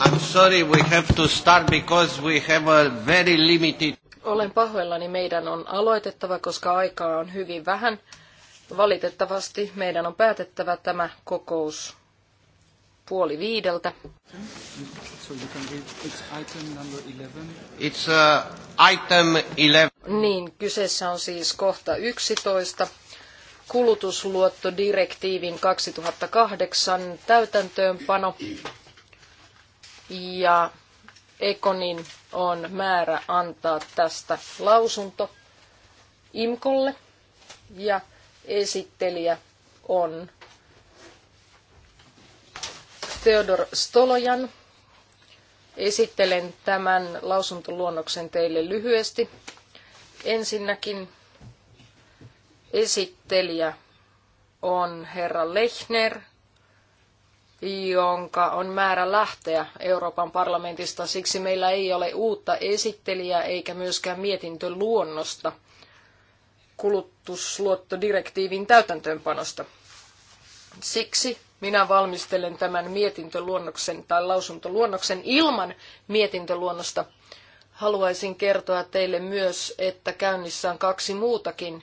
I'm sorry, we have to start because we have a very limited... Olen pahoillani, meidän on aloitettava, koska aikaa on hyvin vähän. Valitettavasti meidän on päätettävä tämä kokous puoli viideltä. It's, uh, item 11. Niin, kyseessä on siis kohta 11 kulutusluottodirektiivin 2008 täytäntöönpano ja Ekonin on määrä antaa tästä lausunto IMKOlle ja esittelijä on Theodor Stolojan. Esittelen tämän lausuntoluonnoksen teille lyhyesti. Ensinnäkin Esittelijä on herra Lechner, jonka on määrä lähteä Euroopan parlamentista. Siksi meillä ei ole uutta esittelijää eikä myöskään mietintöluonnosta kulutusluottodirektiivin täytäntöönpanosta. Siksi minä valmistelen tämän mietintöluonnoksen tai lausuntoluonnoksen ilman mietintöluonnosta. Haluaisin kertoa teille myös, että käynnissä on kaksi muutakin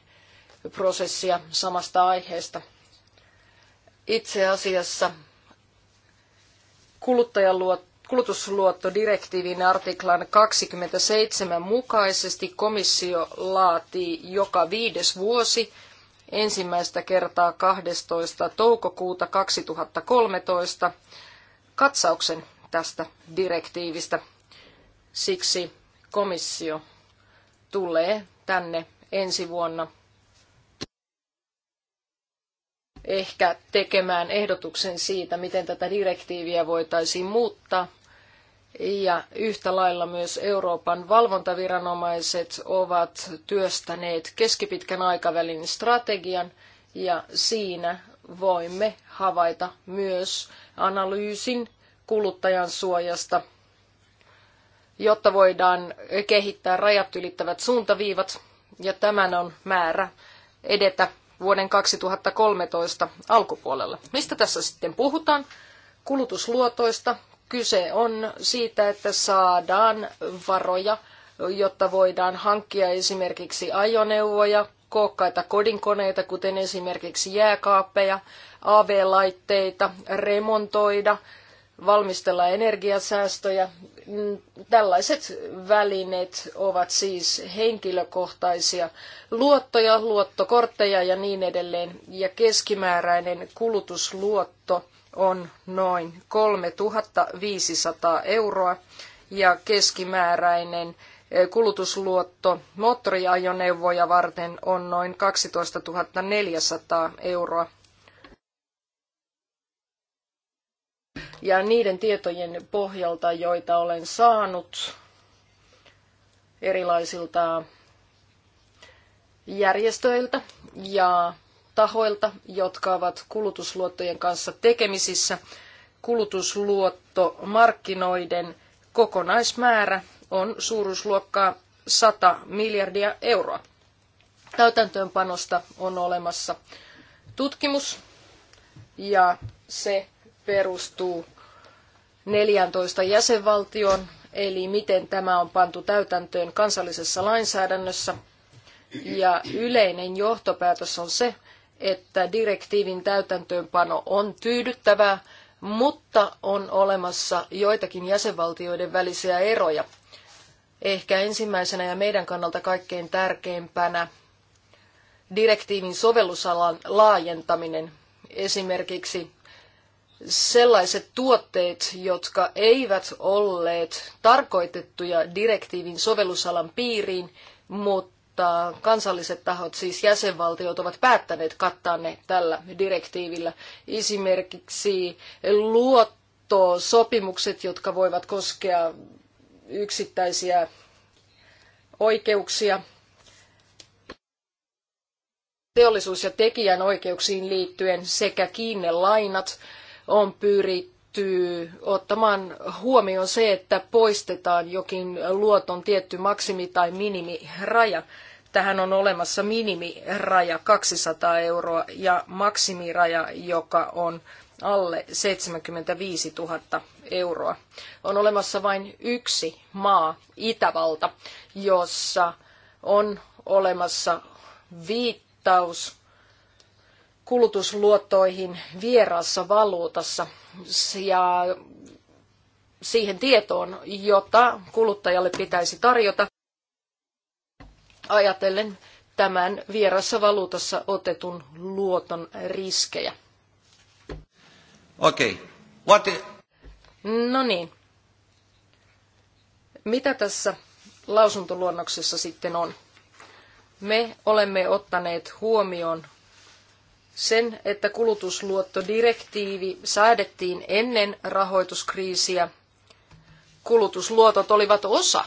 prosessia samasta aiheesta. Itse asiassa kulutusluottodirektiivin artiklan 27 mukaisesti komissio laatii joka viides vuosi ensimmäistä kertaa 12. toukokuuta 2013 katsauksen tästä direktiivistä. Siksi komissio tulee tänne ensi vuonna ehkä tekemään ehdotuksen siitä, miten tätä direktiiviä voitaisiin muuttaa. Ja yhtä lailla myös Euroopan valvontaviranomaiset ovat työstäneet keskipitkän aikavälin strategian, ja siinä voimme havaita myös analyysin kuluttajan suojasta, jotta voidaan kehittää rajat ylittävät suuntaviivat, ja tämän on määrä edetä vuoden 2013 alkupuolella. Mistä tässä sitten puhutaan? Kulutusluotoista. Kyse on siitä, että saadaan varoja, jotta voidaan hankkia esimerkiksi ajoneuvoja, kookkaita kodinkoneita, kuten esimerkiksi jääkaappeja, AV-laitteita, remontoida – valmistella energiasäästöjä. Tällaiset välineet ovat siis henkilökohtaisia luottoja, luottokortteja ja niin edelleen. Ja keskimääräinen kulutusluotto on noin 3500 euroa ja keskimääräinen eh, kulutusluotto moottoriajoneuvoja varten on noin 12 400 euroa. Ja niiden tietojen pohjalta, joita olen saanut erilaisilta järjestöiltä ja tahoilta, jotka ovat kulutusluottojen kanssa tekemisissä, kulutusluottomarkkinoiden kokonaismäärä on suuruusluokkaa 100 miljardia euroa. Täytäntöönpanosta on olemassa tutkimus ja se perustuu 14 jäsenvaltioon, eli miten tämä on pantu täytäntöön kansallisessa lainsäädännössä. Ja yleinen johtopäätös on se, että direktiivin täytäntöönpano on tyydyttävää, mutta on olemassa joitakin jäsenvaltioiden välisiä eroja. Ehkä ensimmäisenä ja meidän kannalta kaikkein tärkeimpänä direktiivin sovellusalan laajentaminen. Esimerkiksi sellaiset tuotteet, jotka eivät olleet tarkoitettuja direktiivin sovellusalan piiriin, mutta kansalliset tahot, siis jäsenvaltiot, ovat päättäneet kattaa ne tällä direktiivillä. Esimerkiksi luottosopimukset, jotka voivat koskea yksittäisiä oikeuksia, teollisuus- ja tekijänoikeuksiin liittyen sekä kiinnelainat, on pyritty ottamaan huomioon se, että poistetaan jokin luoton tietty maksimi- tai minimiraja. Tähän on olemassa minimiraja 200 euroa ja maksimiraja, joka on alle 75 000 euroa. On olemassa vain yksi maa, Itävalta, jossa on olemassa viittaus kulutusluottoihin vieraassa valuutassa ja siihen tietoon, jota kuluttajalle pitäisi tarjota ajatellen tämän vieraassa valuutassa otetun luoton riskejä. Okei. Okay. No niin. Mitä tässä lausuntoluonnoksessa sitten on? Me olemme ottaneet huomioon sen, että kulutusluottodirektiivi säädettiin ennen rahoituskriisiä. Kulutusluotot olivat osa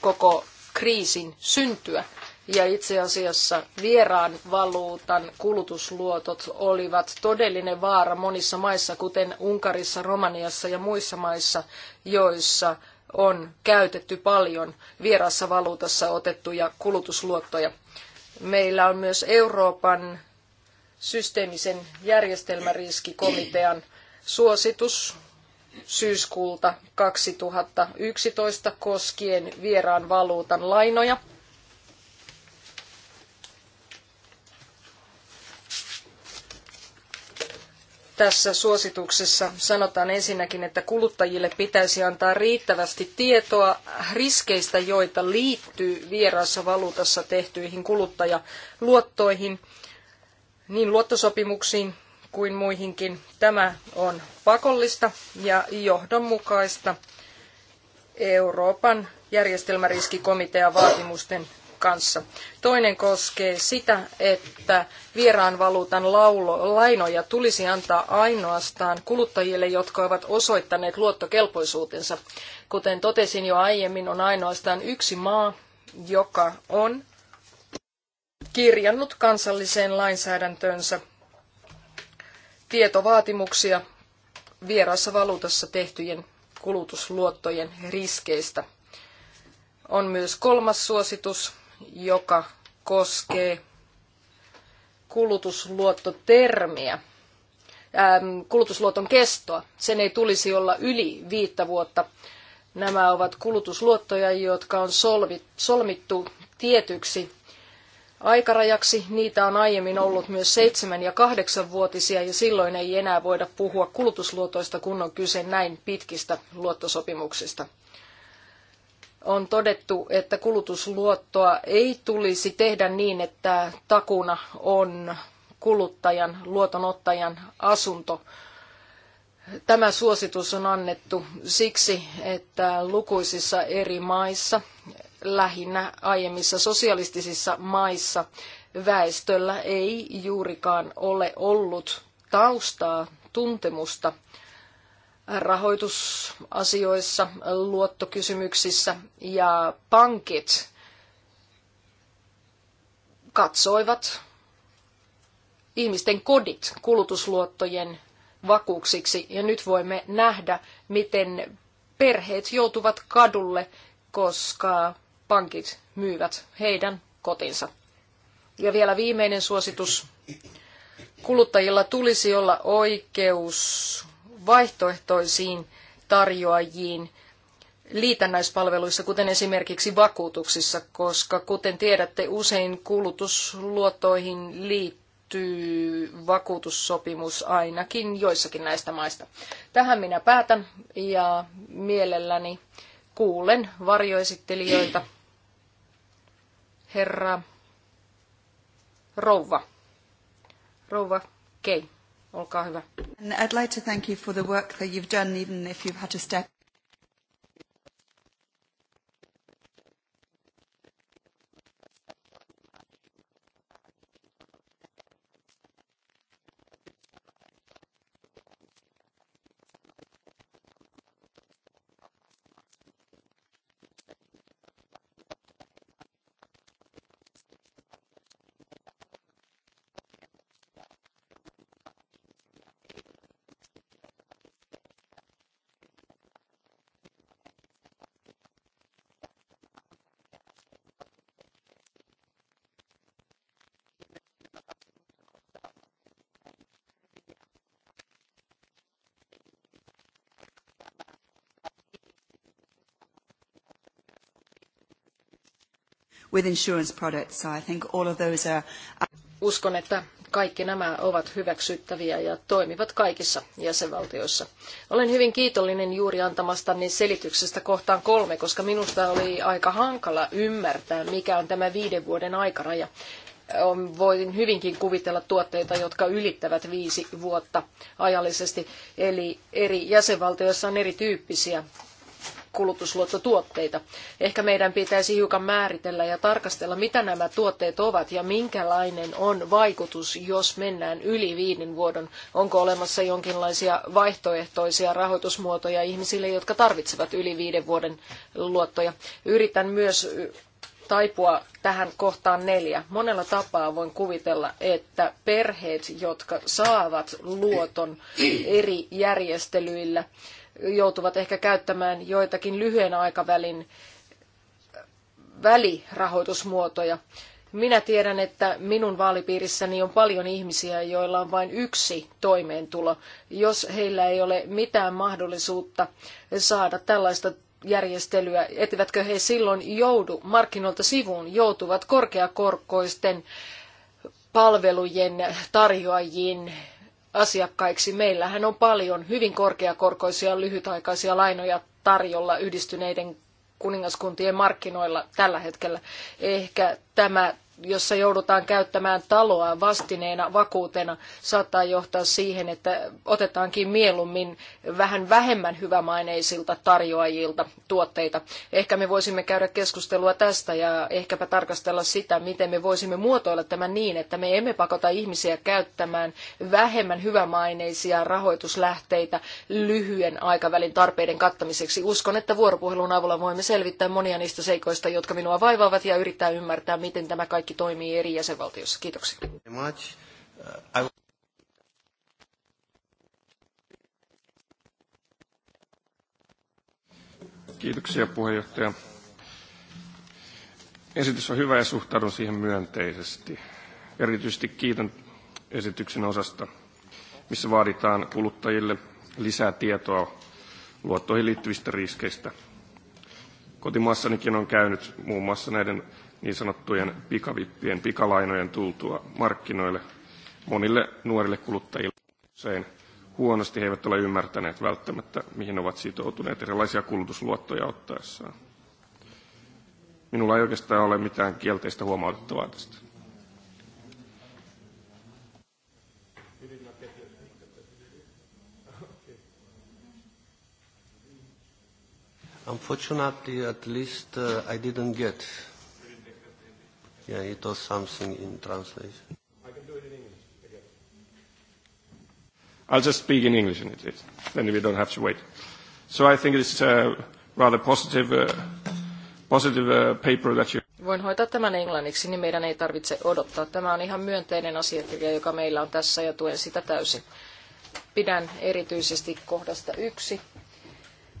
koko kriisin syntyä. Ja itse asiassa vieraan valuutan kulutusluotot olivat todellinen vaara monissa maissa, kuten Unkarissa, Romaniassa ja muissa maissa, joissa on käytetty paljon vierassa valuutassa otettuja kulutusluottoja. Meillä on myös Euroopan systeemisen järjestelmäriskikomitean suositus syyskuulta 2011 koskien vieraan valuutan lainoja – tässä suosituksessa sanotaan ensinnäkin, että kuluttajille pitäisi antaa riittävästi tietoa riskeistä, joita liittyy vieraassa valuutassa tehtyihin kuluttajaluottoihin, niin luottosopimuksiin kuin muihinkin. Tämä on pakollista ja johdonmukaista Euroopan järjestelmäriskikomitea vaatimusten kanssa. Toinen koskee sitä, että vieraan valuutan laulo, lainoja tulisi antaa ainoastaan kuluttajille, jotka ovat osoittaneet luottokelpoisuutensa. Kuten totesin jo aiemmin, on ainoastaan yksi maa, joka on kirjannut kansalliseen lainsäädäntöönsä tietovaatimuksia vieraassa valuutassa tehtyjen kulutusluottojen riskeistä. On myös kolmas suositus, joka koskee kulutusluottotermiä, ähm, kulutusluoton kestoa. Sen ei tulisi olla yli viittä vuotta. Nämä ovat kulutusluottoja, jotka on solmittu tietyksi aikarajaksi. Niitä on aiemmin ollut myös seitsemän ja kahdeksanvuotisia ja silloin ei enää voida puhua kulutusluotoista, kun on kyse näin pitkistä luottosopimuksista on todettu, että kulutusluottoa ei tulisi tehdä niin, että takuna on kuluttajan, luotonottajan asunto. Tämä suositus on annettu siksi, että lukuisissa eri maissa, lähinnä aiemmissa sosialistisissa maissa, väestöllä ei juurikaan ole ollut taustaa, tuntemusta rahoitusasioissa, luottokysymyksissä ja pankit katsoivat ihmisten kodit kulutusluottojen vakuuksiksi ja nyt voimme nähdä, miten perheet joutuvat kadulle, koska pankit myyvät heidän kotinsa. Ja vielä viimeinen suositus. Kuluttajilla tulisi olla oikeus vaihtoehtoisiin tarjoajiin liitännäispalveluissa, kuten esimerkiksi vakuutuksissa, koska kuten tiedätte, usein kulutusluottoihin liittyy vakuutussopimus ainakin joissakin näistä maista. Tähän minä päätän ja mielelläni kuulen varjoesittelijöitä. Herra Rouva. Rouva Kei. Olkaa hyvä. I'd like to thank you for the work that you've done, even if you've had to step with insurance products. So I think all of those are... Uskon, että kaikki nämä ovat hyväksyttäviä ja toimivat kaikissa jäsenvaltioissa. Olen hyvin kiitollinen juuri antamastani selityksestä kohtaan kolme, koska minusta oli aika hankala ymmärtää, mikä on tämä viiden vuoden aikaraja. Voin hyvinkin kuvitella tuotteita, jotka ylittävät viisi vuotta ajallisesti, eli eri jäsenvaltioissa on erityyppisiä kulutusluottotuotteita. Ehkä meidän pitäisi hiukan määritellä ja tarkastella, mitä nämä tuotteet ovat ja minkälainen on vaikutus, jos mennään yli viiden vuoden. Onko olemassa jonkinlaisia vaihtoehtoisia rahoitusmuotoja ihmisille, jotka tarvitsevat yli viiden vuoden luottoja. Yritän myös taipua tähän kohtaan neljä. Monella tapaa voin kuvitella, että perheet, jotka saavat luoton eri järjestelyillä, joutuvat ehkä käyttämään joitakin lyhyen aikavälin välirahoitusmuotoja. Minä tiedän, että minun vaalipiirissäni on paljon ihmisiä, joilla on vain yksi toimeentulo. Jos heillä ei ole mitään mahdollisuutta saada tällaista järjestelyä, etivätkö he silloin joudu markkinoilta sivuun, joutuvat korkeakorkoisten palvelujen tarjoajiin asiakkaiksi. Meillähän on paljon hyvin korkeakorkoisia lyhytaikaisia lainoja tarjolla yhdistyneiden kuningaskuntien markkinoilla tällä hetkellä. Ehkä tämä jossa joudutaan käyttämään taloa vastineena vakuutena, saattaa johtaa siihen, että otetaankin mieluummin vähän vähemmän hyvämaineisilta tarjoajilta tuotteita. Ehkä me voisimme käydä keskustelua tästä ja ehkäpä tarkastella sitä, miten me voisimme muotoilla tämän niin, että me emme pakota ihmisiä käyttämään vähemmän hyvämaineisia rahoituslähteitä lyhyen aikavälin tarpeiden kattamiseksi. Uskon, että vuoropuhelun avulla voimme selvittää monia niistä seikoista, jotka minua vaivaavat ja yrittää ymmärtää, miten tämä kaikki kaikki toimii eri jäsenvaltioissa. Kiitoksia. Kiitoksia puheenjohtaja. Esitys on hyvä ja suhtaudun siihen myönteisesti. Erityisesti kiitän esityksen osasta, missä vaaditaan kuluttajille lisää tietoa luottoihin liittyvistä riskeistä. Kotimaassanikin on käynyt muun muassa näiden niin sanottujen pikavippien pikalainojen tultua markkinoille monille nuorille kuluttajille usein huonosti. He eivät ole ymmärtäneet välttämättä, mihin ovat sitoutuneet erilaisia kulutusluottoja ottaessaan. Minulla ei oikeastaan ole mitään kielteistä huomautettavaa tästä. Unfortunately, at least uh, I didn't get Yeah, it was something in translation. I can do it in English again. I'll just speak in English, and it, it, then we don't have to wait. So I think it's a uh, rather positive, uh, positive uh, paper that you... Voin hoitaa tämän englanniksi, niin meidän ei tarvitse odottaa. Tämä on ihan myönteinen asiakirja, joka meillä on tässä, ja tuen sitä täysin. Pidän erityisesti kohdasta yksi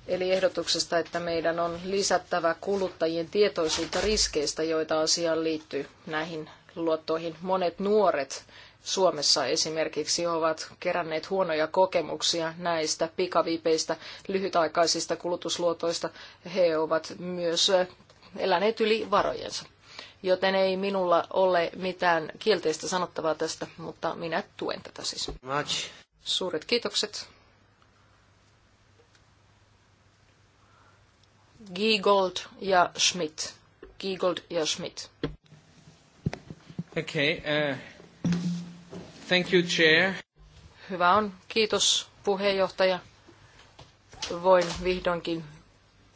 Eli ehdotuksesta, että meidän on lisättävä kuluttajien tietoisuutta riskeistä, joita asiaan liittyy näihin luottoihin. Monet nuoret Suomessa esimerkiksi ovat keränneet huonoja kokemuksia näistä pikavipeistä, lyhytaikaisista kulutusluotoista. He ovat myös eläneet yli varojensa. Joten ei minulla ole mitään kielteistä sanottavaa tästä, mutta minä tuen tätä siis. Suuret kiitokset. Giegold ja Schmidt. Giegold ja Schmidt. Okay, uh, thank you, chair. Hyvä on. Kiitos puheenjohtaja. Voin vihdoinkin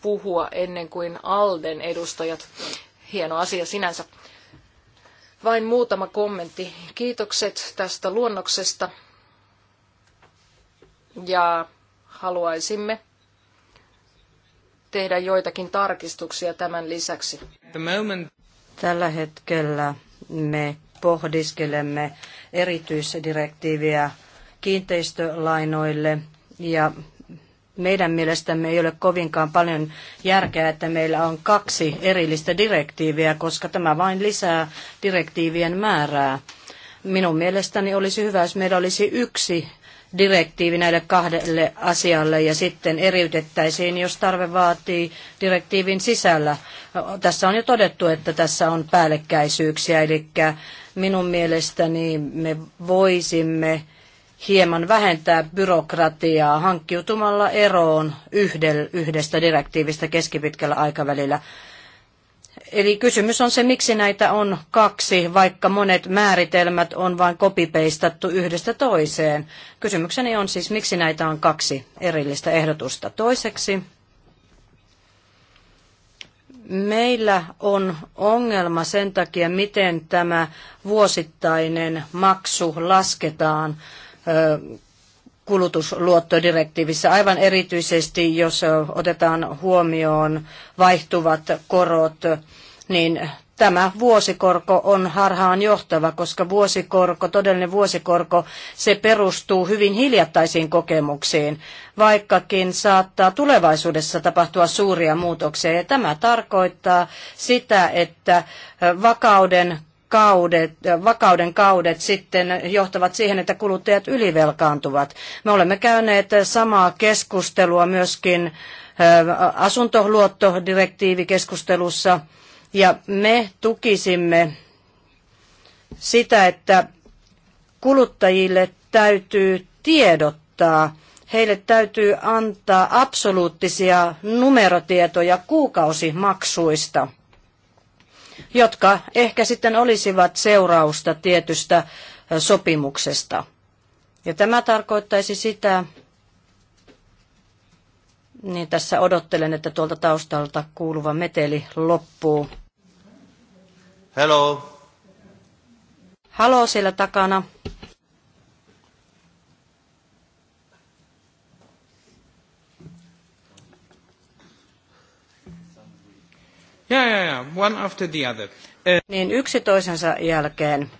puhua ennen kuin Alden edustajat. Hieno asia sinänsä. Vain muutama kommentti. Kiitokset tästä luonnoksesta. Ja haluaisimme tehdä joitakin tarkistuksia tämän lisäksi? Tällä hetkellä me pohdiskelemme erityisdirektiiviä kiinteistölainoille ja meidän mielestämme ei ole kovinkaan paljon järkeä, että meillä on kaksi erillistä direktiiviä, koska tämä vain lisää direktiivien määrää. Minun mielestäni olisi hyvä, jos meillä olisi yksi direktiivi näille kahdelle asialle ja sitten eriytettäisiin, jos tarve vaatii direktiivin sisällä. Tässä on jo todettu, että tässä on päällekkäisyyksiä, eli minun mielestäni me voisimme hieman vähentää byrokratiaa hankkiutumalla eroon yhdestä direktiivistä keskipitkällä aikavälillä. Eli kysymys on se, miksi näitä on kaksi, vaikka monet määritelmät on vain kopipeistattu yhdestä toiseen. Kysymykseni on siis, miksi näitä on kaksi erillistä ehdotusta. Toiseksi, meillä on ongelma sen takia, miten tämä vuosittainen maksu lasketaan kulutusluottodirektiivissä, aivan erityisesti jos otetaan huomioon vaihtuvat korot, niin tämä vuosikorko on harhaan johtava, koska vuosikorko, todellinen vuosikorko, se perustuu hyvin hiljattaisiin kokemuksiin, vaikkakin saattaa tulevaisuudessa tapahtua suuria muutoksia. Ja tämä tarkoittaa sitä, että vakauden kaudet, vakauden kaudet sitten johtavat siihen, että kuluttajat ylivelkaantuvat. Me olemme käyneet samaa keskustelua myöskin asuntoluottodirektiivikeskustelussa ja me tukisimme sitä, että kuluttajille täytyy tiedottaa, heille täytyy antaa absoluuttisia numerotietoja kuukausimaksuista jotka ehkä sitten olisivat seurausta tietystä sopimuksesta. Ja tämä tarkoittaisi sitä, niin tässä odottelen, että tuolta taustalta kuuluva meteli loppuu. Hello. Halo siellä takana. Yeah, yeah, yeah. One after the other. Uh... Niin yksi toisensa jälkeen.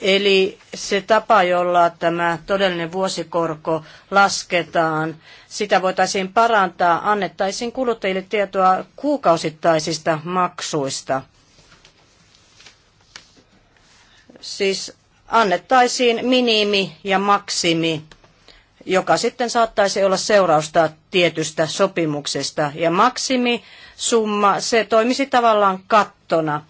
Eli se tapa, jolla tämä todellinen vuosikorko lasketaan, sitä voitaisiin parantaa, annettaisiin kuluttajille tietoa kuukausittaisista maksuista. Siis annettaisiin minimi ja maksimi joka sitten saattaisi olla seurausta tietystä sopimuksesta. Ja maksimisumma, se toimisi tavallaan kattona.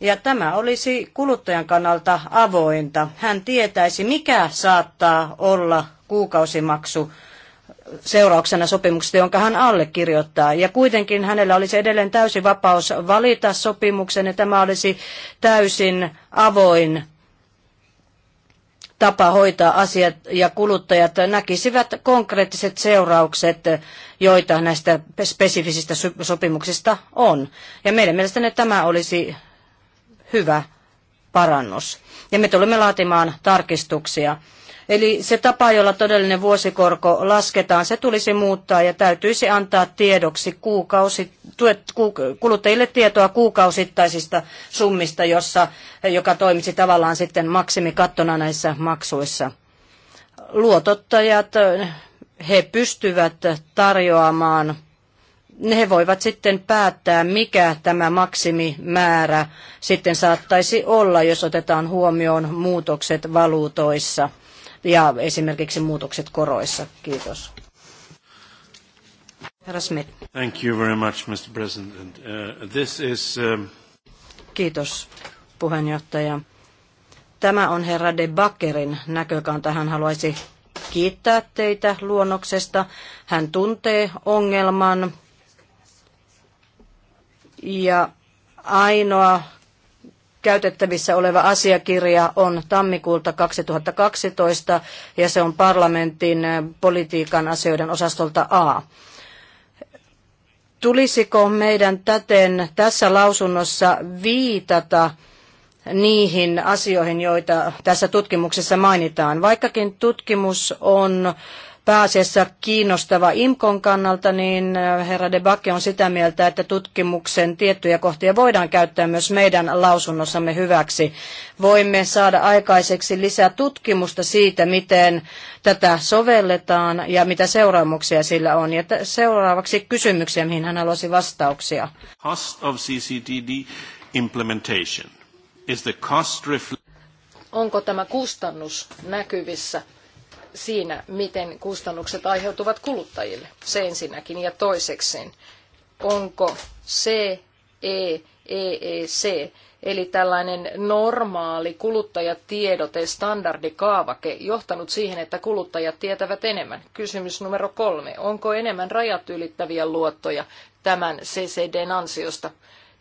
Ja tämä olisi kuluttajan kannalta avointa. Hän tietäisi, mikä saattaa olla kuukausimaksu seurauksena sopimuksesta, jonka hän allekirjoittaa. Ja kuitenkin hänellä olisi edelleen täysi vapaus valita sopimuksen, ja tämä olisi täysin avoin tapa hoitaa asiat ja kuluttajat näkisivät konkreettiset seuraukset, joita näistä spesifisistä sopimuksista on. Ja meidän mielestämme tämä olisi hyvä parannus. Ja me tulemme laatimaan tarkistuksia Eli se tapa, jolla todellinen vuosikorko lasketaan, se tulisi muuttaa ja täytyisi antaa tiedoksi kuukausi, tuet, ku, kuluttajille tietoa kuukausittaisista summista, jossa, joka toimisi tavallaan sitten maksimikattona näissä maksuissa. Luotottajat, he pystyvät tarjoamaan ne voivat sitten päättää, mikä tämä maksimimäärä sitten saattaisi olla, jos otetaan huomioon muutokset valuutoissa ja esimerkiksi muutokset koroissa. Kiitos. Herra Smith. Thank you very much, Mr. President. Uh, this is, um, Kiitos, puheenjohtaja. Tämä on herra De Bakkerin näkökanta. Hän haluaisi kiittää teitä luonnoksesta. Hän tuntee ongelman ja ainoa käytettävissä oleva asiakirja on tammikuulta 2012 ja se on parlamentin eh, politiikan asioiden osastolta A. Tulisiko meidän täten tässä lausunnossa viitata niihin asioihin, joita tässä tutkimuksessa mainitaan. Vaikkakin tutkimus on pääasiassa kiinnostava IMKON kannalta, niin äh, herra De Backe on sitä mieltä, että tutkimuksen tiettyjä kohtia voidaan käyttää myös meidän lausunnossamme hyväksi. Voimme saada aikaiseksi lisää tutkimusta siitä, miten tätä sovelletaan ja mitä seuraamuksia sillä on. Ja seuraavaksi kysymyksiä, mihin hän haluaisi vastauksia. Cost of CCTD implementation. Is the cost onko tämä kustannus näkyvissä siinä, miten kustannukset aiheutuvat kuluttajille. Se ensinnäkin. Ja toiseksi, onko CEEC, e, e, e, eli tällainen normaali kuluttajatiedote, standardikaavake, johtanut siihen, että kuluttajat tietävät enemmän? Kysymys numero kolme. Onko enemmän rajat ylittäviä luottoja tämän CCDn ansiosta?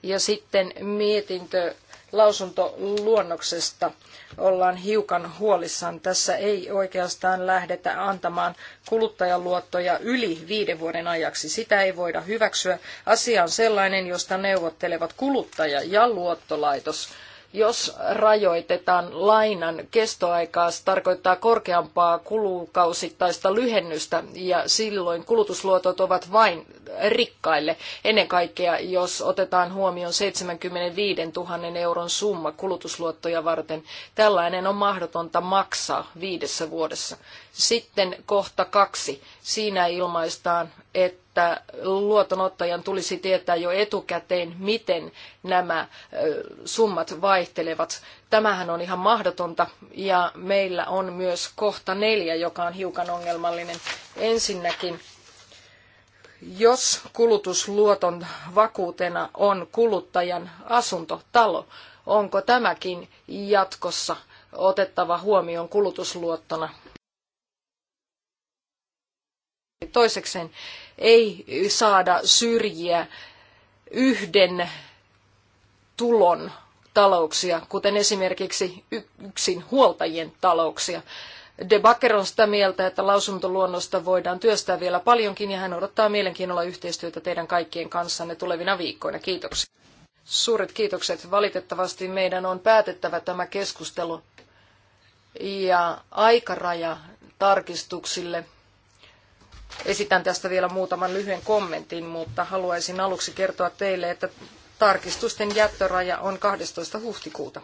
Ja sitten mietintö lausuntoluonnoksesta ollaan hiukan huolissaan. Tässä ei oikeastaan lähdetä antamaan kuluttajaluottoja yli viiden vuoden ajaksi. Sitä ei voida hyväksyä. Asia on sellainen, josta neuvottelevat kuluttaja ja luottolaitos jos rajoitetaan lainan kestoaikaa, se tarkoittaa korkeampaa kulukausittaista lyhennystä ja silloin kulutusluotot ovat vain rikkaille. Ennen kaikkea, jos otetaan huomioon 75 000 euron summa kulutusluottoja varten, tällainen on mahdotonta maksaa viidessä vuodessa. Sitten kohta kaksi. Siinä ilmaistaan, että että luotonottajan tulisi tietää jo etukäteen, miten nämä summat vaihtelevat. Tämähän on ihan mahdotonta ja meillä on myös kohta neljä, joka on hiukan ongelmallinen. Ensinnäkin jos kulutusluoton vakuutena on kuluttajan asunto, talo, onko tämäkin jatkossa otettava huomioon kulutusluottona? Toisekseen, ei saada syrjiä yhden tulon talouksia, kuten esimerkiksi yksin huoltajien talouksia. De Backer on sitä mieltä, että lausuntoluonnosta voidaan työstää vielä paljonkin ja hän odottaa mielenkiinnolla yhteistyötä teidän kaikkien kanssanne tulevina viikkoina. Kiitoksia. Suuret kiitokset. Valitettavasti meidän on päätettävä tämä keskustelu ja aikaraja tarkistuksille Esitän tästä vielä muutaman lyhyen kommentin, mutta haluaisin aluksi kertoa teille, että tarkistusten jättöraja on 12. huhtikuuta.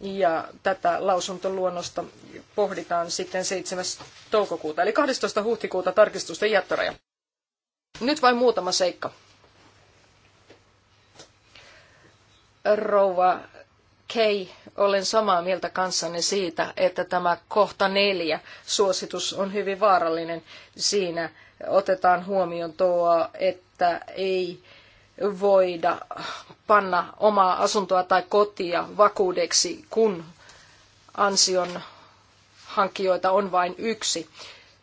Ja tätä lausuntoluonnosta pohditaan sitten 7. toukokuuta, eli 12. huhtikuuta tarkistusten jättöraja. Nyt vain muutama seikka. Rouva Kei, olen samaa mieltä kanssanne siitä, että tämä kohta neljä suositus on hyvin vaarallinen. Siinä otetaan huomioon tuo, että ei voida panna omaa asuntoa tai kotia vakuudeksi, kun ansion hankkijoita on vain yksi.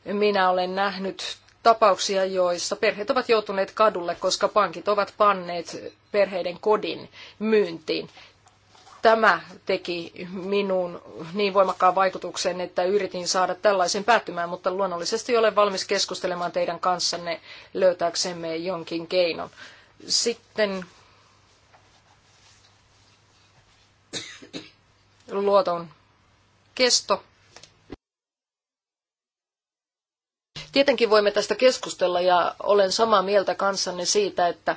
Minä olen nähnyt tapauksia, joissa perheet ovat joutuneet kadulle, koska pankit ovat panneet perheiden kodin myyntiin tämä teki minuun niin voimakkaan vaikutuksen, että yritin saada tällaisen päättymään, mutta luonnollisesti olen valmis keskustelemaan teidän kanssanne löytääksemme jonkin keinon. Sitten luoton kesto. Tietenkin voimme tästä keskustella ja olen samaa mieltä kanssanne siitä, että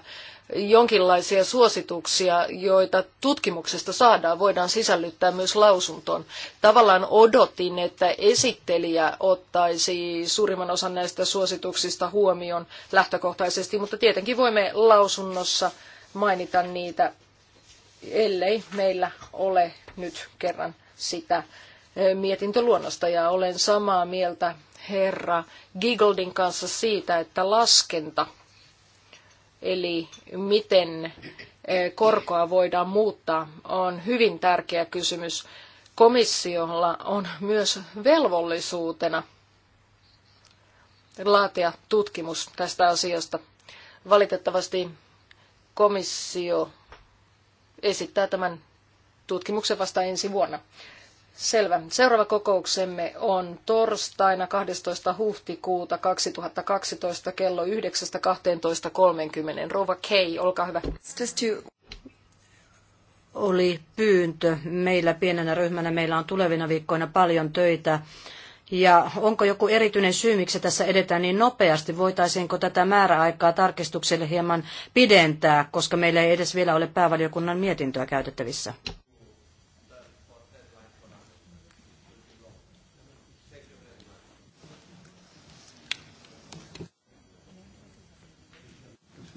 jonkinlaisia suosituksia, joita tutkimuksesta saadaan, voidaan sisällyttää myös lausuntoon. Tavallaan odotin, että esittelijä ottaisi suurimman osan näistä suosituksista huomioon lähtökohtaisesti, mutta tietenkin voimme lausunnossa mainita niitä, ellei meillä ole nyt kerran sitä mietintöluonnosta. Ja olen samaa mieltä herra Gigoldin kanssa siitä, että laskenta eli miten eh, korkoa voidaan muuttaa, on hyvin tärkeä kysymys. Komissiolla on myös velvollisuutena laatia tutkimus tästä asiasta. Valitettavasti komissio esittää tämän tutkimuksen vasta ensi vuonna. Selvä. Seuraava kokouksemme on torstaina 12. huhtikuuta 2012 kello 9.12.30. Rova Kei, olkaa hyvä. Oli pyyntö meillä pienenä ryhmänä. Meillä on tulevina viikkoina paljon töitä. Ja onko joku erityinen syy, miksi tässä edetään niin nopeasti? Voitaisiinko tätä määräaikaa tarkistukselle hieman pidentää, koska meillä ei edes vielä ole päävaliokunnan mietintöä käytettävissä?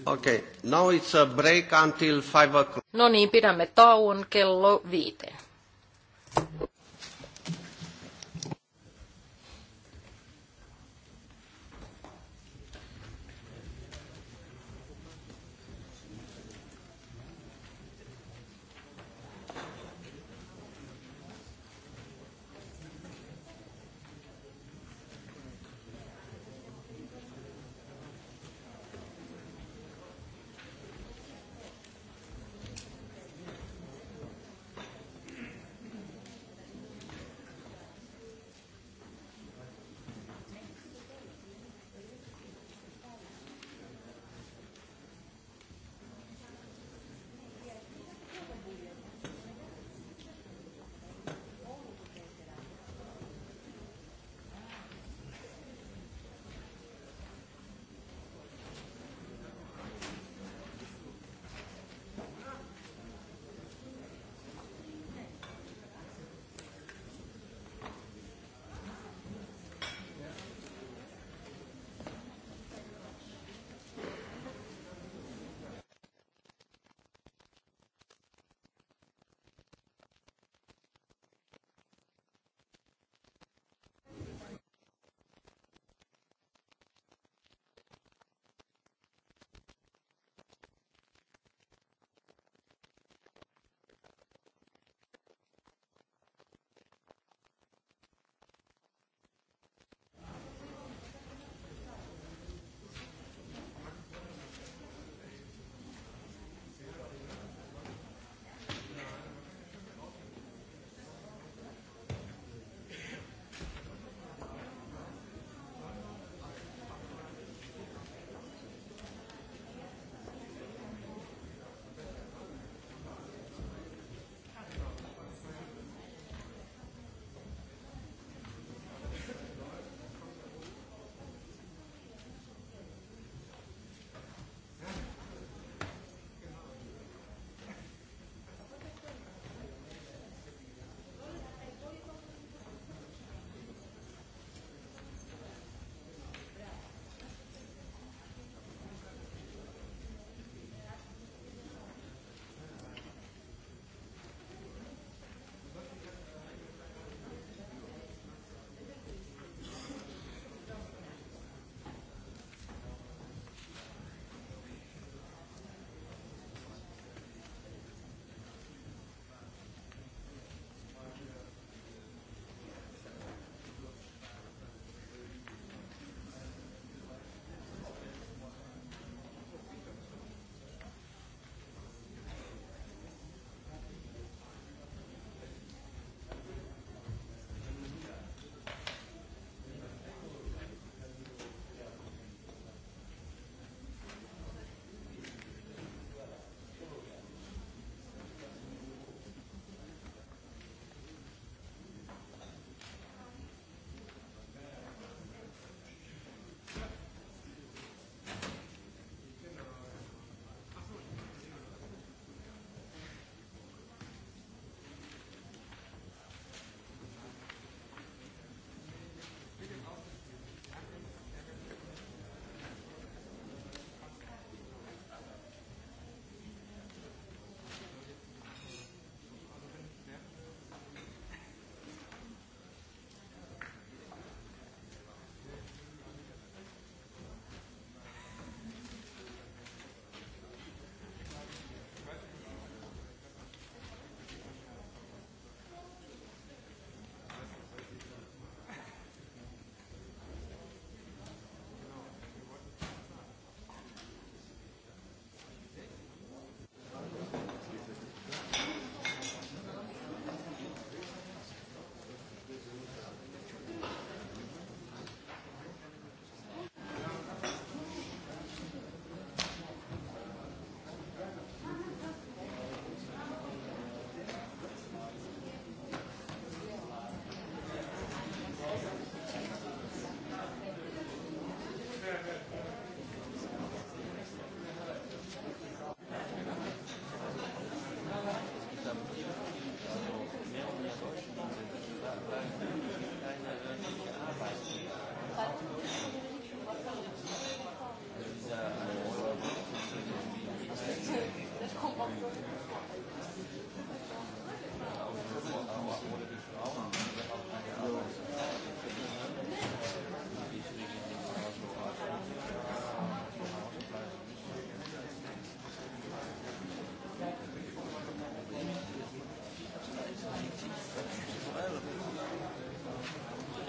Okay. Now it's a break until five o'clock. No niin, pidämme tauon kello viiteen.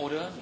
oder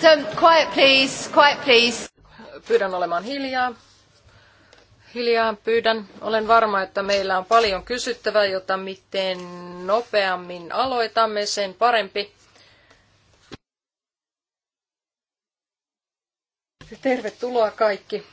So, quiet please, quiet please. Pyydän olemaan hiljaa. Hiljaa pyydän. Olen varma, että meillä on paljon kysyttävää, jota miten nopeammin aloitamme, sen parempi. Tervetuloa kaikki.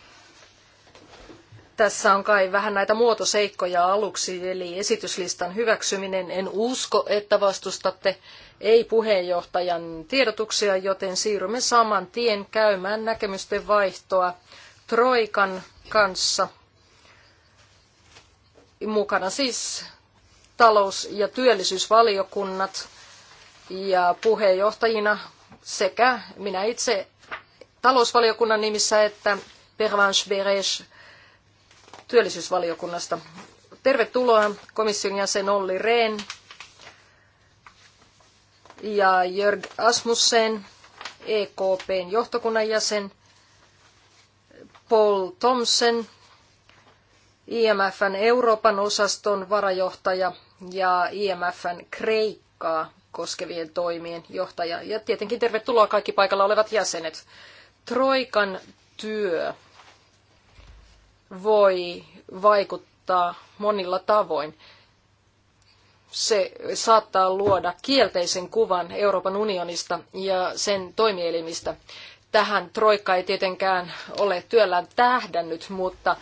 Tässä on kai vähän näitä muotoseikkoja aluksi, eli esityslistan hyväksyminen. En usko, että vastustatte ei puheenjohtajan tiedotuksia, joten siirrymme saman tien käymään näkemysten vaihtoa Troikan kanssa. Mukana siis talous- ja työllisyysvaliokunnat ja puheenjohtajina sekä minä itse talousvaliokunnan nimissä että Pervanche Beres työllisyysvaliokunnasta. Tervetuloa komission jäsen Olli Rehn ja Jörg Asmussen, EKPn johtokunnan jäsen, Paul Thompson, IMFn Euroopan osaston varajohtaja ja IMFn Kreikkaa koskevien toimien johtaja. Ja tietenkin tervetuloa kaikki paikalla olevat jäsenet. Troikan työ voi vaikuttaa monilla tavoin. Se saattaa luoda kielteisen kuvan Euroopan unionista ja sen toimielimistä. Tähän Troikka ei tietenkään ole työllään tähdännyt, mutta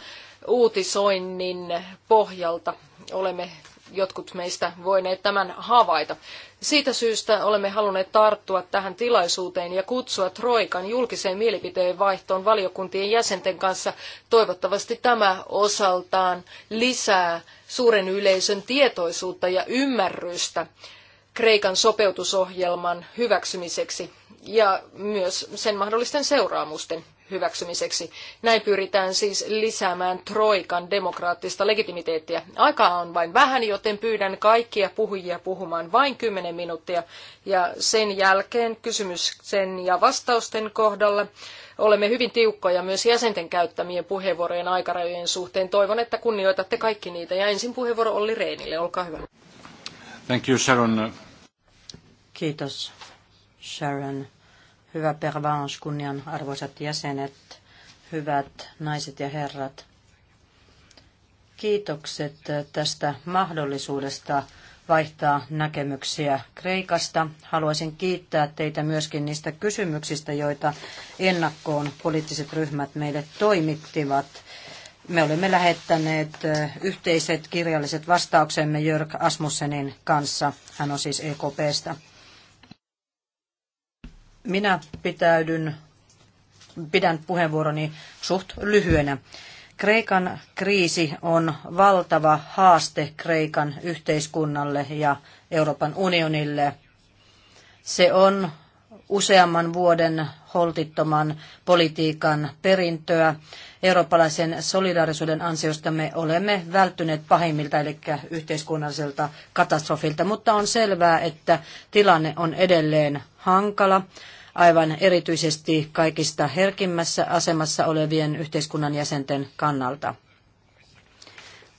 uutisoinnin pohjalta olemme jotkut meistä voineet tämän havaita. Siitä syystä olemme halunneet tarttua tähän tilaisuuteen ja kutsua Troikan julkiseen mielipiteen vaihtoon valiokuntien jäsenten kanssa. Toivottavasti tämä osaltaan lisää suuren yleisön tietoisuutta ja ymmärrystä Kreikan sopeutusohjelman hyväksymiseksi ja myös sen mahdollisten seuraamusten hyväksymiseksi. Näin pyritään siis lisäämään Troikan demokraattista legitimiteettiä. Aikaa on vain vähän, joten pyydän kaikkia puhujia puhumaan vain 10 minuuttia. Ja sen jälkeen kysymyksen ja vastausten kohdalla olemme hyvin tiukkoja myös jäsenten käyttämien puheenvuorojen aikarajojen suhteen. Toivon, että kunnioitatte kaikki niitä. Ja ensin puheenvuoro Olli Reenille. Olkaa hyvä. Thank you, Sharon. Kiitos, Sharon. Hyvä Pervaans, kunnianarvoisat jäsenet, hyvät naiset ja herrat. Kiitokset tästä mahdollisuudesta vaihtaa näkemyksiä Kreikasta. Haluaisin kiittää teitä myöskin niistä kysymyksistä, joita ennakkoon poliittiset ryhmät meille toimittivat. Me olemme lähettäneet yhteiset kirjalliset vastauksemme Jörg Asmussenin kanssa. Hän on siis EKPstä. Minä pitäydyn, pidän puheenvuoroni suht lyhyenä. Kreikan kriisi on valtava haaste Kreikan yhteiskunnalle ja Euroopan unionille. Se on useamman vuoden holtittoman politiikan perintöä. Eurooppalaisen solidaarisuuden ansiosta me olemme välttyneet pahimmilta, eli yhteiskunnalliselta katastrofilta, mutta on selvää, että tilanne on edelleen hankala, aivan erityisesti kaikista herkimmässä asemassa olevien yhteiskunnan jäsenten kannalta.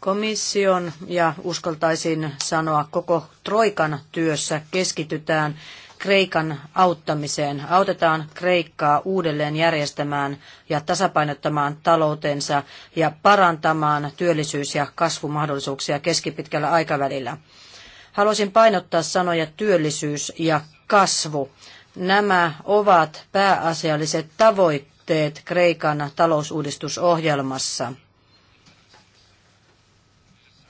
Komission ja uskaltaisin sanoa koko Troikan työssä keskitytään Kreikan auttamiseen. Autetaan Kreikkaa uudelleen järjestämään ja tasapainottamaan taloutensa ja parantamaan työllisyys- ja kasvumahdollisuuksia keskipitkällä aikavälillä. Haluaisin painottaa sanoja työllisyys ja kasvu. Nämä ovat pääasialliset tavoitteet Kreikan talousuudistusohjelmassa.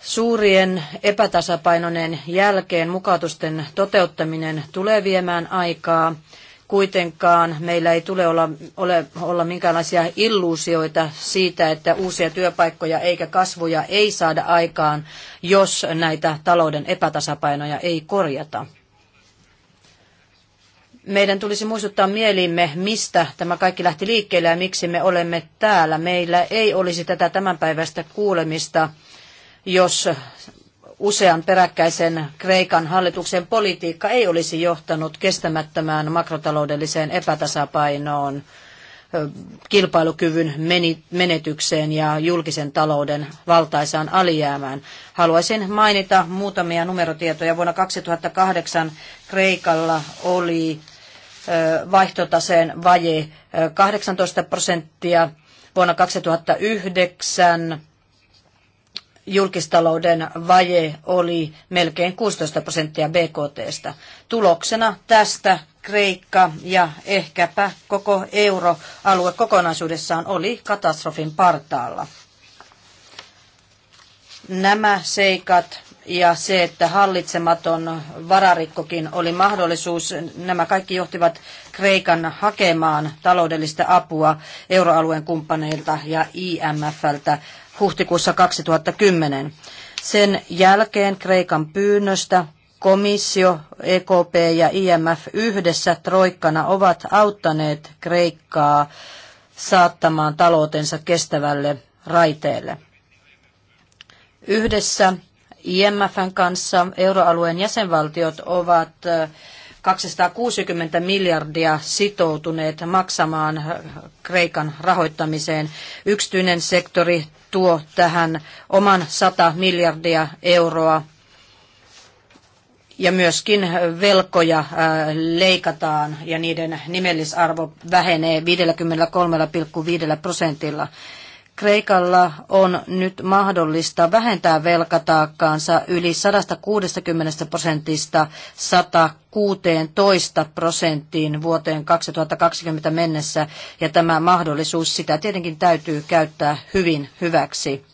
Suurien epätasapainoinen jälkeen mukautusten toteuttaminen tulee viemään aikaa. Kuitenkaan meillä ei tule olla, ole, olla minkäänlaisia illuusioita siitä, että uusia työpaikkoja eikä kasvuja ei saada aikaan, jos näitä talouden epätasapainoja ei korjata meidän tulisi muistuttaa mielimme, mistä tämä kaikki lähti liikkeelle ja miksi me olemme täällä. Meillä ei olisi tätä tämänpäiväistä kuulemista, jos usean peräkkäisen Kreikan hallituksen politiikka ei olisi johtanut kestämättömään makrotaloudelliseen epätasapainoon, kilpailukyvyn menetykseen ja julkisen talouden valtaisaan alijäämään. Haluaisin mainita muutamia numerotietoja. Vuonna 2008 Kreikalla oli vaihtotaseen vaje 18 prosenttia vuonna 2009 julkistalouden vaje oli melkein 16 prosenttia BKTstä. Tuloksena tästä Kreikka ja ehkäpä koko euroalue kokonaisuudessaan oli katastrofin partaalla. Nämä seikat ja se, että hallitsematon vararikkokin oli mahdollisuus. Nämä kaikki johtivat Kreikan hakemaan taloudellista apua euroalueen kumppaneilta ja IMFltä huhtikuussa 2010. Sen jälkeen Kreikan pyynnöstä komissio, EKP ja IMF yhdessä troikkana ovat auttaneet Kreikkaa saattamaan taloutensa kestävälle raiteelle. Yhdessä IMFn kanssa euroalueen jäsenvaltiot ovat 260 miljardia sitoutuneet maksamaan Kreikan rahoittamiseen. Yksityinen sektori tuo tähän oman 100 miljardia euroa ja myöskin velkoja leikataan ja niiden nimellisarvo vähenee 53,5 prosentilla. Kreikalla on nyt mahdollista vähentää velkataakkaansa yli 160 prosentista 116 prosenttiin vuoteen 2020 mennessä, ja tämä mahdollisuus sitä tietenkin täytyy käyttää hyvin hyväksi.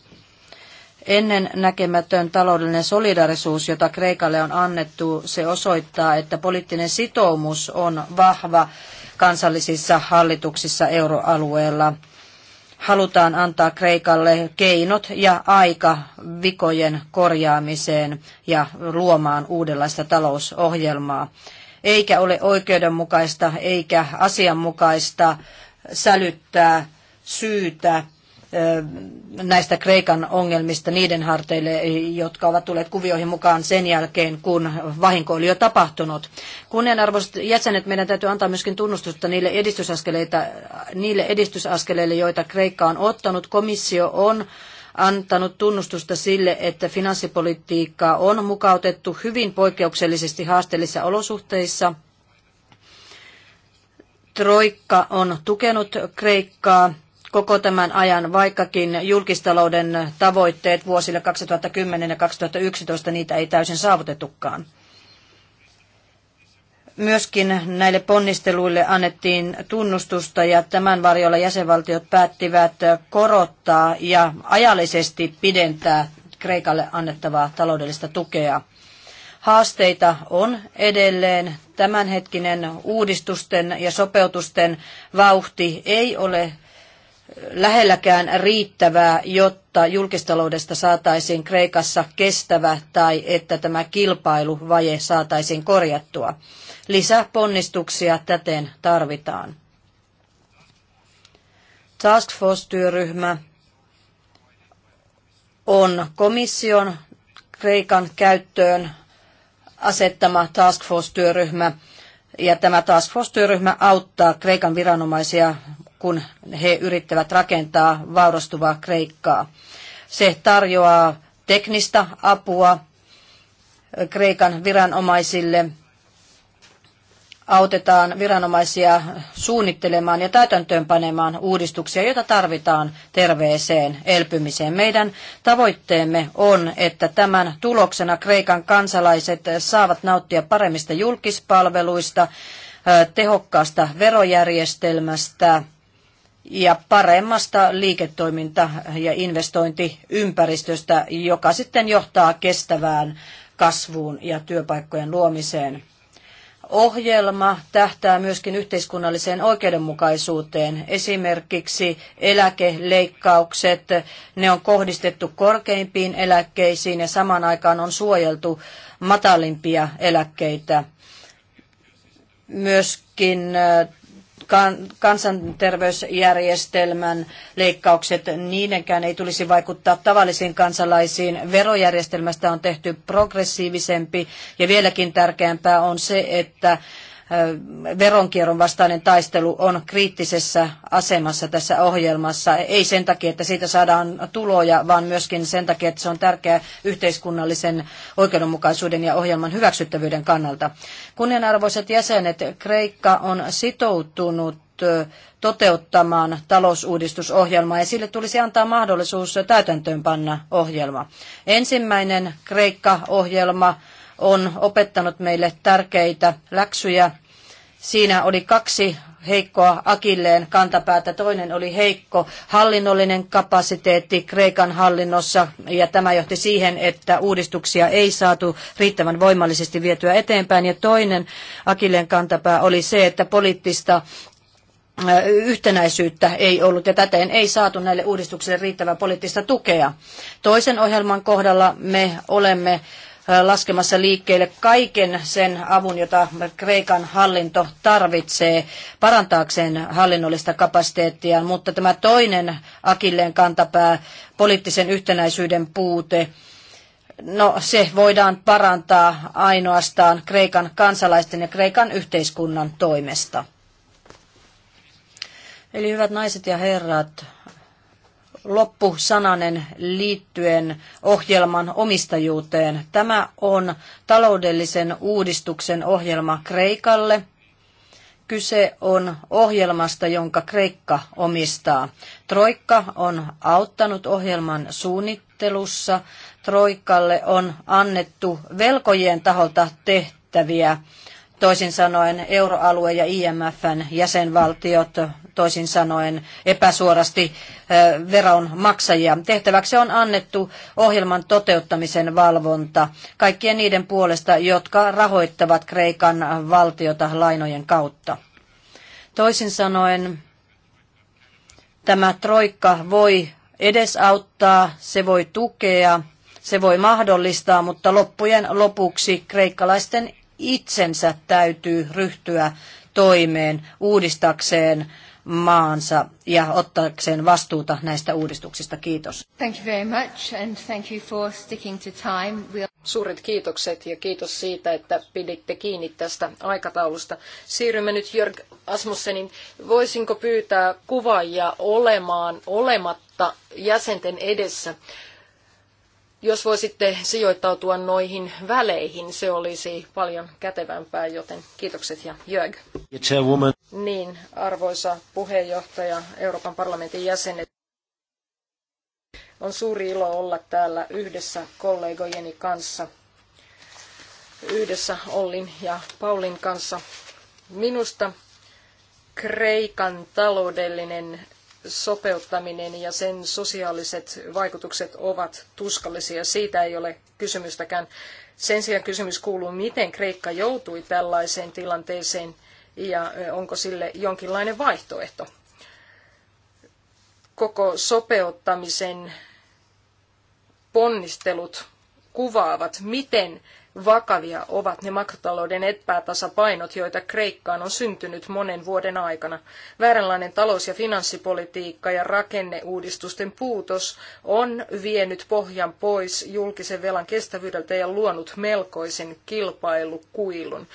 Ennen näkemätön taloudellinen solidarisuus, jota Kreikalle on annettu, se osoittaa, että poliittinen sitoumus on vahva kansallisissa hallituksissa euroalueella – halutaan antaa Kreikalle keinot ja aika vikojen korjaamiseen ja luomaan uudenlaista talousohjelmaa. Eikä ole oikeudenmukaista eikä asianmukaista sälyttää syytä näistä Kreikan ongelmista niiden harteille, jotka ovat tulleet kuvioihin mukaan sen jälkeen, kun vahinko oli jo tapahtunut. Kunnianarvoiset jäsenet, meidän täytyy antaa myöskin tunnustusta niille, edistysaskeleita, niille edistysaskeleille, joita Kreikka on ottanut. Komissio on antanut tunnustusta sille, että finanssipolitiikkaa on mukautettu hyvin poikkeuksellisesti haasteellisissa olosuhteissa. Troikka on tukenut Kreikkaa koko tämän ajan, vaikkakin julkistalouden tavoitteet vuosille 2010 ja 2011 niitä ei täysin saavutetukaan. Myöskin näille ponnisteluille annettiin tunnustusta ja tämän varjolla jäsenvaltiot päättivät korottaa ja ajallisesti pidentää Kreikalle annettavaa taloudellista tukea. Haasteita on edelleen. Tämänhetkinen uudistusten ja sopeutusten vauhti ei ole lähelläkään riittävää, jotta julkistaloudesta saataisiin Kreikassa kestävä tai että tämä kilpailuvaje saataisiin korjattua. Lisäponnistuksia täten tarvitaan. Task Force-työryhmä on komission Kreikan käyttöön asettama Task Force-työryhmä, ja tämä Task Force-työryhmä auttaa Kreikan viranomaisia kun he yrittävät rakentaa vaurastuvaa Kreikkaa. Se tarjoaa teknistä apua Kreikan viranomaisille, autetaan viranomaisia suunnittelemaan ja täytäntöönpanemaan uudistuksia, joita tarvitaan terveeseen elpymiseen. Meidän tavoitteemme on, että tämän tuloksena Kreikan kansalaiset saavat nauttia paremmista julkispalveluista, tehokkaasta verojärjestelmästä, ja paremmasta liiketoiminta- ja investointiympäristöstä, joka sitten johtaa kestävään kasvuun ja työpaikkojen luomiseen. Ohjelma tähtää myöskin yhteiskunnalliseen oikeudenmukaisuuteen. Esimerkiksi eläkeleikkaukset, ne on kohdistettu korkeimpiin eläkkeisiin ja samaan aikaan on suojeltu matalimpia eläkkeitä. Myöskin äh, kansanterveysjärjestelmän leikkaukset, niidenkään ei tulisi vaikuttaa tavallisiin kansalaisiin. Verojärjestelmästä on tehty progressiivisempi ja vieläkin tärkeämpää on se, että veronkierron vastainen taistelu on kriittisessä asemassa tässä ohjelmassa. Ei sen takia, että siitä saadaan tuloja, vaan myöskin sen takia, että se on tärkeä yhteiskunnallisen oikeudenmukaisuuden ja ohjelman hyväksyttävyyden kannalta. Kunnianarvoiset jäsenet, Kreikka on sitoutunut toteuttamaan talousuudistusohjelmaa ja sille tulisi antaa mahdollisuus täytäntöönpanna ohjelma. Ensimmäinen Kreikka-ohjelma on opettanut meille tärkeitä läksyjä. Siinä oli kaksi heikkoa akilleen kantapäätä. Toinen oli heikko hallinnollinen kapasiteetti Kreikan hallinnossa ja tämä johti siihen, että uudistuksia ei saatu riittävän voimallisesti vietyä eteenpäin. Ja toinen akilleen kantapää oli se, että poliittista yhtenäisyyttä ei ollut ja täten ei saatu näille uudistuksille riittävää poliittista tukea. Toisen ohjelman kohdalla me olemme laskemassa liikkeelle kaiken sen avun, jota Kreikan hallinto tarvitsee parantaakseen hallinnollista kapasiteettia, mutta tämä toinen akilleen kantapää, poliittisen yhtenäisyyden puute, No se voidaan parantaa ainoastaan Kreikan kansalaisten ja Kreikan yhteiskunnan toimesta. Eli hyvät naiset ja herrat, loppusananen liittyen ohjelman omistajuuteen. Tämä on taloudellisen uudistuksen ohjelma Kreikalle. Kyse on ohjelmasta, jonka Kreikka omistaa. Troikka on auttanut ohjelman suunnittelussa. Troikalle on annettu velkojien taholta tehtäviä. Toisin sanoen euroalue ja IMFn jäsenvaltiot toisin sanoen epäsuorasti veron maksajia. Tehtäväksi on annettu ohjelman toteuttamisen valvonta kaikkien niiden puolesta, jotka rahoittavat Kreikan valtiota lainojen kautta. Toisin sanoen tämä troikka voi edesauttaa, se voi tukea, se voi mahdollistaa, mutta loppujen lopuksi kreikkalaisten itsensä täytyy ryhtyä toimeen uudistakseen maansa ja ottaakseen vastuuta näistä uudistuksista. Kiitos. Thank you very much and thank you for sticking to time. We'll... Suuret kiitokset ja kiitos siitä, että piditte kiinni tästä aikataulusta. Siirrymme nyt Jörg Asmussenin. Voisinko pyytää kuvaajia olemaan olematta jäsenten edessä? Jos voisitte sijoittautua noihin väleihin, se olisi paljon kätevämpää, joten kiitokset ja Jörg. Niin, arvoisa puheenjohtaja, Euroopan parlamentin jäsenet. On suuri ilo olla täällä yhdessä kollegojeni kanssa, yhdessä Ollin ja Paulin kanssa. Minusta Kreikan taloudellinen sopeuttaminen ja sen sosiaaliset vaikutukset ovat tuskallisia. Siitä ei ole kysymystäkään. Sen sijaan kysymys kuuluu, miten Kreikka joutui tällaiseen tilanteeseen ja onko sille jonkinlainen vaihtoehto. Koko sopeuttamisen ponnistelut kuvaavat, miten vakavia ovat ne makrotalouden epätasapainot, joita Kreikkaan on syntynyt monen vuoden aikana. Vääränlainen talous- ja finanssipolitiikka ja rakenneuudistusten puutos on vienyt pohjan pois julkisen velan kestävyydeltä ja luonut melkoisen kilpailukuilun.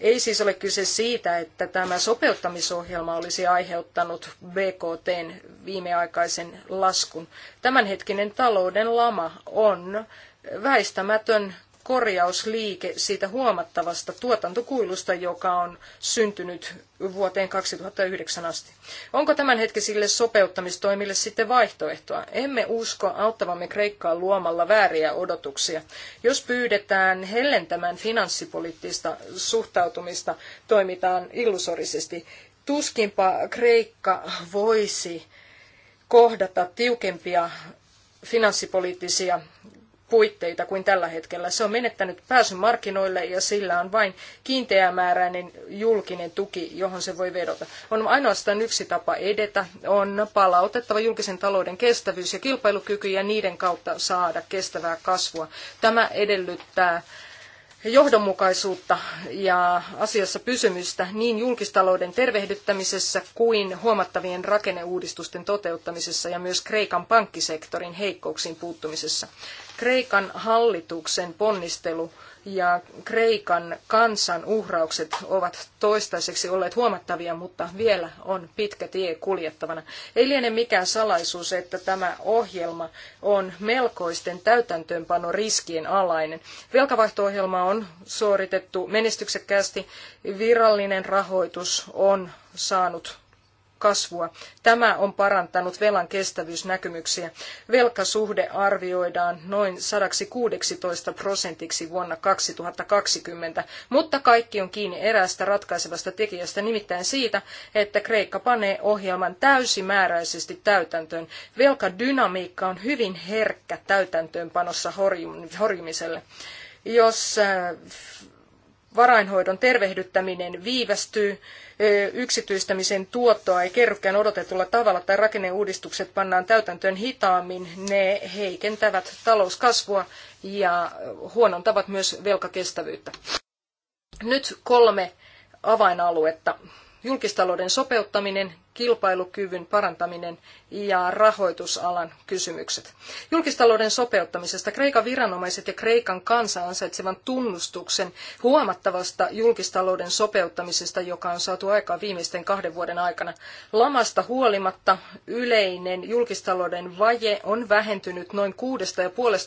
Ei siis ole kyse siitä, että tämä sopeuttamisohjelma olisi aiheuttanut BKTn viimeaikaisen laskun. Tämänhetkinen talouden lama on väistämätön korjausliike siitä huomattavasta tuotantokuilusta, joka on syntynyt vuoteen 2009 asti. Onko tämänhetkisille sopeuttamistoimille sitten vaihtoehtoa? Emme usko auttavamme Kreikkaa luomalla vääriä odotuksia. Jos pyydetään hellentämään finanssipoliittista suhtautumista, toimitaan illusorisesti. Tuskinpa Kreikka voisi kohdata tiukempia finanssipoliittisia puitteita kuin tällä hetkellä. Se on menettänyt pääsyn markkinoille ja sillä on vain kiinteämääräinen julkinen tuki, johon se voi vedota. On ainoastaan yksi tapa edetä, on palautettava julkisen talouden kestävyys ja kilpailukyky ja niiden kautta saada kestävää kasvua. Tämä edellyttää johdonmukaisuutta ja asiassa pysymystä niin julkistalouden tervehdyttämisessä kuin huomattavien rakenneuudistusten toteuttamisessa ja myös Kreikan pankkisektorin heikkouksiin puuttumisessa. Kreikan hallituksen ponnistelu ja Kreikan kansan uhraukset ovat toistaiseksi olleet huomattavia, mutta vielä on pitkä tie kuljettavana. Ei liene mikään salaisuus, että tämä ohjelma on melkoisten täytäntöönpanoriskien alainen. Velkavaihto-ohjelma on suoritettu menestyksekkäästi, virallinen rahoitus on saanut kasvua. Tämä on parantanut velan kestävyysnäkymyksiä. Velkasuhde arvioidaan noin 116 prosentiksi vuonna 2020, mutta kaikki on kiinni eräästä ratkaisevasta tekijästä, nimittäin siitä, että Kreikka panee ohjelman täysimääräisesti täytäntöön. Velkadynamiikka on hyvin herkkä täytäntöönpanossa horjumiselle jos äh, varainhoidon tervehdyttäminen viivästyy, yksityistämisen tuottoa ei kerrykään odotetulla tavalla tai rakenneuudistukset pannaan täytäntöön hitaammin, ne heikentävät talouskasvua ja huonontavat myös velkakestävyyttä. Nyt kolme avainaluetta. Julkistalouden sopeuttaminen, kilpailukyvyn parantaminen ja rahoitusalan kysymykset. Julkistalouden sopeuttamisesta Kreikan viranomaiset ja Kreikan kansa ansaitsevan tunnustuksen huomattavasta julkistalouden sopeuttamisesta, joka on saatu aikaan viimeisten kahden vuoden aikana. Lamasta huolimatta yleinen julkistalouden vaje on vähentynyt noin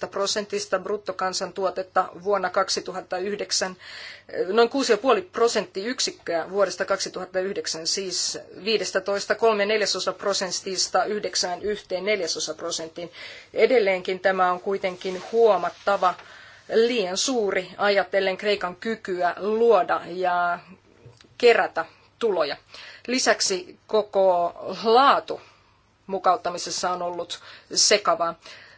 6,5 prosentista bruttokansantuotetta vuonna 2009, noin 6,5 prosenttiyksikköä vuodesta 2009, siis 15 tuotoista kolme neljäsosa prosentista yhdeksään yhteen neljäsosa prosenttiin. Edelleenkin tämä on kuitenkin huomattava liian suuri ajatellen Kreikan kykyä luoda ja kerätä tuloja. Lisäksi koko laatu mukauttamisessa on ollut sekavaa.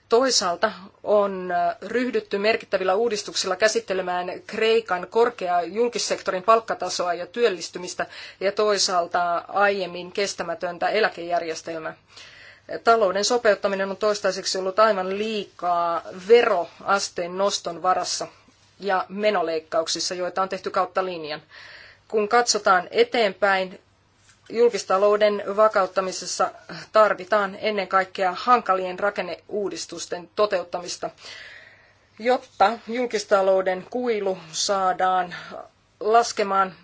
Toisaalta on ryhdytty merkittävillä uudistuksilla käsittelemään Kreikan korkeaa julkissektorin palkkatasoa ja työllistymistä ja toisaalta aiemmin kestämätöntä eläkejärjestelmää. Talouden sopeuttaminen on toistaiseksi ollut aivan liikaa veroasteen noston varassa ja menoleikkauksissa, joita on tehty kautta linjan kun katsotaan eteenpäin, julkistalouden vakauttamisessa tarvitaan ennen kaikkea hankalien rakenneuudistusten toteuttamista, jotta julkistalouden kuilu saadaan laskemaan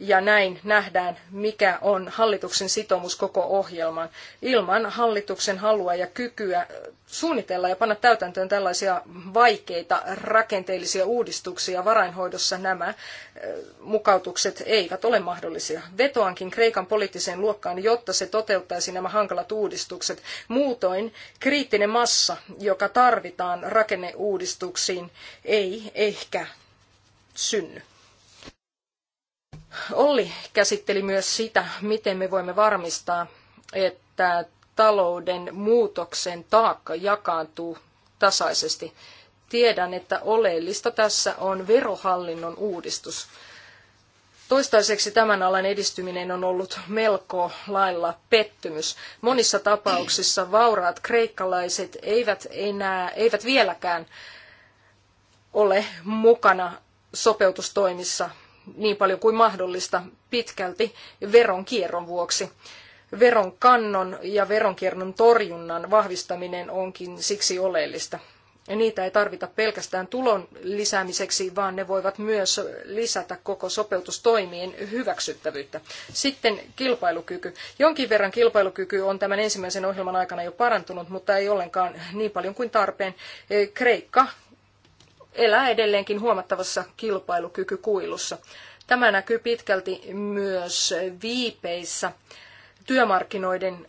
ja näin nähdään, mikä on hallituksen sitoumus koko ohjelmaan. Ilman hallituksen halua ja kykyä suunnitella ja panna täytäntöön tällaisia vaikeita rakenteellisia uudistuksia varainhoidossa nämä mukautukset eivät ole mahdollisia. Vetoankin Kreikan poliittiseen luokkaan, jotta se toteuttaisi nämä hankalat uudistukset. Muutoin kriittinen massa, joka tarvitaan rakenneuudistuksiin, ei ehkä synny. Olli käsitteli myös sitä, miten me voimme varmistaa, että talouden muutoksen taakka jakaantuu tasaisesti. Tiedän, että oleellista tässä on verohallinnon uudistus. Toistaiseksi tämän alan edistyminen on ollut melko lailla pettymys. Monissa tapauksissa vauraat kreikkalaiset eivät enää, eivät vieläkään ole mukana sopeutustoimissa niin paljon kuin mahdollista pitkälti veronkierron vuoksi. Veronkannon ja veronkierron torjunnan vahvistaminen onkin siksi oleellista. Ja niitä ei tarvita pelkästään tulon lisäämiseksi, vaan ne voivat myös lisätä koko sopeutustoimien hyväksyttävyyttä. Sitten kilpailukyky. Jonkin verran kilpailukyky on tämän ensimmäisen ohjelman aikana jo parantunut, mutta ei ollenkaan niin paljon kuin tarpeen. Kreikka elää edelleenkin huomattavassa kilpailukykykuilussa. Tämä näkyy pitkälti myös viipeissä työmarkkinoiden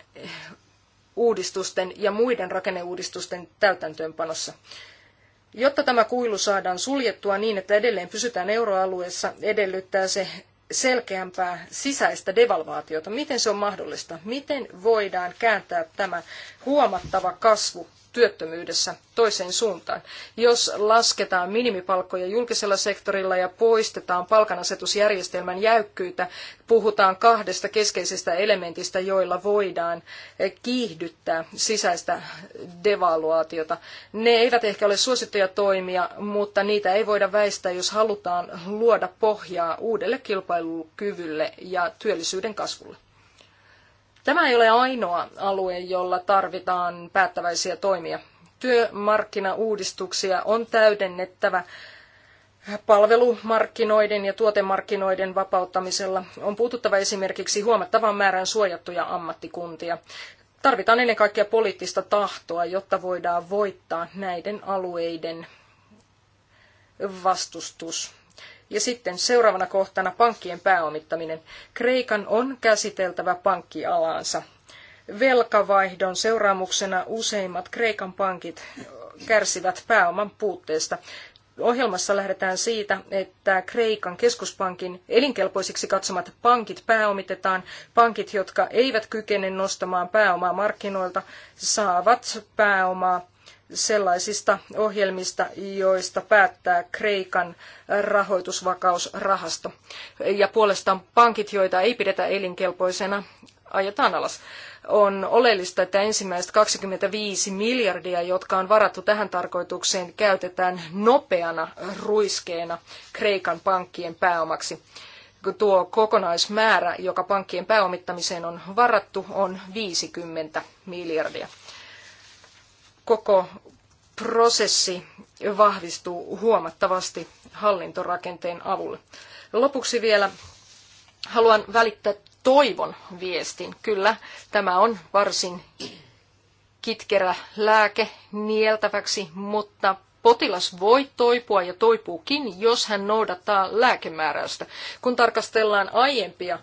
uudistusten ja muiden rakenneuudistusten täytäntöönpanossa. Jotta tämä kuilu saadaan suljettua niin, että edelleen pysytään euroalueessa, edellyttää se selkeämpää sisäistä devalvaatiota. Miten se on mahdollista? Miten voidaan kääntää tämä huomattava kasvu työttömyydessä toiseen suuntaan. Jos lasketaan minimipalkkoja julkisella sektorilla ja poistetaan palkanasetusjärjestelmän jäykkyyttä, puhutaan kahdesta keskeisestä elementistä, joilla voidaan kiihdyttää sisäistä devaluaatiota. Ne eivät ehkä ole suosittuja toimia, mutta niitä ei voida väistää, jos halutaan luoda pohjaa uudelle kilpailukyvylle ja työllisyyden kasvulle. Tämä ei ole ainoa alue, jolla tarvitaan päättäväisiä toimia. Työmarkkinauudistuksia on täydennettävä palvelumarkkinoiden ja tuotemarkkinoiden vapauttamisella. On puututtava esimerkiksi huomattavan määrän suojattuja ammattikuntia. Tarvitaan ennen kaikkea poliittista tahtoa, jotta voidaan voittaa näiden alueiden vastustus. Ja sitten seuraavana kohtana pankkien pääomittaminen. Kreikan on käsiteltävä pankkialaansa. Velkavaihdon seuraamuksena useimmat Kreikan pankit kärsivät pääoman puutteesta. Ohjelmassa lähdetään siitä, että Kreikan keskuspankin elinkelpoisiksi katsomat pankit pääomitetaan. Pankit, jotka eivät kykene nostamaan pääomaa markkinoilta, saavat pääomaa sellaisista ohjelmista, joista päättää Kreikan rahoitusvakausrahasto. Ja puolestaan pankit, joita ei pidetä elinkelpoisena, ajetaan alas. On oleellista, että ensimmäiset 25 miljardia, jotka on varattu tähän tarkoitukseen, käytetään nopeana ruiskeena Kreikan pankkien pääomaksi tuo kokonaismäärä, joka pankkien pääomittamiseen on varattu, on 50 miljardia koko prosessi vahvistuu huomattavasti hallintorakenteen avulla. Lopuksi vielä haluan välittää toivon viestin. Kyllä, tämä on varsin kitkerä lääke nieltäväksi, mutta Potilas voi toipua ja toipuukin, jos hän noudattaa lääkemääräystä. Kun tarkastellaan aiempia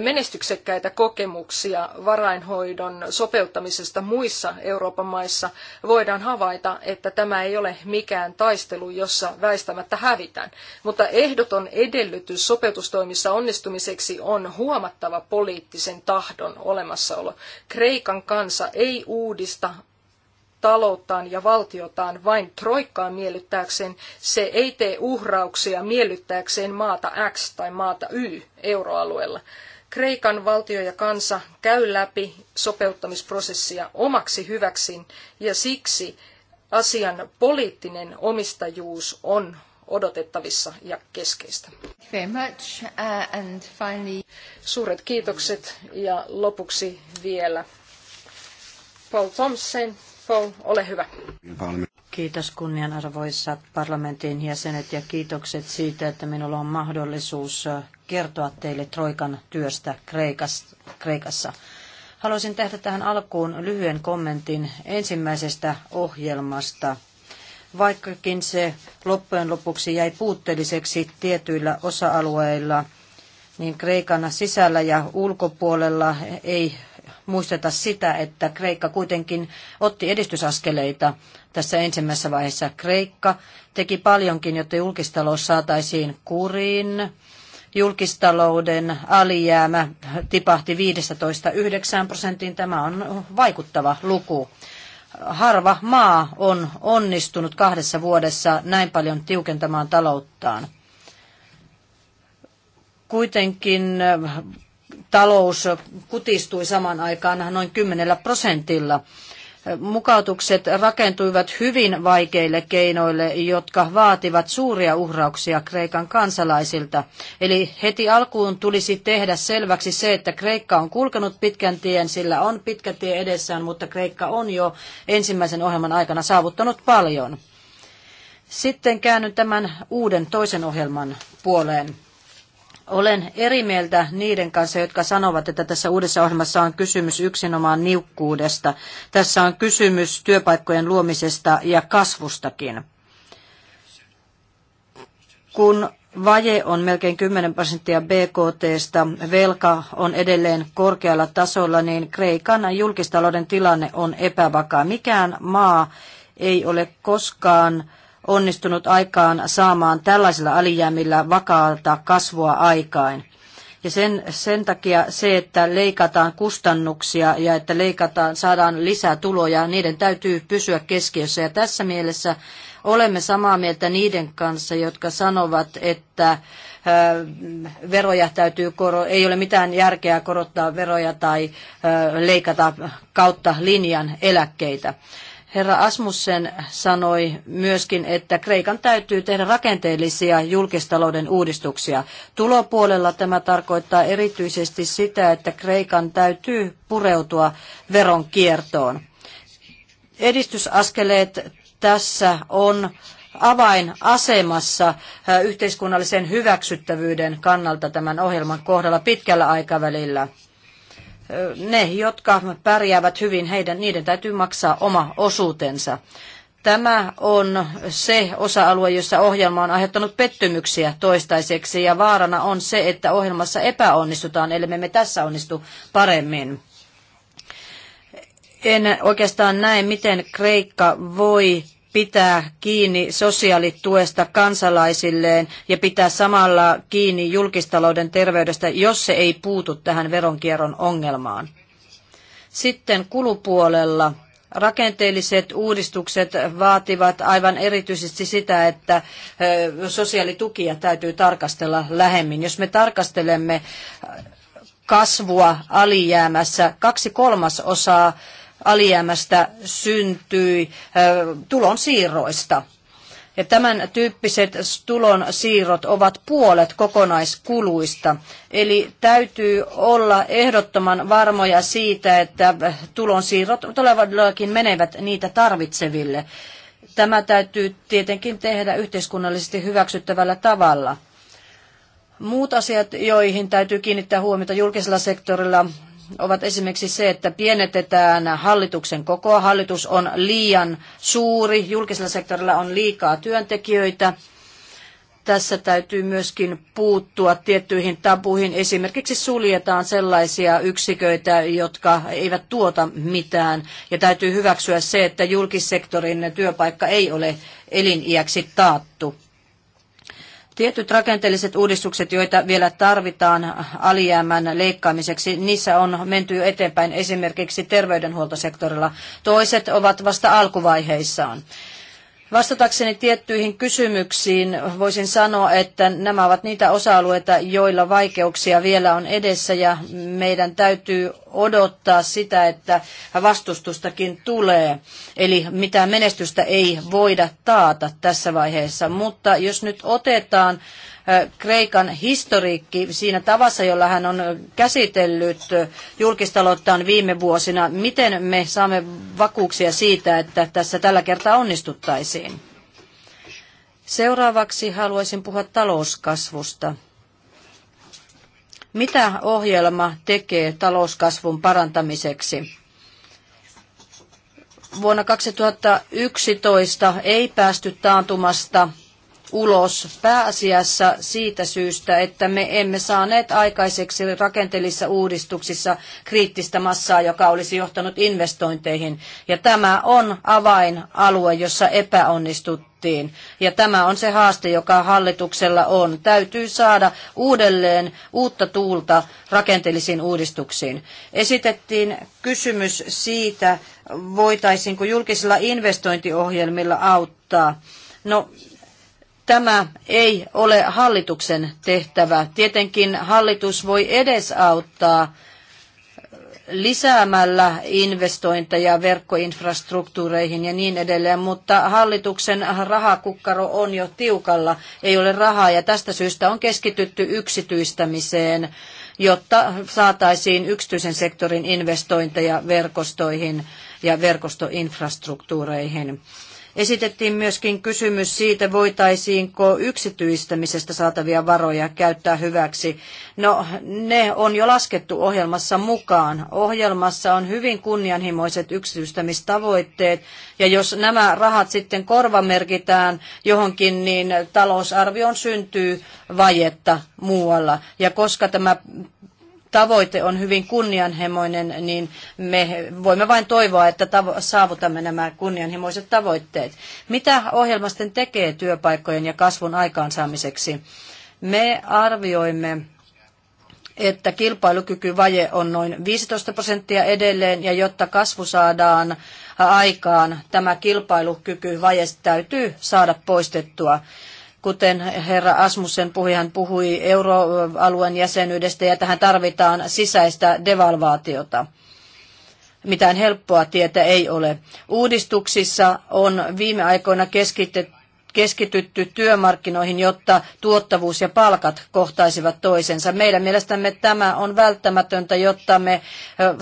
menestyksekkäitä kokemuksia varainhoidon sopeuttamisesta muissa Euroopan maissa, voidaan havaita, että tämä ei ole mikään taistelu, jossa väistämättä hävitään. Mutta ehdoton edellytys sopeutustoimissa onnistumiseksi on huomattava poliittisen tahdon olemassaolo. Kreikan kansa ei uudista talouttaan ja valtiotaan vain troikkaa miellyttääkseen, se ei tee uhrauksia miellyttääkseen maata X tai maata Y euroalueella. Kreikan valtio ja kansa käy läpi sopeuttamisprosessia omaksi hyväksin ja siksi asian poliittinen omistajuus on odotettavissa ja keskeistä. Uh, Suuret kiitokset ja lopuksi vielä Paul Thompson ole hyvä. Kiitos kunnianarvoisat parlamentin jäsenet ja kiitokset siitä, että minulla on mahdollisuus kertoa teille Troikan työstä Kreikassa. Haluaisin tehdä tähän alkuun lyhyen kommentin ensimmäisestä ohjelmasta, vaikkakin se loppujen lopuksi jäi puutteelliseksi tietyillä osa-alueilla, niin Kreikan sisällä ja ulkopuolella ei muisteta sitä, että Kreikka kuitenkin otti edistysaskeleita tässä ensimmäisessä vaiheessa. Kreikka teki paljonkin, jotta julkistalous saataisiin kuriin. Julkistalouden alijäämä tipahti 15,9 prosenttiin. Tämä on vaikuttava luku harva maa on onnistunut kahdessa vuodessa näin paljon tiukentamaan talouttaan. Kuitenkin talous kutistui saman aikaan noin 10 prosentilla. Mukautukset rakentuivat hyvin vaikeille keinoille, jotka vaativat suuria uhrauksia Kreikan kansalaisilta. Eli heti alkuun tulisi tehdä selväksi se, että Kreikka on kulkenut pitkän tien, sillä on pitkä tie edessään, mutta Kreikka on jo ensimmäisen ohjelman aikana saavuttanut paljon. Sitten käännyn tämän uuden toisen ohjelman puoleen. Olen eri mieltä niiden kanssa, jotka sanovat, että tässä uudessa ohjelmassa on kysymys yksinomaan niukkuudesta. Tässä on kysymys työpaikkojen luomisesta ja kasvustakin. Kun Vaje on melkein 10 prosenttia BKTstä, velka on edelleen korkealla tasolla, niin Kreikan julkistalouden tilanne on epävakaa. Mikään maa ei ole koskaan onnistunut aikaan saamaan tällaisilla alijäämillä vakaalta kasvua aikaan. Ja sen, sen takia se, että leikataan kustannuksia ja että leikataan, saadaan lisää tuloja, niiden täytyy pysyä keskiössä. Ja tässä mielessä olemme samaa mieltä niiden kanssa, jotka sanovat, että veroja täytyy koro, ei ole mitään järkeä korottaa veroja tai leikata kautta linjan eläkkeitä. Herra Asmussen sanoi myöskin, että Kreikan täytyy tehdä rakenteellisia julkistalouden uudistuksia. Tulopuolella tämä tarkoittaa erityisesti sitä, että Kreikan täytyy pureutua veronkiertoon. Edistysaskeleet tässä on avainasemassa äh, yhteiskunnallisen hyväksyttävyyden kannalta tämän ohjelman kohdalla pitkällä aikavälillä – ne, jotka pärjäävät hyvin, heidän, niiden täytyy maksaa oma osuutensa. Tämä on se osa-alue, jossa ohjelma on aiheuttanut pettymyksiä toistaiseksi ja vaarana on se, että ohjelmassa epäonnistutaan, eli me emme tässä onnistu paremmin. En oikeastaan näe, miten Kreikka voi pitää kiinni sosiaalituesta kansalaisilleen ja pitää samalla kiinni julkistalouden terveydestä, jos se ei puutu tähän veronkierron ongelmaan. Sitten kulupuolella rakenteelliset uudistukset vaativat aivan erityisesti sitä, että sosiaalitukia täytyy tarkastella lähemmin. Jos me tarkastelemme kasvua alijäämässä, kaksi kolmasosaa osaa alijäämästä syntyi tulonsiirroista. Ja tämän tyyppiset tulonsiirrot ovat puolet kokonaiskuluista. Eli täytyy olla ehdottoman varmoja siitä, että tulonsiirrot todellakin menevät niitä tarvitseville. Tämä täytyy tietenkin tehdä yhteiskunnallisesti hyväksyttävällä tavalla. Muut asiat, joihin täytyy kiinnittää huomiota julkisella sektorilla, ovat esimerkiksi se, että pienetetään hallituksen kokoa. Hallitus on liian suuri, julkisella sektorilla on liikaa työntekijöitä. Tässä täytyy myöskin puuttua tiettyihin tabuihin. Esimerkiksi suljetaan sellaisia yksiköitä, jotka eivät tuota mitään. Ja täytyy hyväksyä se, että julkissektorin työpaikka ei ole eliniäksi taattu. Tietyt rakenteelliset uudistukset, joita vielä tarvitaan alijäämän leikkaamiseksi, niissä on menty jo eteenpäin esimerkiksi terveydenhuoltosektorilla. Toiset ovat vasta alkuvaiheissaan. Vastatakseni tiettyihin kysymyksiin voisin sanoa, että nämä ovat niitä osa-alueita, joilla vaikeuksia vielä on edessä ja meidän täytyy odottaa sitä, että vastustustakin tulee. Eli mitään menestystä ei voida taata tässä vaiheessa. Mutta jos nyt otetaan Kreikan historiikki siinä tavassa, jolla hän on käsitellyt julkistalouttaan viime vuosina. Miten me saamme vakuuksia siitä, että tässä tällä kertaa onnistuttaisiin? Seuraavaksi haluaisin puhua talouskasvusta. Mitä ohjelma tekee talouskasvun parantamiseksi? Vuonna 2011 ei päästy taantumasta ulos pääasiassa siitä syystä, että me emme saaneet aikaiseksi rakenteellisissa uudistuksissa kriittistä massaa, joka olisi johtanut investointeihin. Ja tämä on avainalue, jossa epäonnistuttiin. Ja tämä on se haaste, joka hallituksella on. Täytyy saada uudelleen uutta tuulta rakenteellisiin uudistuksiin. Esitettiin kysymys siitä, voitaisiinko julkisilla investointiohjelmilla auttaa. No Tämä ei ole hallituksen tehtävä. Tietenkin hallitus voi edesauttaa lisäämällä investointeja verkkoinfrastruktuureihin ja niin edelleen, mutta hallituksen rahakukkaro on jo tiukalla, ei ole rahaa ja tästä syystä on keskitytty yksityistämiseen, jotta saataisiin yksityisen sektorin investointeja verkostoihin ja verkostoinfrastruktuureihin. Esitettiin myöskin kysymys siitä, voitaisiinko yksityistämisestä saatavia varoja käyttää hyväksi. No, ne on jo laskettu ohjelmassa mukaan. Ohjelmassa on hyvin kunnianhimoiset yksityistämistavoitteet, ja jos nämä rahat sitten korvamerkitään johonkin, niin talousarvioon syntyy vajetta muualla. Ja koska tämä tavoite on hyvin kunnianhimoinen, niin me voimme vain toivoa, että saavutamme nämä kunnianhimoiset tavoitteet. Mitä ohjelmasten tekee työpaikkojen ja kasvun aikaansaamiseksi? Me arvioimme että kilpailukykyvaje on noin 15 prosenttia edelleen ja jotta kasvu saadaan aikaan, tämä kilpailukykyvaje täytyy saada poistettua. Kuten herra Asmussen puhui, hän puhui euroalueen jäsenyydestä ja tähän tarvitaan sisäistä devalvaatiota. Mitään helppoa tietä ei ole. Uudistuksissa on viime aikoina keskitetty keskitytty työmarkkinoihin, jotta tuottavuus ja palkat kohtaisivat toisensa. Meidän mielestämme tämä on välttämätöntä, jotta me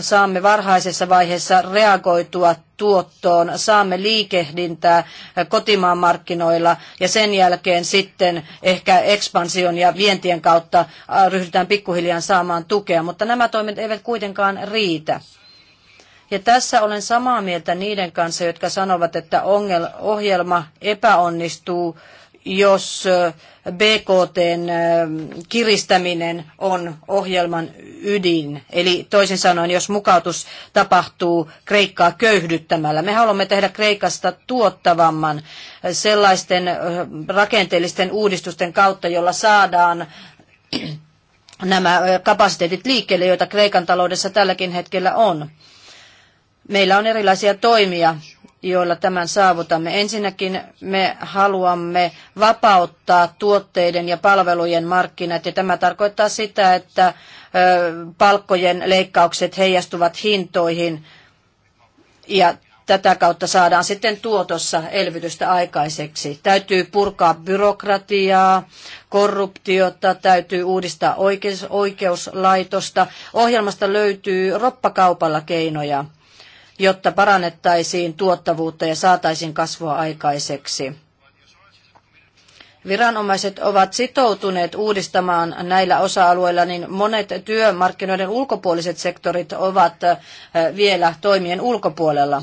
saamme varhaisessa vaiheessa reagoitua tuottoon, saamme liikehdintää kotimaan markkinoilla ja sen jälkeen sitten ehkä ekspansion ja vientien kautta ryhdytään pikkuhiljaa saamaan tukea, mutta nämä toimet eivät kuitenkaan riitä. Ja tässä olen samaa mieltä niiden kanssa, jotka sanovat, että ohjelma epäonnistuu, jos BKTn kiristäminen on ohjelman ydin. Eli toisin sanoen, jos mukautus tapahtuu Kreikkaa köyhdyttämällä. Me haluamme tehdä Kreikasta tuottavamman sellaisten rakenteellisten uudistusten kautta, jolla saadaan nämä kapasiteetit liikkeelle, joita Kreikan taloudessa tälläkin hetkellä on. Meillä on erilaisia toimia, joilla tämän saavutamme. Ensinnäkin me haluamme vapauttaa tuotteiden ja palvelujen markkinat, ja tämä tarkoittaa sitä, että palkkojen leikkaukset heijastuvat hintoihin, ja tätä kautta saadaan sitten tuotossa elvytystä aikaiseksi. Täytyy purkaa byrokratiaa, korruptiota, täytyy uudistaa oikeus, oikeuslaitosta. Ohjelmasta löytyy roppakaupalla keinoja jotta parannettaisiin tuottavuutta ja saataisiin kasvua aikaiseksi. Viranomaiset ovat sitoutuneet uudistamaan näillä osa-alueilla, niin monet työmarkkinoiden ulkopuoliset sektorit ovat vielä toimien ulkopuolella.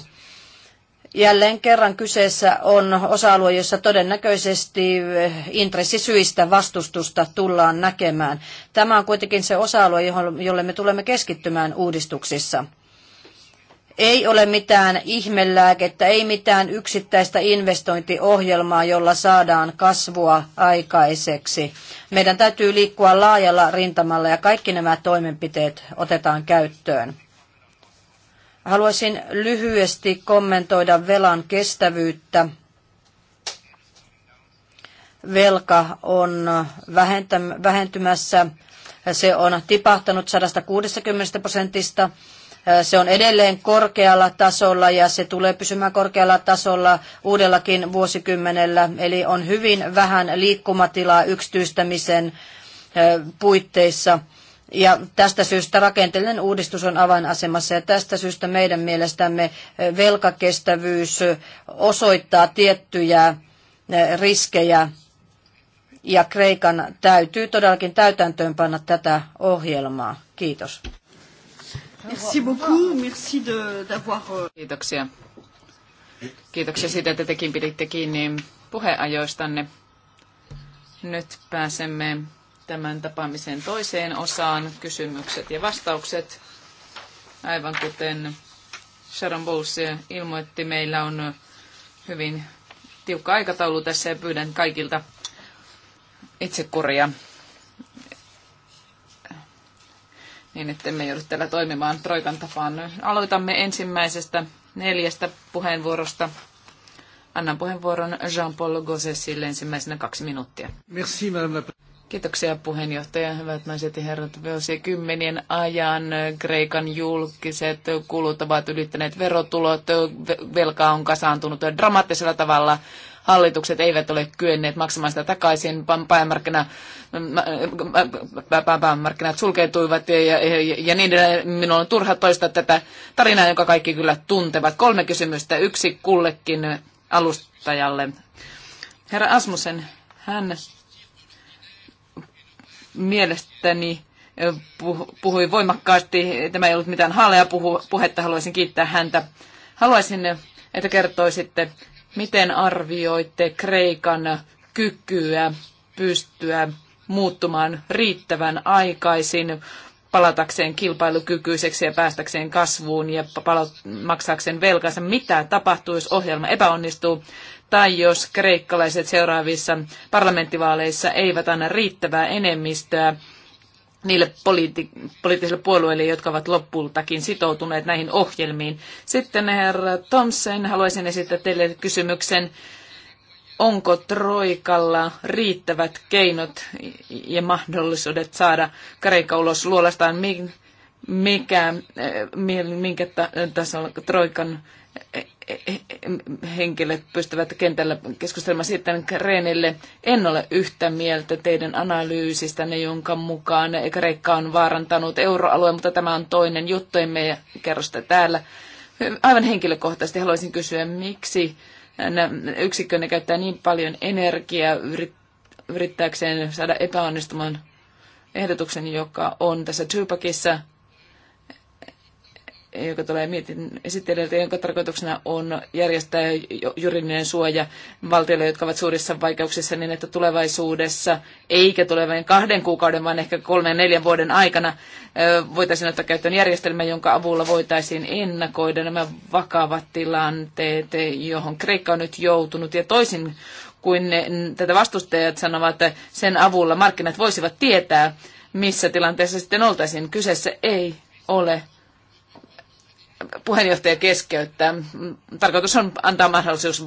Jälleen kerran kyseessä on osa-alue, jossa todennäköisesti intressisyistä vastustusta tullaan näkemään. Tämä on kuitenkin se osa-alue, jolle me tulemme keskittymään uudistuksissa. Ei ole mitään ihmelääkettä, ei mitään yksittäistä investointiohjelmaa, jolla saadaan kasvua aikaiseksi. Meidän täytyy liikkua laajalla rintamalla ja kaikki nämä toimenpiteet otetaan käyttöön. Haluaisin lyhyesti kommentoida velan kestävyyttä. Velka on vähentymässä. Se on tipahtanut 160 prosentista se on edelleen korkealla tasolla ja se tulee pysymään korkealla tasolla uudellakin vuosikymmenellä. Eli on hyvin vähän liikkumatilaa yksityistämisen puitteissa. Ja tästä syystä rakenteellinen uudistus on avainasemassa ja tästä syystä meidän mielestämme velkakestävyys osoittaa tiettyjä riskejä ja Kreikan täytyy todellakin täytäntöönpanna tätä ohjelmaa. Kiitos. Merci beaucoup, merci d'avoir... Euh, Kiitoksia. Kiitoksia siitä, että tekin piditte kiinni puheajoistanne. Nyt pääsemme tämän tapaamisen toiseen osaan, kysymykset ja vastaukset. Aivan kuten Sharon Bowles ilmoitti, meillä on hyvin tiukka aikataulu tässä ja pyydän kaikilta itsekuria. niin että me joudu täällä toimimaan Troikan tapaan. Aloitamme ensimmäisestä neljästä puheenvuorosta. Annan puheenvuoron Jean-Paul Gossessille ensimmäisenä kaksi minuuttia. Merci, madame la... Kiitoksia puheenjohtaja. Hyvät naiset ja herrat, vuosikymmenien ajan Kreikan julkiset kulut ovat ylittäneet verotulot. Velkaa on kasaantunut dramaattisella tavalla hallitukset eivät ole kyenneet maksamaan sitä takaisin. Päämarkkina, sulkeutuivat ja, ja, ja niin edelleen. Minulla on turha toistaa tätä tarinaa, jonka kaikki kyllä tuntevat. Kolme kysymystä yksi kullekin alustajalle. Herra Asmusen, hän mielestäni puhui voimakkaasti. Tämä ei ollut mitään haaleja puhetta, haluaisin kiittää häntä. Haluaisin, että kertoisitte Miten arvioitte Kreikan kykyä pystyä muuttumaan riittävän aikaisin palatakseen kilpailukykyiseksi ja päästäkseen kasvuun ja palaut- maksaakseen velkansa. Mitä tapahtuu, jos ohjelma epäonnistuu tai jos kreikkalaiset seuraavissa parlamenttivaaleissa eivät anna riittävää enemmistöä niille poliitti- poliittisille puolueille, jotka ovat lopultakin sitoutuneet näihin ohjelmiin. Sitten herra Thompson, haluaisin esittää teille kysymyksen. Onko Troikalla riittävät keinot ja mahdollisuudet saada Kreikka ulos luolastaan? Mikä, eh, minkä tasolla Troikan henkilöt pystyvät kentällä keskustelemaan siitä Reenille. En ole yhtä mieltä teidän analyysistänne, jonka mukaan Kreikka on vaarantanut euroalueen, mutta tämä on toinen juttu, emme kerro sitä täällä. Aivan henkilökohtaisesti haluaisin kysyä, miksi yksikkönne käyttää niin paljon energiaa yrittääkseen saada epäonnistuman ehdotuksen, joka on tässä Tupakissa – joka tulee mietin esittelijältä, jonka tarkoituksena on järjestää juridinen suoja valtioille, jotka ovat suurissa vaikeuksissa, niin että tulevaisuudessa, eikä tulevien kahden kuukauden, vaan ehkä kolmen neljän vuoden aikana, voitaisiin ottaa käyttöön järjestelmä, jonka avulla voitaisiin ennakoida nämä vakavat tilanteet, johon Kreikka on nyt joutunut, ja toisin kuin ne, tätä vastustajat sanovat, että sen avulla markkinat voisivat tietää, missä tilanteessa sitten oltaisiin. Kyseessä ei ole puheenjohtaja keskeyttää. Tarkoitus on antaa mahdollisuus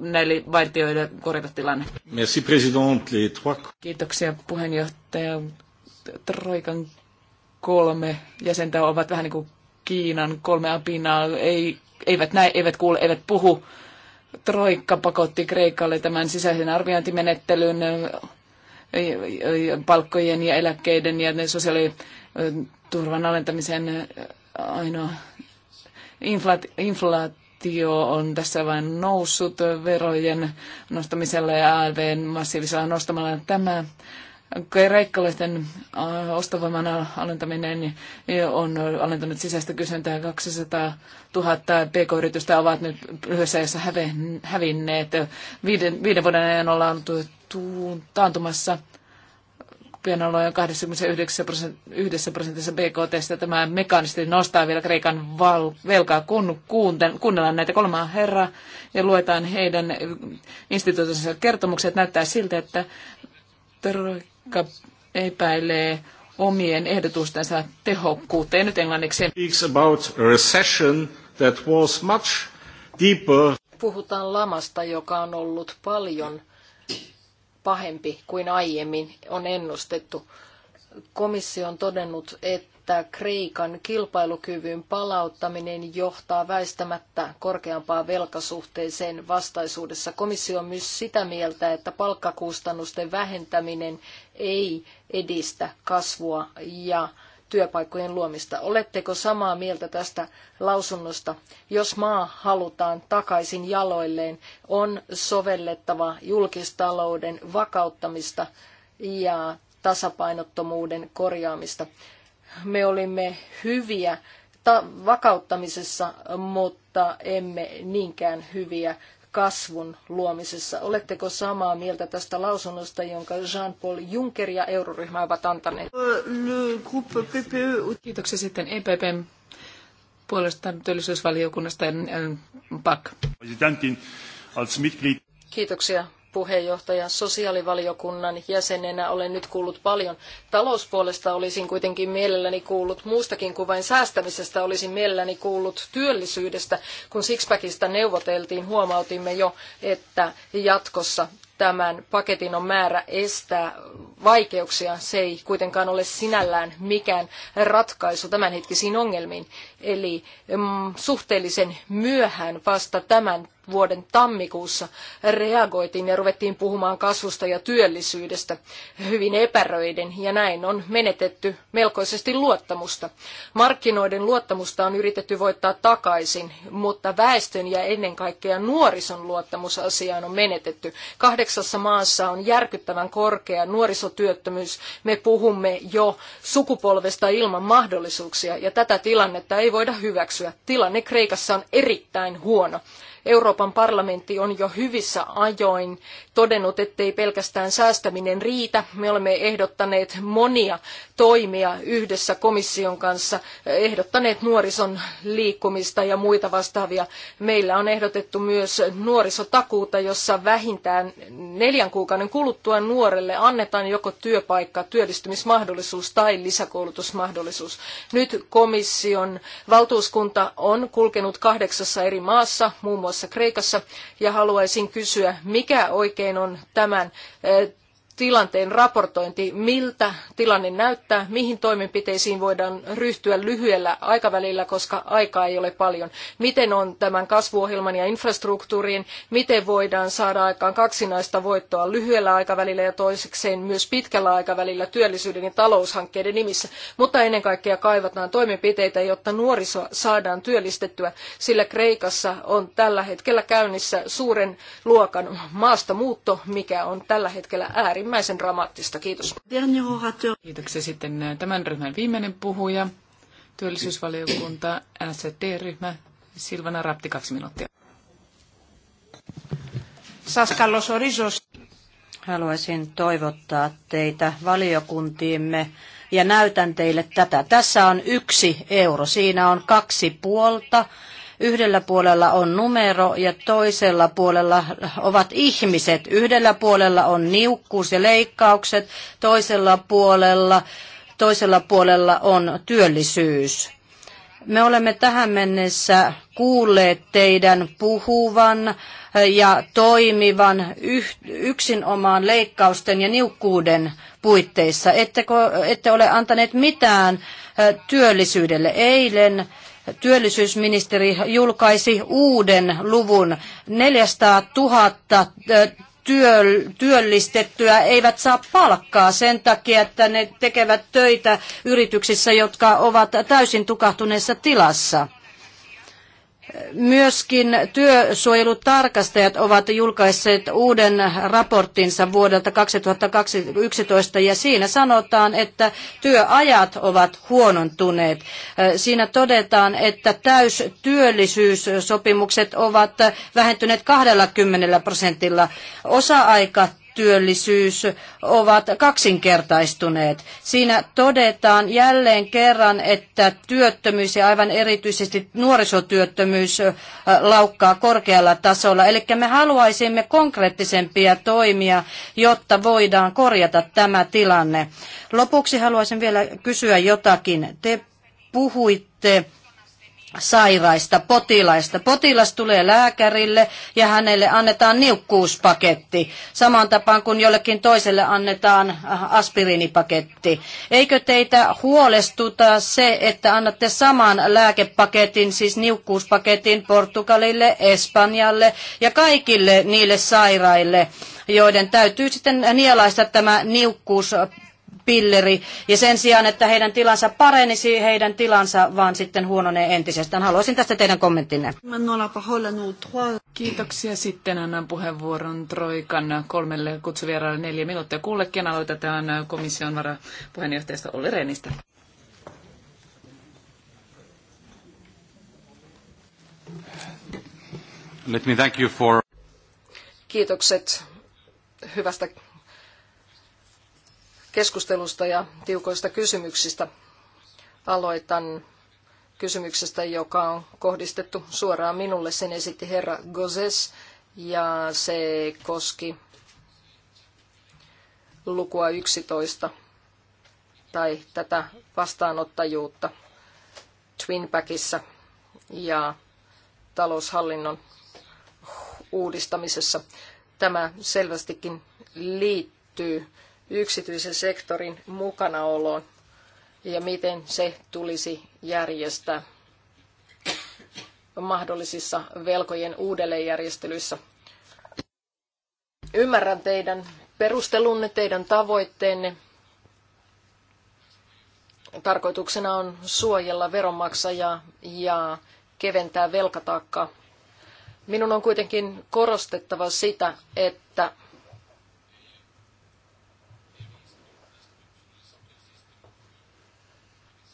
näille valtioille korjata tilanne. Merci, president. Kiitoksia puheenjohtaja. Troikan kolme jäsentä ovat vähän niin kuin Kiinan kolme apinaa. Ei, eivät näe, eivät kuule, eivät puhu. Troikka pakotti Kreikalle tämän sisäisen arviointimenettelyn palkkojen ja eläkkeiden ja sosiaaliturvan alentamisen ainoa inflaatio on tässä vain noussut verojen nostamisella ja ALVn massiivisella nostamalla. Tämä kreikkalaisten ostovoiman alentaminen on alentanut sisäistä kysyntää. 200 000 pk-yritystä ovat nyt lyhyessä ajassa hävinneet. Viiden, viiden vuoden ajan ollaan taantumassa pienaloja 29 prosentissa BKTstä. Tämä mekaanisesti nostaa vielä Kreikan val- velkaa, kun kuunnellaan näitä kolmaa herraa ja luetaan heidän instituutinsa kertomukset. Näyttää siltä, että Troika epäilee omien ehdotustensa tehokkuutta. Ja nyt englanniksi. about recession that was much deeper. Puhutaan lamasta, joka on ollut paljon pahempi kuin aiemmin on ennustettu. Komissio on todennut, että Kreikan kilpailukyvyn palauttaminen johtaa väistämättä korkeampaan velkasuhteeseen vastaisuudessa. Komissio on myös sitä mieltä, että palkkakustannusten vähentäminen ei edistä kasvua ja työpaikkojen luomista. Oletteko samaa mieltä tästä lausunnosta? Jos maa halutaan takaisin jaloilleen, on sovellettava julkistalouden vakauttamista ja tasapainottomuuden korjaamista. Me olimme hyviä vakauttamisessa, mutta emme niinkään hyviä kasvun luomisessa. Oletteko samaa mieltä tästä lausunnosta, jonka Jean-Paul Juncker ja euroryhmä ovat antaneet? E Kiitoksia sitten EPPn puolesta työllisyysvaliokunnasta PAK. Kiitoksia puheenjohtajan sosiaalivaliokunnan jäsenenä olen nyt kuullut paljon. Talouspuolesta olisin kuitenkin mielelläni kuullut muustakin kuin vain säästämisestä, olisin mielelläni kuullut työllisyydestä. Kun Sixpackista neuvoteltiin, huomautimme jo, että jatkossa tämän paketin on määrä estää vaikeuksia. Se ei kuitenkaan ole sinällään mikään ratkaisu tämänhetkisiin ongelmiin. Eli mm, suhteellisen myöhään vasta tämän vuoden tammikuussa reagoitiin ja ruvettiin puhumaan kasvusta ja työllisyydestä hyvin epäröiden ja näin on menetetty melkoisesti luottamusta. Markkinoiden luottamusta on yritetty voittaa takaisin, mutta väestön ja ennen kaikkea nuorison luottamus asiaan on menetetty. Kahdeksassa maassa on järkyttävän korkea nuorisotyöttömyys. Me puhumme jo sukupolvesta ilman mahdollisuuksia ja tätä tilannetta ei voida hyväksyä. Tilanne Kreikassa on erittäin huono. Euroopan parlamentti on jo hyvissä ajoin todennut, ettei pelkästään säästäminen riitä. Me olemme ehdottaneet monia toimia yhdessä komission kanssa, ehdottaneet nuorison liikkumista ja muita vastaavia. Meillä on ehdotettu myös nuorisotakuuta, jossa vähintään neljän kuukauden kuluttua nuorelle annetaan joko työpaikka, työllistymismahdollisuus tai lisäkoulutusmahdollisuus. Nyt komission valtuuskunta on kulkenut kahdeksassa eri maassa, muun muassa muassa Kreikassa, ja haluaisin kysyä, mikä oikein on tämän eh, tilanteen raportointi, miltä tilanne näyttää, mihin toimenpiteisiin voidaan ryhtyä lyhyellä aikavälillä, koska aikaa ei ole paljon. Miten on tämän kasvuohjelman ja infrastruktuurin, miten voidaan saada aikaan kaksinaista voittoa lyhyellä aikavälillä ja toisekseen myös pitkällä aikavälillä työllisyyden ja taloushankkeiden nimissä. Mutta ennen kaikkea kaivataan toimenpiteitä, jotta nuoriso saadaan työllistettyä, sillä Kreikassa on tällä hetkellä käynnissä suuren luokan maastamuutto, mikä on tällä hetkellä äärimmäisen äärimmäisen dramaattista. Kiitos. Kiitoksia sitten tämän ryhmän viimeinen puhuja, työllisyysvaliokunta, ST-ryhmä, Silvana Rapti, kaksi minuuttia. Saskallos Orisos. Haluaisin toivottaa teitä valiokuntiimme ja näytän teille tätä. Tässä on yksi euro, siinä on kaksi puolta Yhdellä puolella on numero ja toisella puolella ovat ihmiset. Yhdellä puolella on niukkuus ja leikkaukset, toisella puolella, toisella puolella on työllisyys. Me olemme tähän mennessä kuulleet teidän puhuvan äh, ja toimivan yksin omaan leikkausten ja niukkuuden puitteissa. Ette, ette ole antaneet mitään äh, työllisyydelle. Eilen työllisyysministeri julkaisi uuden luvun 400 000 työllistettyä eivät saa palkkaa sen takia, että ne tekevät töitä yrityksissä, jotka ovat täysin tukahtuneessa tilassa. Myöskin työsuojelutarkastajat ovat julkaisseet uuden raporttinsa vuodelta 2011 ja siinä sanotaan, että työajat ovat huonontuneet. Siinä todetaan, että täystyöllisyyssopimukset ovat vähentyneet 20 prosentilla. Osa-aika työllisyys ovat kaksinkertaistuneet. Siinä todetaan jälleen kerran, että työttömyys ja aivan erityisesti nuorisotyöttömyys laukkaa korkealla tasolla. Eli me haluaisimme konkreettisempia toimia, jotta voidaan korjata tämä tilanne. Lopuksi haluaisin vielä kysyä jotakin. Te puhuitte sairaista potilaista. Potilas tulee lääkärille ja hänelle annetaan niukkuuspaketti, samaan tapaan kuin jollekin toiselle annetaan äh, aspiriinipaketti. Eikö teitä huolestuta se, että annatte saman lääkepaketin, siis niukkuuspaketin Portugalille, Espanjalle ja kaikille niille sairaille, joiden täytyy sitten nielaista tämä niukkuuspaketti? pilleri. Ja sen sijaan, että heidän tilansa parenisi, heidän tilansa vaan sitten huononee entisestään. Haluaisin tästä teidän kommenttinne. Kiitoksia. Sitten annan puheenvuoron Troikan kolmelle kutsuvieraalle neljä minuuttia kullekin. Aloitetaan komission varapuheenjohtajasta Olli Reinistä. Let me thank you for... Kiitokset hyvästä keskustelusta ja tiukoista kysymyksistä. Aloitan kysymyksestä, joka on kohdistettu suoraan minulle. Sen esitti herra Gozes ja se koski lukua 11 tai tätä vastaanottajuutta Twinpackissa ja taloushallinnon uudistamisessa. Tämä selvästikin liittyy yksityisen sektorin mukanaoloon ja miten se tulisi järjestää mahdollisissa velkojen uudelleenjärjestelyissä. Ymmärrän teidän perustelunne, teidän tavoitteenne. Tarkoituksena on suojella veronmaksajaa ja keventää velkataakkaa. Minun on kuitenkin korostettava sitä, että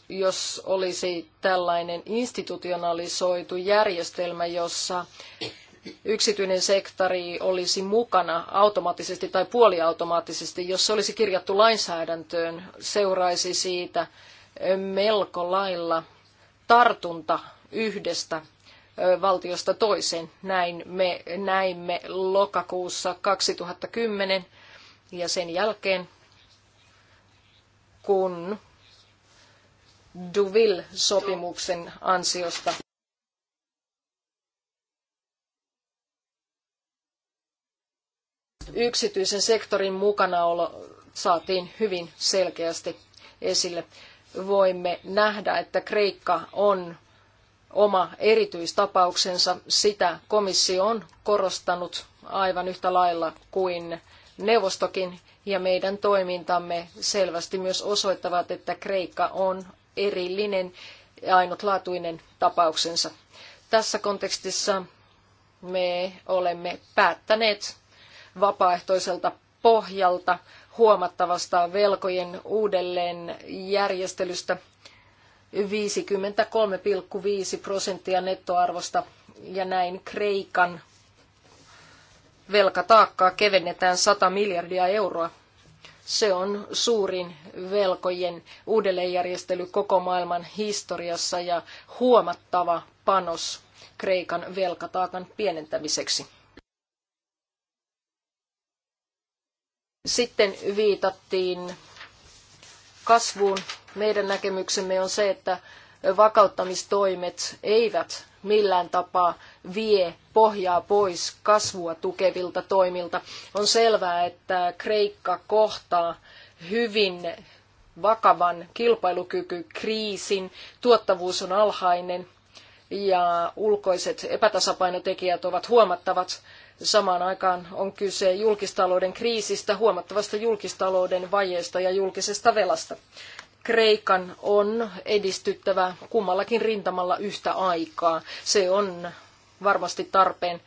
jos olisi tällainen institutionalisoitu järjestelmä, jossa yksityinen sektori olisi mukana automaattisesti tai puoliautomaattisesti, jos se olisi kirjattu lainsäädäntöön, seuraisi siitä melko lailla tartunta yhdestä valtiosta toiseen. Näin me näimme lokakuussa 2010 ja sen jälkeen, kun Duville-sopimuksen ansiosta. Yksityisen sektorin mukanaolo saatiin hyvin selkeästi esille. Voimme nähdä, että Kreikka on oma erityistapauksensa. Sitä komissio on korostanut aivan yhtä lailla kuin neuvostokin, ja meidän toimintamme selvästi myös osoittavat, että Kreikka on erillinen ja ainutlaatuinen tapauksensa. Tässä kontekstissa me olemme päättäneet vapaaehtoiselta pohjalta huomattavasta velkojen uudelleen järjestelystä 53,5 prosenttia nettoarvosta ja näin Kreikan velkataakkaa kevennetään 100 miljardia euroa. Se on suurin velkojen uudelleenjärjestely koko maailman historiassa ja huomattava panos Kreikan velkataakan pienentämiseksi. Sitten viitattiin kasvuun. Meidän näkemyksemme on se, että vakauttamistoimet eivät millään tapaa vie pohjaa pois kasvua tukevilta toimilta. On selvää, että Kreikka kohtaa hyvin vakavan kilpailukykykriisin, tuottavuus on alhainen ja ulkoiset epätasapainotekijät ovat huomattavat. Samaan aikaan on kyse julkistalouden kriisistä, huomattavasta julkistalouden vajeesta ja julkisesta velasta. Kreikan on edistyttävä kummallakin rintamalla yhtä aikaa. Se on varmasti tarpeen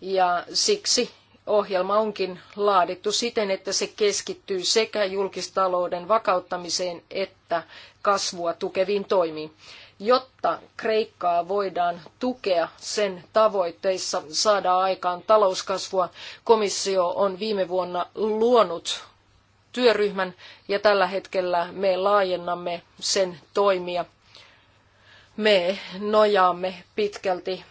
ja siksi ohjelma onkin laadittu siten, että se keskittyy sekä julkistalouden vakauttamiseen että kasvua tukeviin toimiin. Jotta Kreikkaa voidaan tukea sen tavoitteissa saada aikaan talouskasvua, komissio on viime vuonna luonut työryhmän ja tällä hetkellä me laajennamme sen toimia. Me nojaamme pitkälti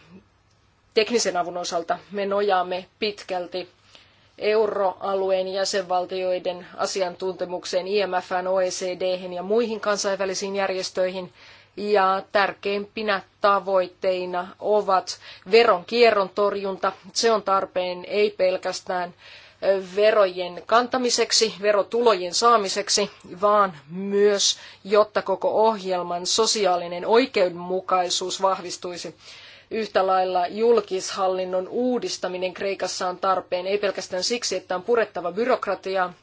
teknisen avun osalta, me nojaamme pitkälti euroalueen jäsenvaltioiden asiantuntemukseen, IMFn, OECD:hen ja muihin kansainvälisiin järjestöihin. Ja tärkeimpinä tavoitteina ovat veronkierron torjunta. Se on tarpeen ei pelkästään verojen kantamiseksi, verotulojen saamiseksi, vaan myös, jotta koko ohjelman sosiaalinen oikeudenmukaisuus vahvistuisi. Yhtä lailla julkishallinnon uudistaminen Kreikassa on tarpeen, ei pelkästään siksi, että on purettava byrokratiaa,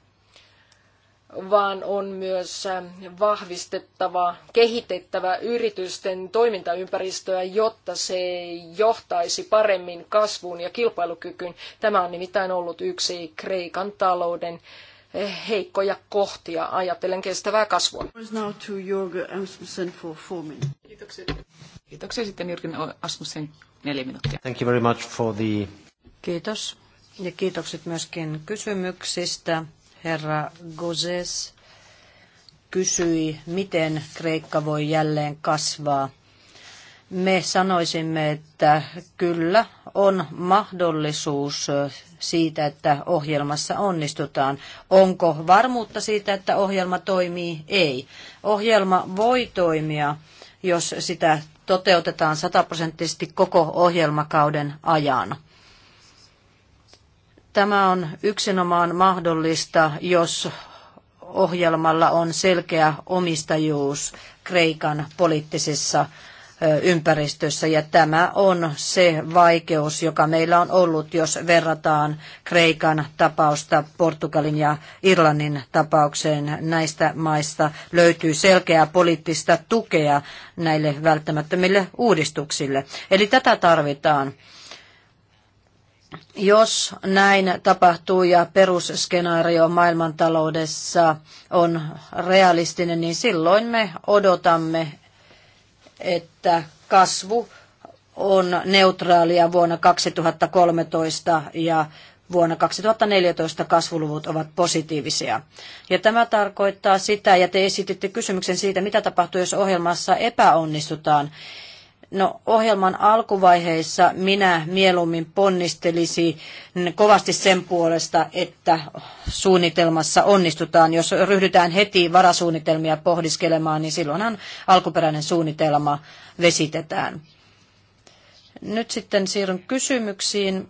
vaan on myös äh, vahvistettava, kehitettävä yritysten toimintaympäristöä, jotta se johtaisi paremmin kasvuun ja kilpailukykyyn. Tämä on nimittäin ollut yksi Kreikan talouden eh, heikkoja kohtia ajatellen kestävää kasvua. Kiitoksia. Kiitoksia sitten Jyrgen Asmussen neljä minuuttia. Thank you very much for the... Kiitos ja kiitokset myöskin kysymyksistä. Herra Gozes kysyi, miten Kreikka voi jälleen kasvaa. Me sanoisimme, että kyllä on mahdollisuus siitä, että ohjelmassa onnistutaan. Onko varmuutta siitä, että ohjelma toimii? Ei. Ohjelma voi toimia, jos sitä toteutetaan sataprosenttisesti koko ohjelmakauden ajan. Tämä on yksinomaan mahdollista, jos ohjelmalla on selkeä omistajuus Kreikan poliittisessa ympäristössä. Ja tämä on se vaikeus, joka meillä on ollut, jos verrataan Kreikan tapausta Portugalin ja Irlannin tapaukseen. Näistä maista löytyy selkeää poliittista tukea näille välttämättömille uudistuksille. Eli tätä tarvitaan. Jos näin tapahtuu ja perusskenaario maailmantaloudessa on realistinen, niin silloin me odotamme, että kasvu on neutraalia vuonna 2013 ja vuonna 2014 kasvuluvut ovat positiivisia. Ja tämä tarkoittaa sitä, ja te esititte kysymyksen siitä, mitä tapahtuu, jos ohjelmassa epäonnistutaan. No ohjelman alkuvaiheessa minä mieluummin ponnistelisi kovasti sen puolesta, että suunnitelmassa onnistutaan. Jos ryhdytään heti varasuunnitelmia pohdiskelemaan, niin silloinhan alkuperäinen suunnitelma vesitetään. Nyt sitten siirryn kysymyksiin.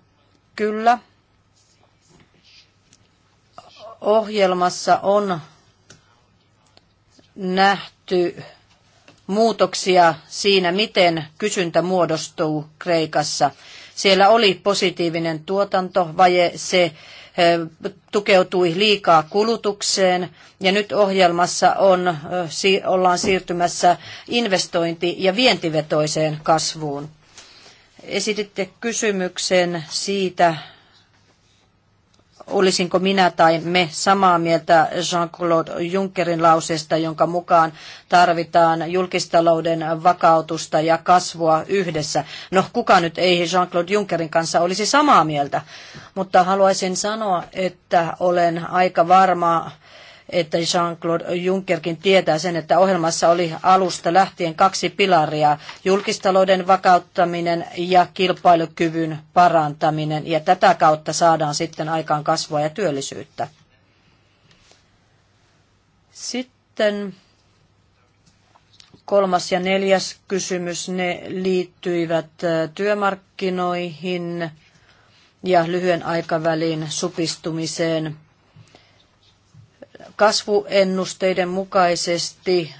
Kyllä, ohjelmassa on nähty muutoksia siinä, miten kysyntä muodostuu Kreikassa. Siellä oli positiivinen tuotantovaje, se eh, tukeutui liikaa kulutukseen ja nyt ohjelmassa on, eh, ollaan siirtymässä investointi- ja vientivetoiseen kasvuun. Esititte kysymyksen siitä, olisinko minä tai me samaa mieltä Jean-Claude Junckerin lauseesta, jonka mukaan tarvitaan julkistalouden vakautusta ja kasvua yhdessä. No kuka nyt ei Jean-Claude Junckerin kanssa olisi samaa mieltä, mutta haluaisin sanoa, että olen aika varma, että Jean-Claude Junckerkin tietää sen, että ohjelmassa oli alusta lähtien kaksi pilaria, julkistalouden vakauttaminen ja kilpailukyvyn parantaminen, ja tätä kautta saadaan sitten aikaan kasvua ja työllisyyttä. Sitten kolmas ja neljäs kysymys, ne liittyivät työmarkkinoihin ja lyhyen aikavälin supistumiseen – kasvuennusteiden mukaisesti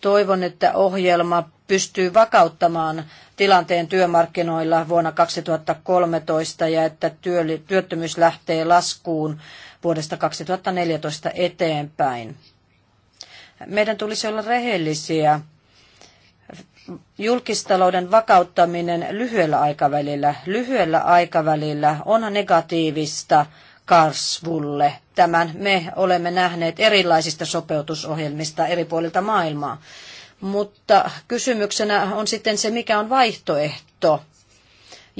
toivon, että ohjelma pystyy vakauttamaan tilanteen työmarkkinoilla vuonna 2013 ja että työttömyys lähtee laskuun vuodesta 2014 eteenpäin. Meidän tulisi olla rehellisiä. Julkistalouden vakauttaminen lyhyellä aikavälillä, lyhyellä aikavälillä on negatiivista kasvulle. Tämän me olemme nähneet erilaisista sopeutusohjelmista eri puolilta maailmaa. Mutta kysymyksenä on sitten se, mikä on vaihtoehto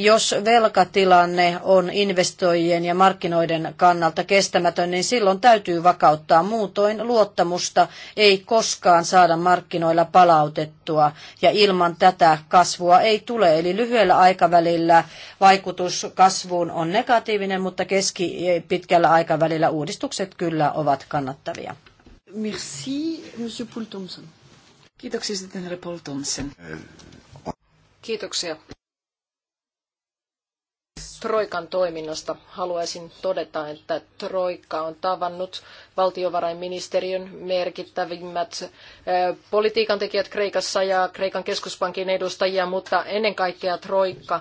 jos velkatilanne on investoijien ja markkinoiden kannalta kestämätön, niin silloin täytyy vakauttaa. Muutoin luottamusta ei koskaan saada markkinoilla palautettua ja ilman tätä kasvua ei tule. Eli lyhyellä aikavälillä vaikutus kasvuun on negatiivinen, mutta keski pitkällä aikavälillä uudistukset kyllä ovat kannattavia. Merci, Monsieur Paul Thompson. Kiitoksia sitten, herra Paul Thompson. Kiitoksia. Troikan toiminnasta haluaisin todeta, että troika on tavannut valtiovarainministeriön merkittävimmät eh, politiikan tekijät Kreikassa ja Kreikan keskuspankin edustajia, mutta ennen kaikkea troika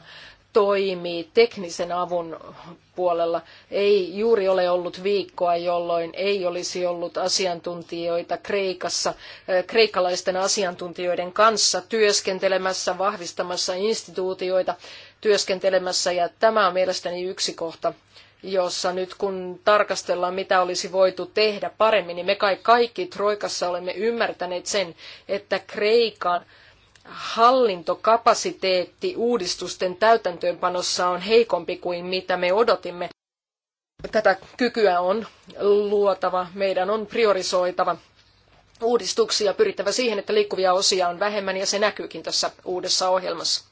toimii teknisen avun puolella. Ei juuri ole ollut viikkoa, jolloin ei olisi ollut asiantuntijoita Kreikassa, eh, kreikkalaisten asiantuntijoiden kanssa työskentelemässä, vahvistamassa instituutioita työskentelemässä ja tämä on mielestäni yksi kohta, jossa nyt kun tarkastellaan, mitä olisi voitu tehdä paremmin, niin me kai kaikki Troikassa olemme ymmärtäneet sen, että Kreikan hallintokapasiteetti uudistusten täytäntöönpanossa on heikompi kuin mitä me odotimme. Tätä kykyä on luotava, meidän on priorisoitava uudistuksia, pyrittävä siihen, että liikkuvia osia on vähemmän ja se näkyykin tässä uudessa ohjelmassa.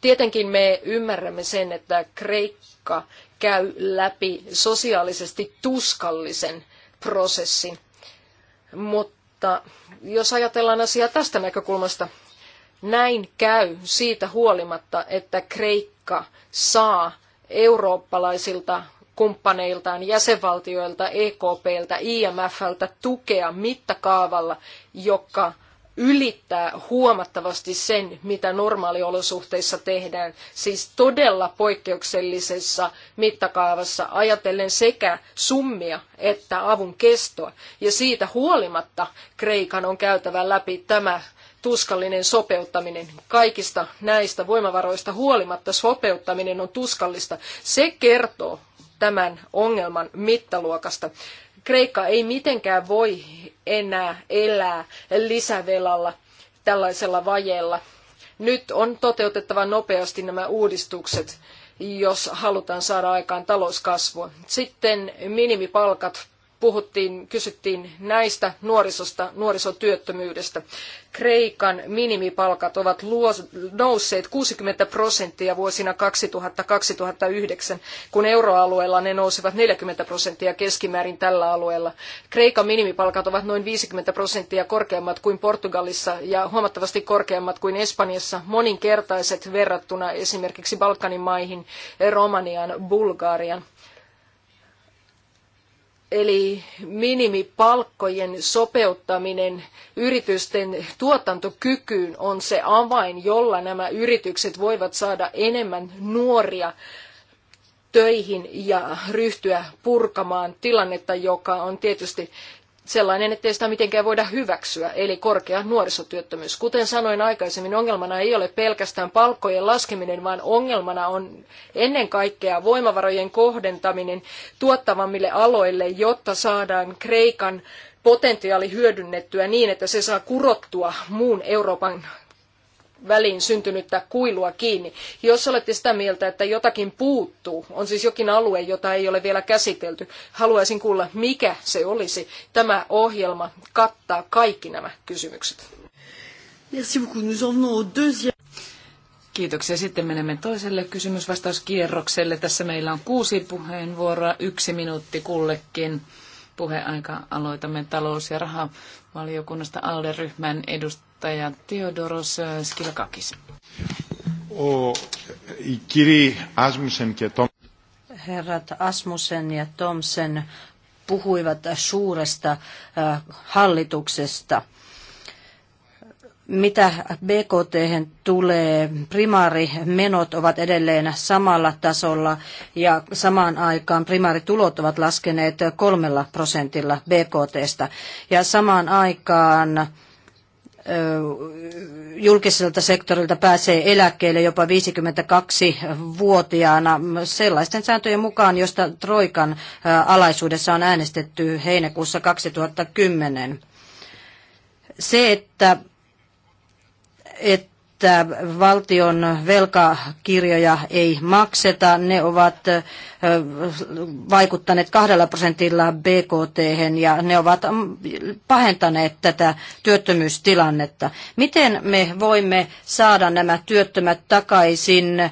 Tietenkin me ymmärrämme sen, että Kreikka käy läpi sosiaalisesti tuskallisen prosessin, mutta jos ajatellaan asiaa tästä näkökulmasta, näin käy siitä huolimatta, että Kreikka saa eurooppalaisilta kumppaneiltaan, jäsenvaltioilta, EKPltä, IMFltä tukea mittakaavalla, joka ylittää huomattavasti sen, mitä normaaliolosuhteissa tehdään, siis todella poikkeuksellisessa mittakaavassa ajatellen sekä summia että avun kestoa. Ja siitä huolimatta Kreikan on käytävä läpi tämä tuskallinen sopeuttaminen. Kaikista näistä voimavaroista huolimatta sopeuttaminen on tuskallista. Se kertoo tämän ongelman mittaluokasta. Kreikka ei mitenkään voi enää elää lisävelalla tällaisella vajeella. Nyt on toteutettava nopeasti nämä uudistukset, jos halutaan saada aikaan talouskasvua. Sitten minimipalkat puhuttiin, kysyttiin näistä nuorisosta, nuorisotyöttömyydestä. Kreikan minimipalkat ovat nousseet 60 prosenttia vuosina 2000-2009, kun euroalueella ne nousevat 40 prosenttia keskimäärin tällä alueella. Kreikan minimipalkat ovat noin 50 prosenttia korkeammat kuin Portugalissa ja huomattavasti korkeammat kuin Espanjassa, moninkertaiset verrattuna esimerkiksi Balkanin maihin, Romaniaan, Bulgarian Eli minimipalkkojen sopeuttaminen yritysten tuotantokykyyn on se avain, jolla nämä yritykset voivat saada enemmän nuoria töihin ja ryhtyä purkamaan tilannetta, joka on tietysti sellainen, ettei sitä mitenkään voida hyväksyä, eli korkea nuorisotyöttömyys. Kuten sanoin aikaisemmin, ongelmana ei ole pelkästään palkkojen laskeminen, vaan ongelmana on ennen kaikkea voimavarojen kohdentaminen tuottavammille aloille, jotta saadaan Kreikan potentiaali hyödynnettyä niin, että se saa kurottua muun Euroopan väliin syntynyttä kuilua kiinni. Jos olette sitä mieltä, että jotakin puuttuu, on siis jokin alue, jota ei ole vielä käsitelty, haluaisin kuulla, mikä se olisi. Tämä ohjelma kattaa kaikki nämä kysymykset. Merci beaucoup. Nous en venons au deuxième. Kiitoksia. Sitten menemme toiselle kysymysvastauskierrokselle. Tässä meillä on kuusi puheenvuoroa, yksi minuutti kullekin. Puheaika aloitamme talous- ja rahavaliokunnasta alderyhmän edust- johtaja Theodoros Skilakakis. O, kiri Asmussen ja Tom... Herrat Asmussen ja Tomsen puhuivat suuresta äh, hallituksesta mitä BKT tulee, primaarimenot ovat edelleen samalla tasolla ja samaan aikaan primaaritulot ovat laskeneet kolmella prosentilla BKT. Ja samaan aikaan julkiselta sektorilta pääsee eläkkeelle jopa 52-vuotiaana sellaisten sääntöjen mukaan, josta Troikan alaisuudessa on äänestetty heinäkuussa 2010. Se, että, että että valtion velkakirjoja ei makseta. Ne ovat vaikuttaneet kahdella prosentilla BKT ja ne ovat mm, pahentaneet tätä työttömyystilannetta. Miten me voimme saada nämä työttömät takaisin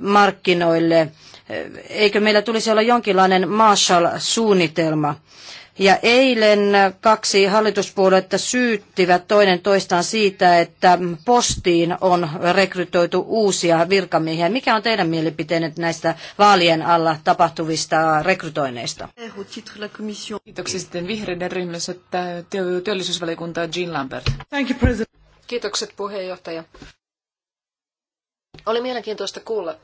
markkinoille? Eikö meillä tulisi olla jonkinlainen Marshall-suunnitelma? Ja eilen kaksi hallituspuoluetta syyttivät toinen toistaan siitä, että postiin on rekrytoitu uusia virkamiehiä. Mikä on teidän mielipiteenne näistä vaalien alla tapahtuvista rekrytoinneista? Kiitoksia sitten vihreiden ryhmässä, että työllisyysvaliokunta Jean Lambert. Thank you, President. Kiitokset puheenjohtaja. Oli mielenkiintoista kuulla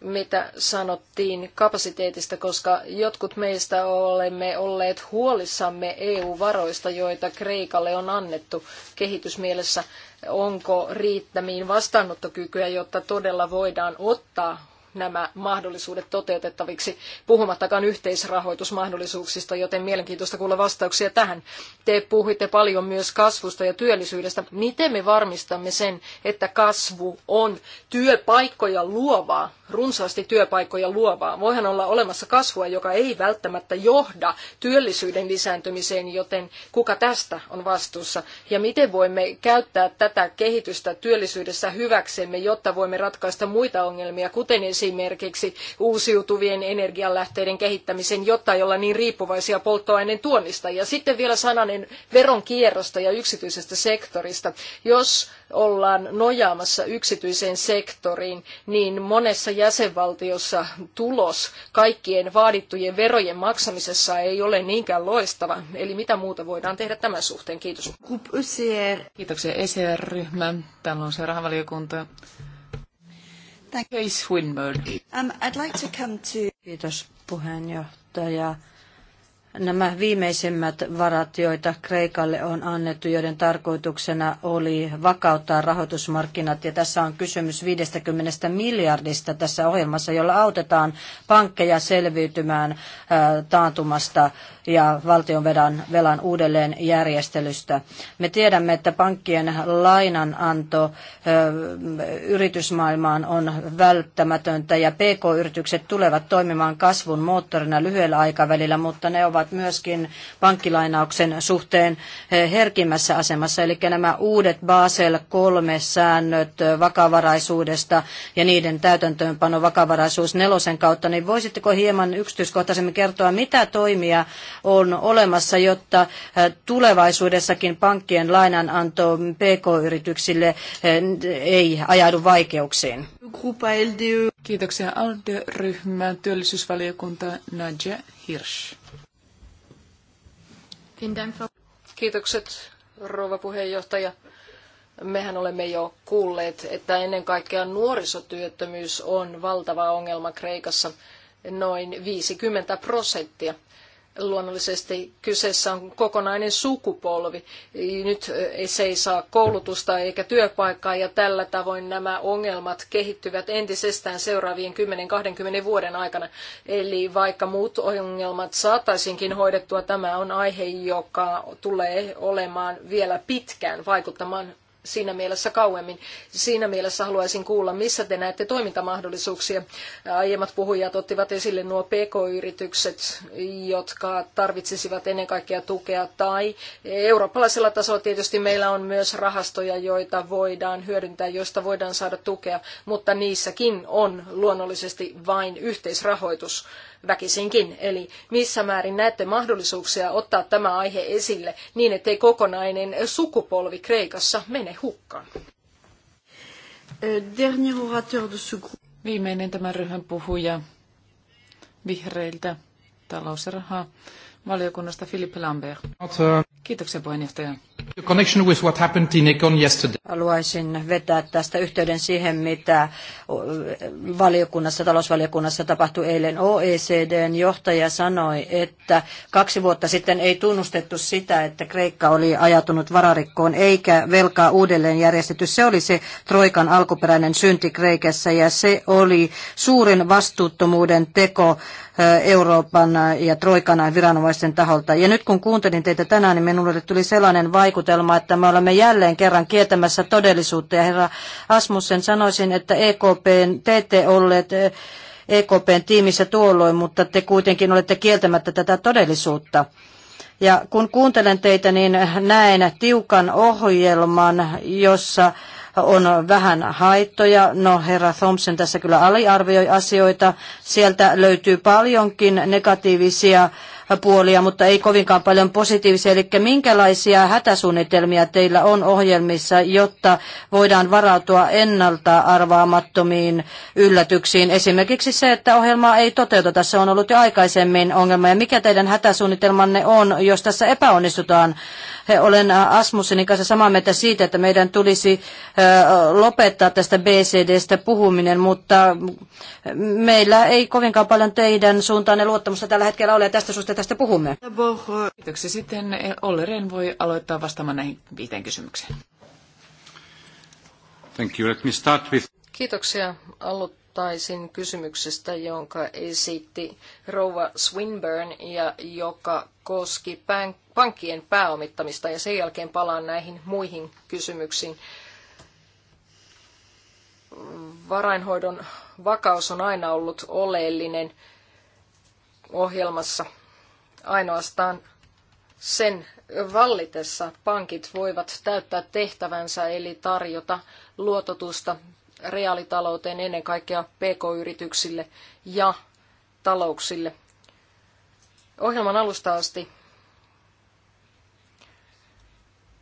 mitä sanottiin kapasiteetista, koska jotkut meistä olemme olleet huolissamme EU-varoista, joita Kreikalle on annettu kehitysmielessä. Onko riittämiin vastaanottokykyä, jotta todella voidaan ottaa nämä mahdollisuudet toteutettaviksi, puhumattakaan yhteisrahoitusmahdollisuuksista, joten mielenkiintoista kuulla vastauksia tähän. Te puhuitte paljon myös kasvusta ja työllisyydestä. Miten me varmistamme sen, että kasvu on työpaikkoja luovaa runsaasti työpaikkoja luovaa. Voihan olla olemassa kasvua, joka ei välttämättä johda työllisyyden lisääntymiseen, joten kuka tästä on vastuussa? Ja miten voimme käyttää tätä kehitystä työllisyydessä hyväksemme, jotta voimme ratkaista muita ongelmia, kuten esimerkiksi uusiutuvien energianlähteiden kehittämisen, jotta ei olla niin riippuvaisia polttoaineen tuonnista. Ja sitten vielä sananen veronkierrosta ja yksityisestä sektorista. Jos ollaan nojaamassa yksityiseen sektoriin, niin monessa jäsenvaltiossa tulos kaikkien vaadittujen verojen maksamisessa ei ole niinkään loistava. Eli mitä muuta voidaan tehdä tämän suhteen? Kiitos. Kiitoksia ECR-ryhmä, on se rahavaliokunta. Thank you. Case Um, I'd like to come to... Kiitos puheenjohtaja. Nämä viimeisimmät varat, joita Kreikalle on annettu, joiden tarkoituksena oli vakauttaa rahoitusmarkkinat, ja tässä on kysymys 50 miljardista tässä ohjelmassa, jolla autetaan pankkeja selviytymään äh, taantumasta ja valtion velan, velan uudelleen järjestelystä. Me tiedämme, että pankkien lainananto äh, yritysmaailmaan on välttämätöntä ja PK-yritykset tulevat toimimaan kasvun moottorina lyhyellä aikavälillä, mutta ne ovat ovat myöskin pankkilainauksen suhteen eh, herkimmässä asemassa. Eli nämä uudet Basel 3-säännöt eh, vakavaraisuudesta ja niiden täytäntöönpano vakavaraisuus nelosen kautta, niin voisitteko hieman yksityiskohtaisemmin kertoa, mitä toimia on olemassa, jotta eh, tulevaisuudessakin pankkien lainananto PK-yrityksille ei ajaudu vaikeuksiin? Kiitoksia ALDE-ryhmään työllisyysvaliokunta Nadja Hirsch. Kiitokset, rouva puheenjohtaja. Mehän olemme jo kuulleet, että ennen kaikkea nuorisotyöttömyys on valtava ongelma Kreikassa, noin 50 prosenttia luonnollisesti kyseessä on kokonainen sukupolvi. Nyt se ei saa koulutusta eikä työpaikkaa ja tällä tavoin nämä ongelmat kehittyvät entisestään seuraavien 10-20 vuoden aikana. Eli vaikka muut ongelmat saataisinkin hoidettua, tämä on aihe, joka tulee olemaan vielä pitkään vaikuttamaan siinä mielessä kauemmin. Siinä mielessä haluaisin kuulla, missä te näette toimintamahdollisuuksia. Aiemmat puhujat ottivat esille nuo PK-yritykset, jotka tarvitsisivat ennen kaikkea tukea, tai eurooppalaisella tasolla tietysti meillä on myös rahastoja, joita voidaan hyödyntää, joista voidaan saada tukea, mutta niissäkin on luonnollisesti vain yhteisrahoitus väkisinkin. Eli missä määrin näette mahdollisuuksia ottaa tämä aihe esille niin, ettei kokonainen sukupolvi Kreikassa mene hukkaan? Viimeinen tämän ryhmän puhuja vihreiltä talous- valiokunnasta Philippe Lambert. Kiitoksia puheenjohtaja. Haluaisin vetää tästä yhteyden siihen, mitä valiokunnassa, talousvaliokunnassa tapahtui eilen. OECDn johtaja sanoi, että kaksi vuotta sitten ei tunnustettu sitä, että Kreikka oli ajatunut vararikkoon eikä velkaa uudelleen järjestetty. Se oli se Troikan alkuperäinen synti Kreikassa ja se oli suurin vastuuttomuuden teko Euroopan ja Troikan viranomaisten taholta. Ja nyt kun kuuntelin teitä tänään, niin minulle tuli sellainen vaikutus, vaikutelma, että me olemme jälleen kerran kietämässä todellisuutta. Ja herra Asmussen sanoisin, että EKPn, te ette olleet EKPn eh, e tiimissä tuolloin, mutta te kuitenkin olette kieltämättä tätä todellisuutta. Ja kun kuuntelen teitä, niin näen tiukan ohjelman, jossa on vähän haittoja. No herra Thompson tässä kyllä aliarvioi asioita. Sieltä löytyy paljonkin negatiivisia puolia, mutta ei kovinkaan paljon positiivisia. Eli minkälaisia hätäsuunnitelmia teillä on ohjelmissa, jotta voidaan varautua ennalta arvaamattomiin yllätyksiin? Esimerkiksi se, että ohjelmaa ei toteuteta, se on ollut jo aikaisemmin ongelma. Ja mikä teidän hätäsuunnitelmanne on, jos tässä epäonnistutaan? He Olen äh, Asmussenin kanssa samaa mieltä siitä, että meidän tulisi äh, lopettaa tästä BCDstä puhuminen, mutta meillä ei kovinkaan paljon teidän suuntaanne luottamusta tällä hetkellä ole. Ja tästä syystä tästä puhumme. Kiitoksia. Sitten Olle Ren voi aloittaa vastaamaan näihin viiteen kysymykseen. Thank you. Let me start with... Kiitoksia. Aloittaisin kysymyksestä, jonka esitti rouva Swinburne ja joka koski pankkien pääomittamista ja sen jälkeen palaan näihin muihin kysymyksiin varainhoidon vakaus on aina ollut oleellinen ohjelmassa ainoastaan sen vallitessa pankit voivat täyttää tehtävänsä eli tarjota luototusta reaalitalouteen ennen kaikkea pk-yrityksille ja talouksille. Ohjelman alusta asti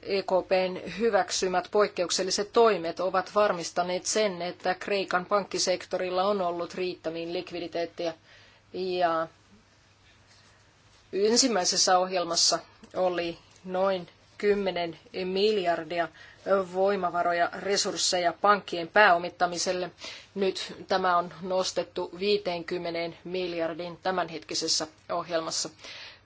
EKPn hyväksymät poikkeukselliset toimet ovat varmistaneet sen, että Kreikan pankkisektorilla on ollut riittäviin likviditeettiä ja ensimmäisessä ohjelmassa oli noin 10 miljardia voimavaroja, resursseja pankkien pääomittamiselle. Nyt tämä on nostettu 50 miljardin tämänhetkisessä ohjelmassa.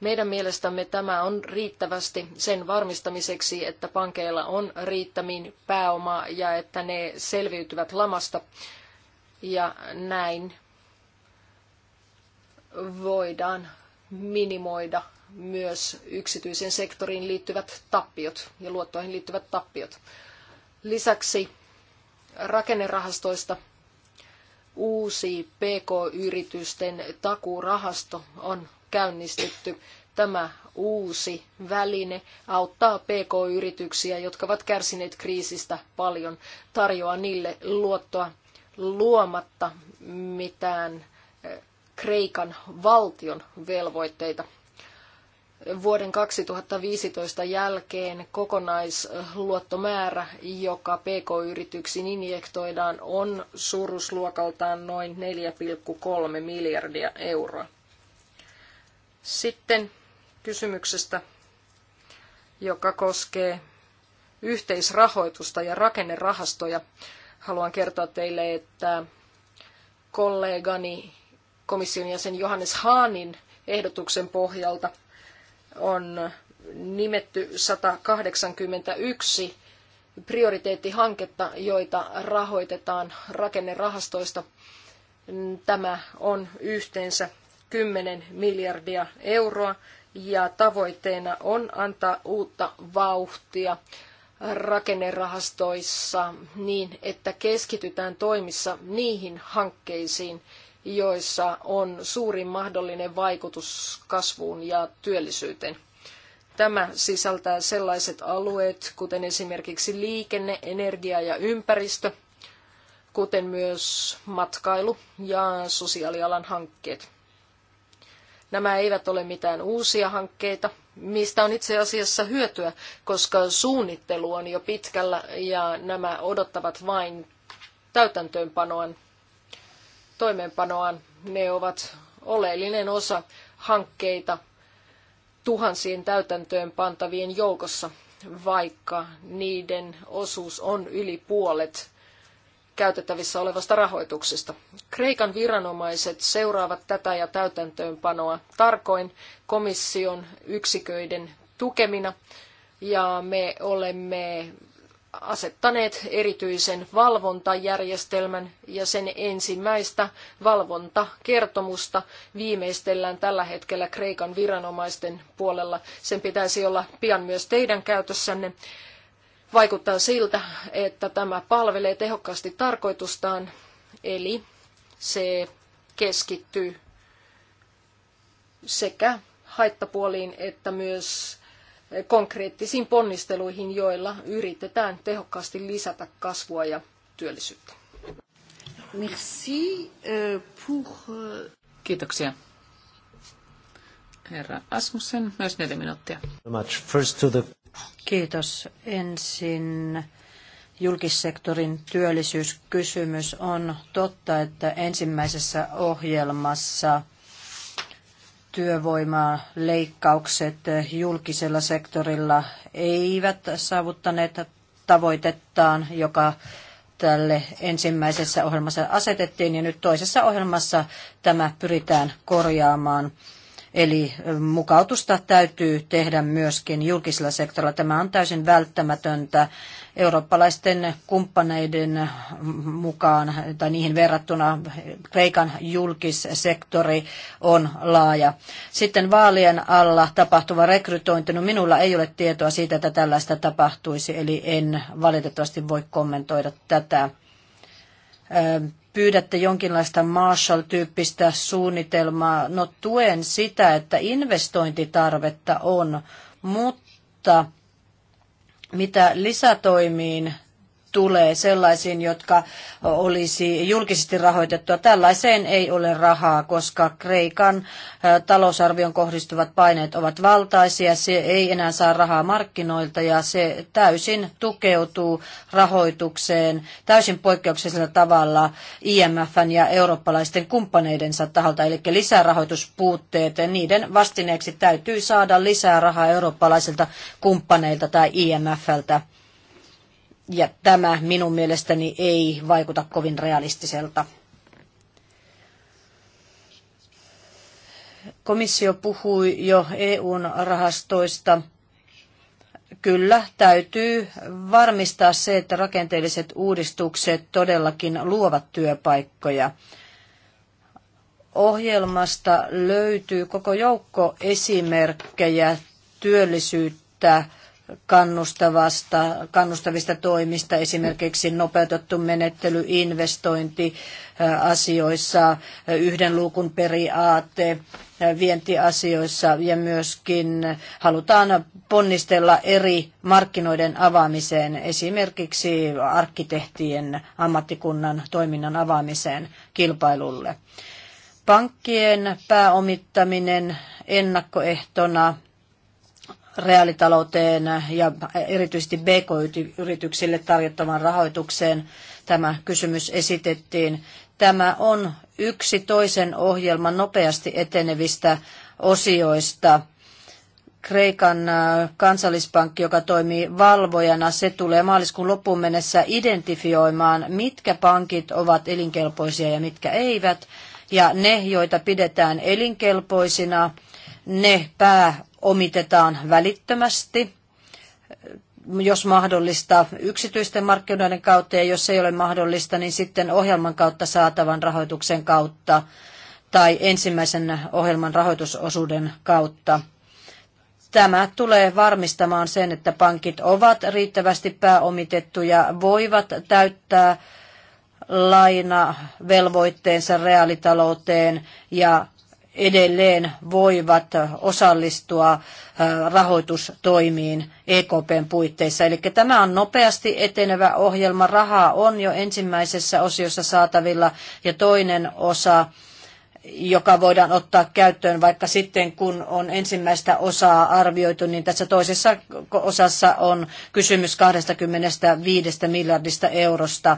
Meidän mielestämme tämä on riittävästi sen varmistamiseksi, että pankeilla on riittämin pääomaa ja että ne selviytyvät lamasta. Ja näin voidaan minimoida myös yksityisen sektoriin liittyvät tappiot ja luottoihin liittyvät tappiot. Lisäksi rakennerahastoista uusi PK-yritysten takuurahasto on käynnistetty. Tämä uusi väline auttaa PK-yrityksiä, jotka ovat kärsineet kriisistä paljon, tarjoaa niille luottoa luomatta mitään eh, Kreikan valtion velvoitteita. Vuoden 2015 jälkeen kokonaisluottomäärä, joka PK-yrityksiin injektoidaan, on suuruusluokaltaan noin 4,3 miljardia euroa. Sitten kysymyksestä, joka koskee yhteisrahoitusta ja rakennerahastoja. Haluan kertoa teille, että kollegani komission jäsen Johannes Haanin ehdotuksen pohjalta on nimetty 181 prioriteettihanketta, joita rahoitetaan rakennerahastoista. Tämä on yhteensä 10 miljardia euroa ja tavoitteena on antaa uutta vauhtia rakennerahastoissa niin, että keskitytään toimissa niihin hankkeisiin, joissa on suurin mahdollinen vaikutus kasvuun ja työllisyyteen. Tämä sisältää sellaiset alueet, kuten esimerkiksi liikenne, energia ja ympäristö, kuten myös matkailu ja sosiaalialan hankkeet. Nämä eivät ole mitään uusia hankkeita, mistä on itse asiassa hyötyä, koska suunnittelu on jo pitkällä ja nämä odottavat vain täytäntöönpanoan toimeenpanoaan. Ne ovat oleellinen osa hankkeita tuhansien täytäntöön pantavien joukossa, vaikka niiden osuus on yli puolet käytettävissä olevasta rahoituksesta. Kreikan viranomaiset seuraavat tätä ja täytäntöönpanoa tarkoin komission yksiköiden tukemina ja me olemme asettaneet erityisen valvontajärjestelmän ja sen ensimmäistä valvontakertomusta viimeistellään tällä hetkellä Kreikan viranomaisten puolella. Sen pitäisi olla pian myös teidän käytössänne. Vaikuttaa siltä, että tämä palvelee tehokkaasti tarkoitustaan, eli se keskittyy sekä haittapuoliin että myös konkreettisiin ponnisteluihin, joilla yritetään tehokkaasti lisätä kasvua ja työllisyyttä. Merci euh, pour... Euh, Kiitoksia. Herra Asmussen, myös neljä minuuttia. Kiitos. Ensin julkissektorin työllisyyskysymys on totta, että ensimmäisessä ohjelmassa – työvoimaa leikkaukset julkisella sektorilla eivät saavuttaneet tavoitettaan, joka tälle ensimmäisessä ohjelmassa asetettiin ja nyt toisessa ohjelmassa tämä pyritään korjaamaan. Eli mukautusta täytyy tehdä myöskin julkisella sektorilla. Tämä on täysin välttämätöntä eurooppalaisten kumppaneiden mukaan tai niihin verrattuna Kreikan julkissektori on laaja. Sitten vaalien alla tapahtuva rekrytointi, no minulla ei ole tietoa siitä, että tällaista tapahtuisi, eli en valitettavasti voi kommentoida tätä pyydätte jonkinlaista Marshall-tyyppistä suunnitelmaa. No tuen sitä, että investointitarvetta on, mutta mitä lisätoimiin tulee sellaisiin, jotka olisi julkisesti rahoitettua. Tällaiseen ei ole rahaa, koska Kreikan talousarvion kohdistuvat paineet ovat valtaisia. Se ei enää saa rahaa markkinoilta ja se täysin tukeutuu rahoitukseen täysin poikkeuksellisella tavalla IMFn ja eurooppalaisten kumppaneidensa taholta. Eli lisärahoituspuutteet, niiden vastineeksi täytyy saada lisää rahaa eurooppalaisilta kumppaneilta tai IMFltä. Ja tämä minun mielestäni ei vaikuta kovin realistiselta. Komissio puhui jo EUn rahastoista. Kyllä, täytyy varmistaa se, että rakenteelliset uudistukset todellakin luovat työpaikkoja ohjelmasta löytyy koko joukko esimerkkejä työllisyyttä kannustavasta, kannustavista toimista, esimerkiksi nopeutettu menettely investointiasioissa, yhden luukun periaate vientiasioissa ja myöskin halutaan ponnistella eri markkinoiden avaamiseen, esimerkiksi arkkitehtien ammattikunnan toiminnan avaamiseen kilpailulle. Pankkien pääomittaminen ennakkoehtona reaalitalouteen ja erityisesti BK-yrityksille tarjottavan rahoitukseen tämä kysymys esitettiin. Tämä on yksi toisen ohjelman nopeasti etenevistä osioista. Kreikan äh, kansallispankki, joka toimii valvojana, se tulee maaliskuun loppuun mennessä identifioimaan, mitkä pankit ovat elinkelpoisia ja mitkä eivät. Ja ne, joita pidetään elinkelpoisina, ne pää omitetaan välittömästi, jos mahdollista yksityisten markkinoiden kautta ja jos ei ole mahdollista, niin sitten ohjelman kautta saatavan rahoituksen kautta tai ensimmäisen ohjelman rahoitusosuuden kautta. Tämä tulee varmistamaan sen, että pankit ovat riittävästi pääomitettuja, voivat täyttää lainavelvoitteensa reaalitalouteen ja edelleen voivat osallistua rahoitustoimiin EKPn puitteissa. Eli tämä on nopeasti etenevä ohjelma. Rahaa on jo ensimmäisessä osiossa saatavilla ja toinen osa joka voidaan ottaa käyttöön vaikka sitten, kun on ensimmäistä osaa arvioitu, niin tässä toisessa osassa on kysymys 25 miljardista eurosta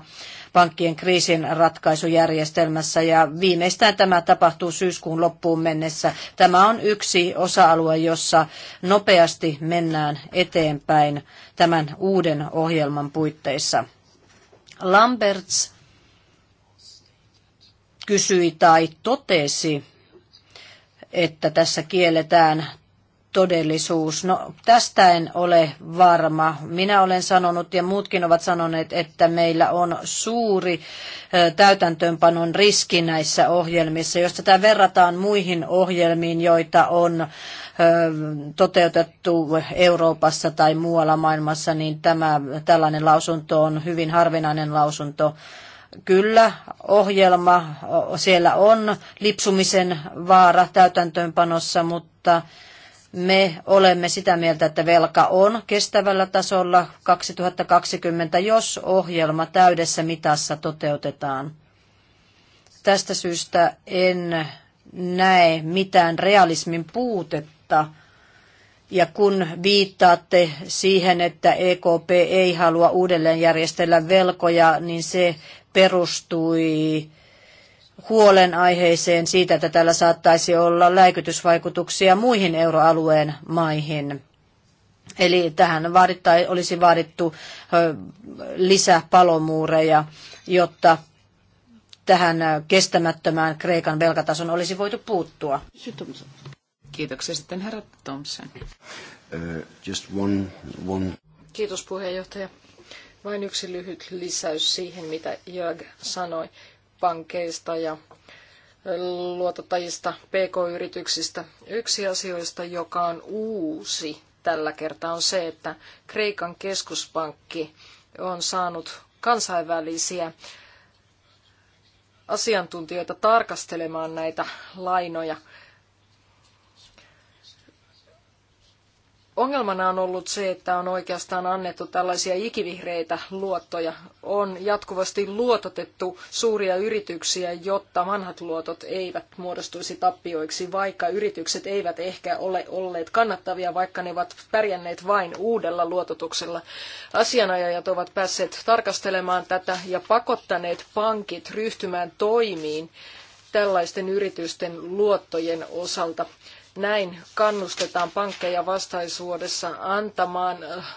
pankkien kriisin ratkaisujärjestelmässä ja viimeistään tämä tapahtuu syyskuun loppuun mennessä. Tämä on yksi osa-alue, jossa nopeasti mennään eteenpäin tämän uuden ohjelman puitteissa. Lamberts kysyi tai totesi, että tässä kielletään todellisuus? No, tästä en ole varma. Minä olen sanonut ja muutkin ovat sanoneet, että meillä on suuri täytäntöönpanon riski näissä ohjelmissa. Jos tätä verrataan muihin ohjelmiin, joita on toteutettu Euroopassa tai muualla maailmassa, niin tämä, tällainen lausunto on hyvin harvinainen lausunto kyllä ohjelma, siellä on lipsumisen vaara täytäntöönpanossa, mutta me olemme sitä mieltä, että velka on kestävällä tasolla 2020, jos ohjelma täydessä mitassa toteutetaan. Tästä syystä en näe mitään realismin puutetta. Ja kun viittaatte siihen, että EKP ei halua uudelleen järjestellä velkoja, niin se perustui huolenaiheeseen siitä, että tällä saattaisi olla lääkytysvaikutuksia muihin euroalueen maihin. Eli tähän vaadittai, olisi vaadittu lisäpalomuureja, jotta tähän kestämättömään Kreikan velkatason olisi voitu puuttua. Kiitoksia sitten herra Thompson. Uh, just one, one. Kiitos puheenjohtaja. Vain yksi lyhyt lisäys siihen, mitä Jörg sanoi pankeista ja luotottajista, pk-yrityksistä. Yksi asioista, joka on uusi tällä kertaa, on se, että Kreikan keskuspankki on saanut kansainvälisiä asiantuntijoita tarkastelemaan näitä lainoja – Ongelmana on ollut se, että on oikeastaan annettu tällaisia ikivihreitä luottoja. On jatkuvasti luototettu suuria yrityksiä, jotta vanhat luotot eivät muodostuisi tappioiksi, vaikka yritykset eivät ehkä ole olleet kannattavia, vaikka ne ovat pärjänneet vain uudella luototuksella. Asianajajat ovat päässeet tarkastelemaan tätä ja pakottaneet pankit ryhtymään toimiin tällaisten yritysten luottojen osalta näin kannustetaan pankkeja vastaisuudessa antamaan äh,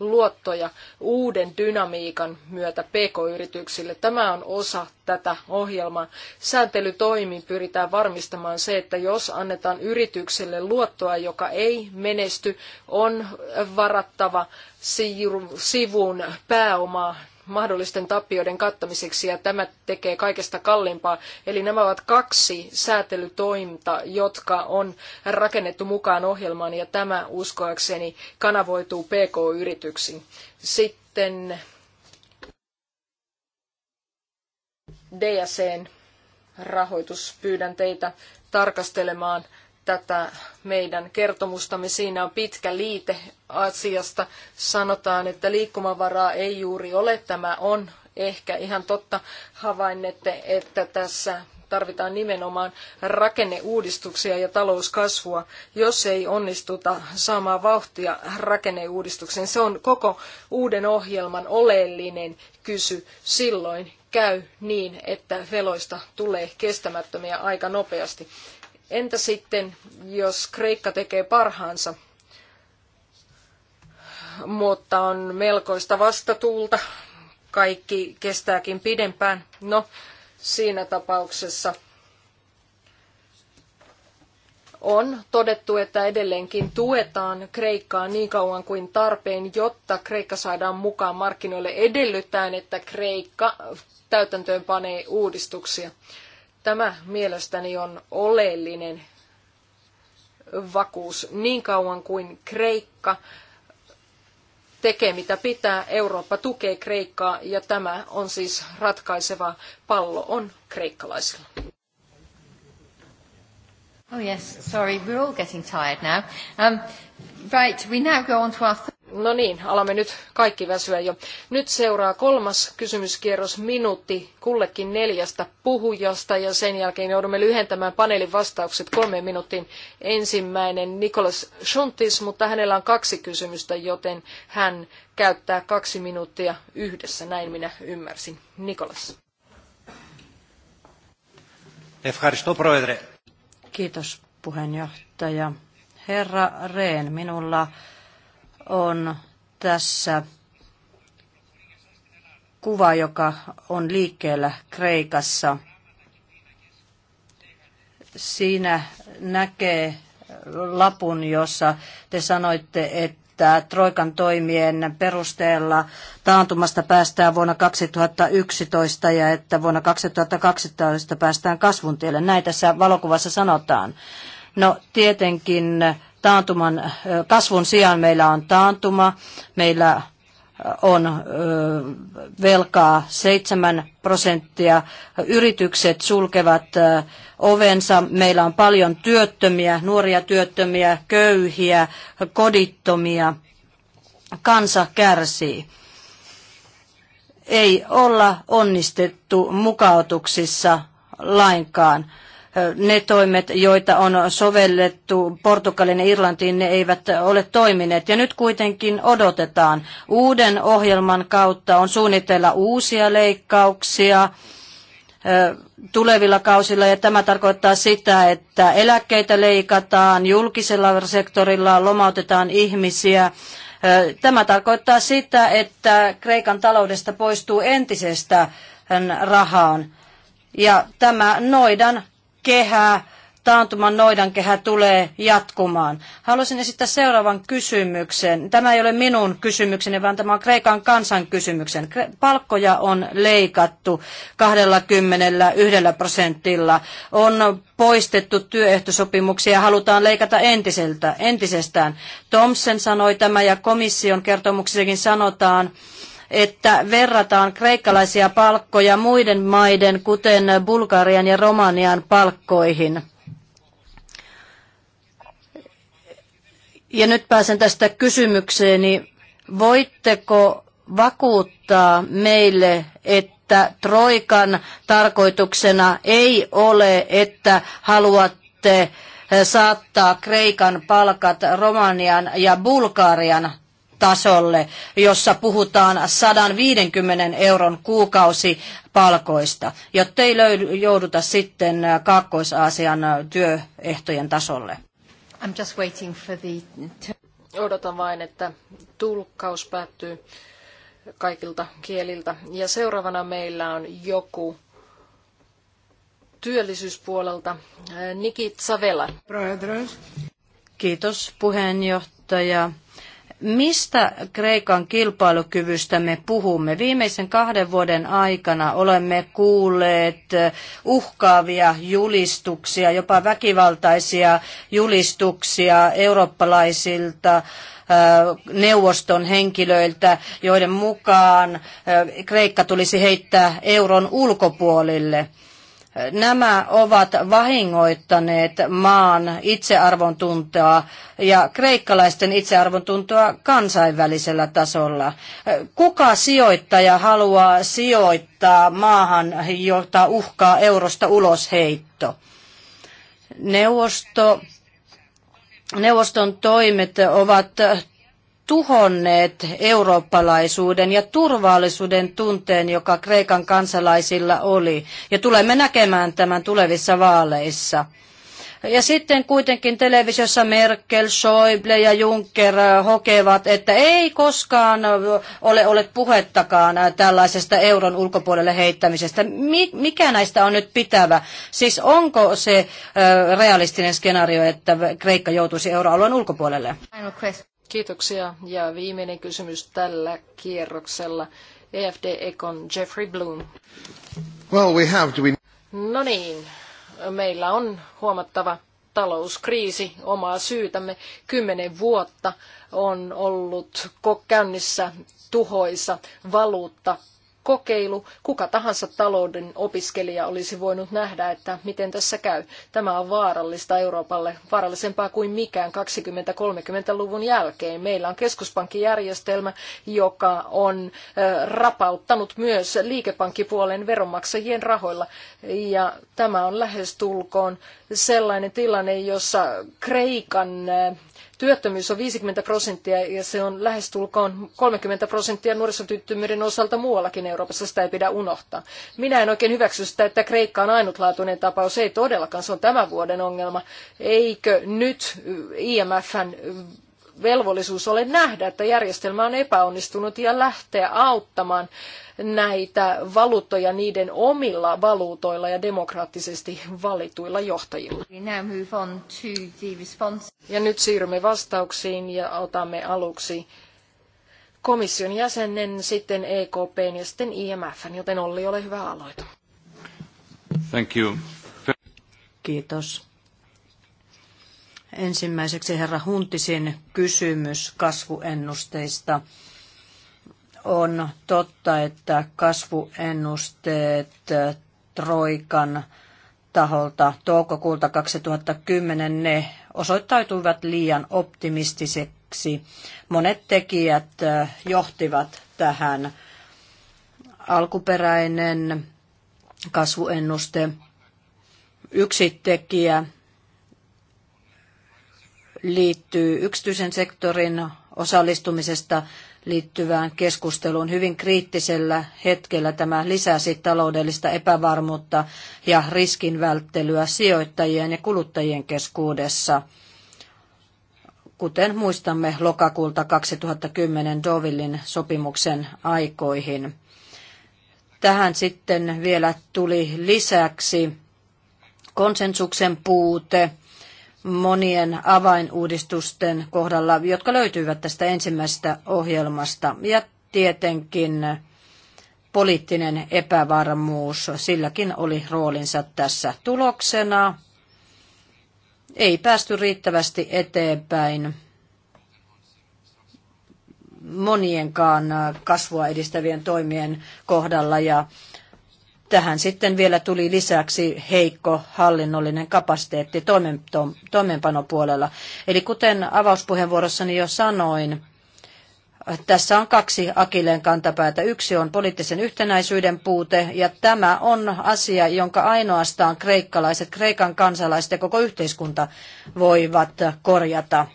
luottoja uuden dynamiikan myötä pk-yrityksille. Tämä on osa tätä ohjelmaa. Sääntelytoimiin pyritään varmistamaan se, että jos annetaan yritykselle luottoa, joka ei menesty, on varattava sivuun pääomaa mahdollisten tappioiden kattamiseksi ja tämä tekee kaikesta kalliimpaa. Eli nämä ovat kaksi säätelytointa, jotka on rakennettu mukaan ohjelmaan ja tämä uskoakseni kanavoituu PK-yrityksiin. Sitten DSCn rahoitus. Pyydän teitä tarkastelemaan tätä meidän kertomustamme. Siinä on pitkä liite asiasta. Sanotaan, että liikkumavaraa ei juuri ole. Tämä on ehkä ihan totta. Havainnette, että tässä tarvitaan nimenomaan rakenneuudistuksia ja talouskasvua. Jos ei onnistuta saamaan vauhtia rakenneuudistukseen, se on koko uuden ohjelman oleellinen kysy. Silloin käy niin, että veloista tulee kestämättömiä aika nopeasti. Entä sitten, jos Kreikka tekee parhaansa, mutta on melkoista vastatuulta, kaikki kestääkin pidempään. No, siinä tapauksessa on todettu, että edelleenkin tuetaan Kreikkaa niin kauan kuin tarpeen, jotta Kreikka saadaan mukaan markkinoille edellyttäen, että Kreikka täytäntöön panee uudistuksia. Tämä mielestäni on oleellinen vakuus niin kauan kuin Kreikka tekee mitä pitää. Eurooppa tukee Kreikkaa ja tämä on siis ratkaiseva pallo on kreikkalaisilla. Oh yes, sorry, we're all getting tired now. Um, right, we now go on to our... No niin, alamme nyt kaikki väsyä jo. Nyt seuraa kolmas kysymyskierros minuutti kullekin neljästä puhujasta ja sen jälkeen joudumme lyhentämään paneelin vastaukset kolmeen minuuttiin. Ensimmäinen Nikolas Schuntis, mutta hänellä on kaksi kysymystä, joten hän käyttää kaksi minuuttia yhdessä, näin minä ymmärsin. Nikolas. Kiitos puheenjohtaja. Herra Reen minulla on tässä kuva, joka on liikkeellä Kreikassa. Siinä näkee lapun, jossa te sanoitte, että Troikan toimien perusteella taantumasta päästään vuonna 2011 ja että vuonna 2012 päästään kasvun tielle. Näin tässä valokuvassa sanotaan. No tietenkin taantuman kasvun sijaan meillä on taantuma, meillä on velkaa 7 prosenttia, yritykset sulkevat ovensa, meillä on paljon työttömiä, nuoria työttömiä, köyhiä, kodittomia, kansa kärsii. Ei olla onnistettu mukautuksissa lainkaan ne toimet, joita on sovellettu Portugalin ja Irlantiin, ne eivät ole toimineet. Ja nyt kuitenkin odotetaan. Uuden ohjelman kautta on suunnitella uusia leikkauksia tulevilla kausilla ja tämä tarkoittaa sitä, että eläkkeitä leikataan, julkisella sektorilla lomautetaan ihmisiä. Tämä tarkoittaa sitä, että Kreikan taloudesta poistuu entisestä rahaan. Ja tämä noidan kehä, taantuman noidan kehä tulee jatkumaan. Haluaisin esittää seuraavan kysymyksen. Tämä ei ole minun kysymykseni, vaan tämä on Kreikan kansan kysymyksen. Palkkoja on leikattu 21 prosentilla. On poistettu työehtosopimuksia ja halutaan leikata entiseltä, entisestään. Thomsen sanoi tämä ja komission kertomuksessakin sanotaan, että verrataan kreikkalaisia palkkoja muiden maiden, kuten Bulgarian ja Romanian palkkoihin. Ja nyt pääsen tästä kysymykseeni. Voitteko vakuuttaa meille, että Troikan tarkoituksena ei ole, että haluatte saattaa Kreikan palkat Romanian ja Bulgarian tasolle, jossa puhutaan 150 euron kuukausi palkoista, jotta ei löydy, jouduta sitten äh, Kaakkois-Aasian äh, työehtojen tasolle. I'm just waiting for the... Odotan vain, että tulkkaus päättyy kaikilta kieliltä. Ja seuraavana meillä on joku työllisyyspuolelta. Äh, Nikit Savela. Kiitos puheenjohtaja. Mistä Kreikan kilpailukyvystä me puhumme? Viimeisen kahden vuoden aikana olemme kuulleet uhkaavia julistuksia, jopa väkivaltaisia julistuksia eurooppalaisilta äh, neuvoston henkilöiltä, joiden mukaan äh, Kreikka tulisi heittää euron ulkopuolelle. Nämä ovat vahingoittaneet maan itsearvon tuntoa ja kreikkalaisten itsearvon tuntoa kansainvälisellä tasolla. Kuka sijoittaja haluaa sijoittaa maahan, jota uhkaa eurosta ulosheitto? Neuvosto Neuvoston toimet ovat tuhonneet eurooppalaisuuden ja turvallisuuden tunteen, joka Kreikan kansalaisilla oli. Ja tulemme näkemään tämän tulevissa vaaleissa. Ja sitten kuitenkin televisiossa Merkel, Schäuble ja Juncker äh, hokevat, että ei koskaan ole, ole puhettakaan äh, tällaisesta euron ulkopuolelle heittämisestä. Mikä näistä on nyt pitävä? Siis onko se äh, realistinen skenaario, että Kreikka joutuisi euroalueen ulkopuolelle? Kiitoksia. Ja viimeinen kysymys tällä kierroksella. EFD Econ Jeffrey Bloom. Well, we have, do we... No niin, meillä on huomattava talouskriisi, omaa syytämme. Kymmenen vuotta on ollut käynnissä tuhoisa valuutta kokeilu. Kuka tahansa talouden opiskelija olisi voinut nähdä, että miten tässä käy. Tämä on vaarallista Euroopalle, vaarallisempaa kuin mikään 20-30-luvun jälkeen. Meillä on keskuspankkijärjestelmä, joka on rapauttanut myös liikepankkipuolen veronmaksajien rahoilla. Ja tämä on lähestulkoon sellainen tilanne, jossa Kreikan Työttömyys on 50 prosenttia ja se on lähestulkoon 30 prosenttia nuorisotyttömyyden osalta muuallakin Euroopassa. Sitä ei pidä unohtaa. Minä en oikein hyväksy sitä, että Kreikka on ainutlaatuinen tapaus. Ei todellakaan, se on tämän vuoden ongelma. Eikö nyt IMFn velvollisuus ole nähdä, että järjestelmä on epäonnistunut ja lähteä auttamaan näitä valuuttoja niiden omilla valuutoilla ja demokraattisesti valituilla johtajilla. Ja nyt siirrymme vastauksiin ja otamme aluksi komission jäsenen, sitten EKPn ja sitten IMFn, joten Olli, ole hyvä aloita. Thank you. Kiitos. Ensimmäiseksi herra Huntisin kysymys kasvuennusteista. On totta, että kasvuennusteet Troikan taholta toukokuulta 2010 ne osoittautuivat liian optimistiseksi. Monet tekijät johtivat tähän alkuperäinen kasvuennuste. Yksi tekijä liittyy yksityisen sektorin osallistumisesta liittyvään keskusteluun. Hyvin kriittisellä hetkellä tämä lisäsi taloudellista epävarmuutta ja riskinvälttelyä sijoittajien ja kuluttajien keskuudessa. Kuten muistamme lokakuulta 2010 Dovillin sopimuksen aikoihin. Tähän sitten vielä tuli lisäksi konsensuksen puute – monien avainuudistusten kohdalla, jotka löytyvät tästä ensimmäisestä ohjelmasta. Ja tietenkin poliittinen epävarmuus, silläkin oli roolinsa tässä tuloksena. Ei päästy riittävästi eteenpäin monienkaan kasvua edistävien toimien kohdalla ja Tähän sitten vielä tuli lisäksi heikko hallinnollinen kapasiteetti toimen, to, toimeenpanopuolella. Eli kuten avauspuheenvuorossani jo sanoin, tässä on kaksi akilleen kantapäätä. Yksi on poliittisen yhtenäisyyden puute, ja tämä on asia, jonka ainoastaan kreikkalaiset, kreikan kansalaiset ja koko yhteiskunta voivat korjata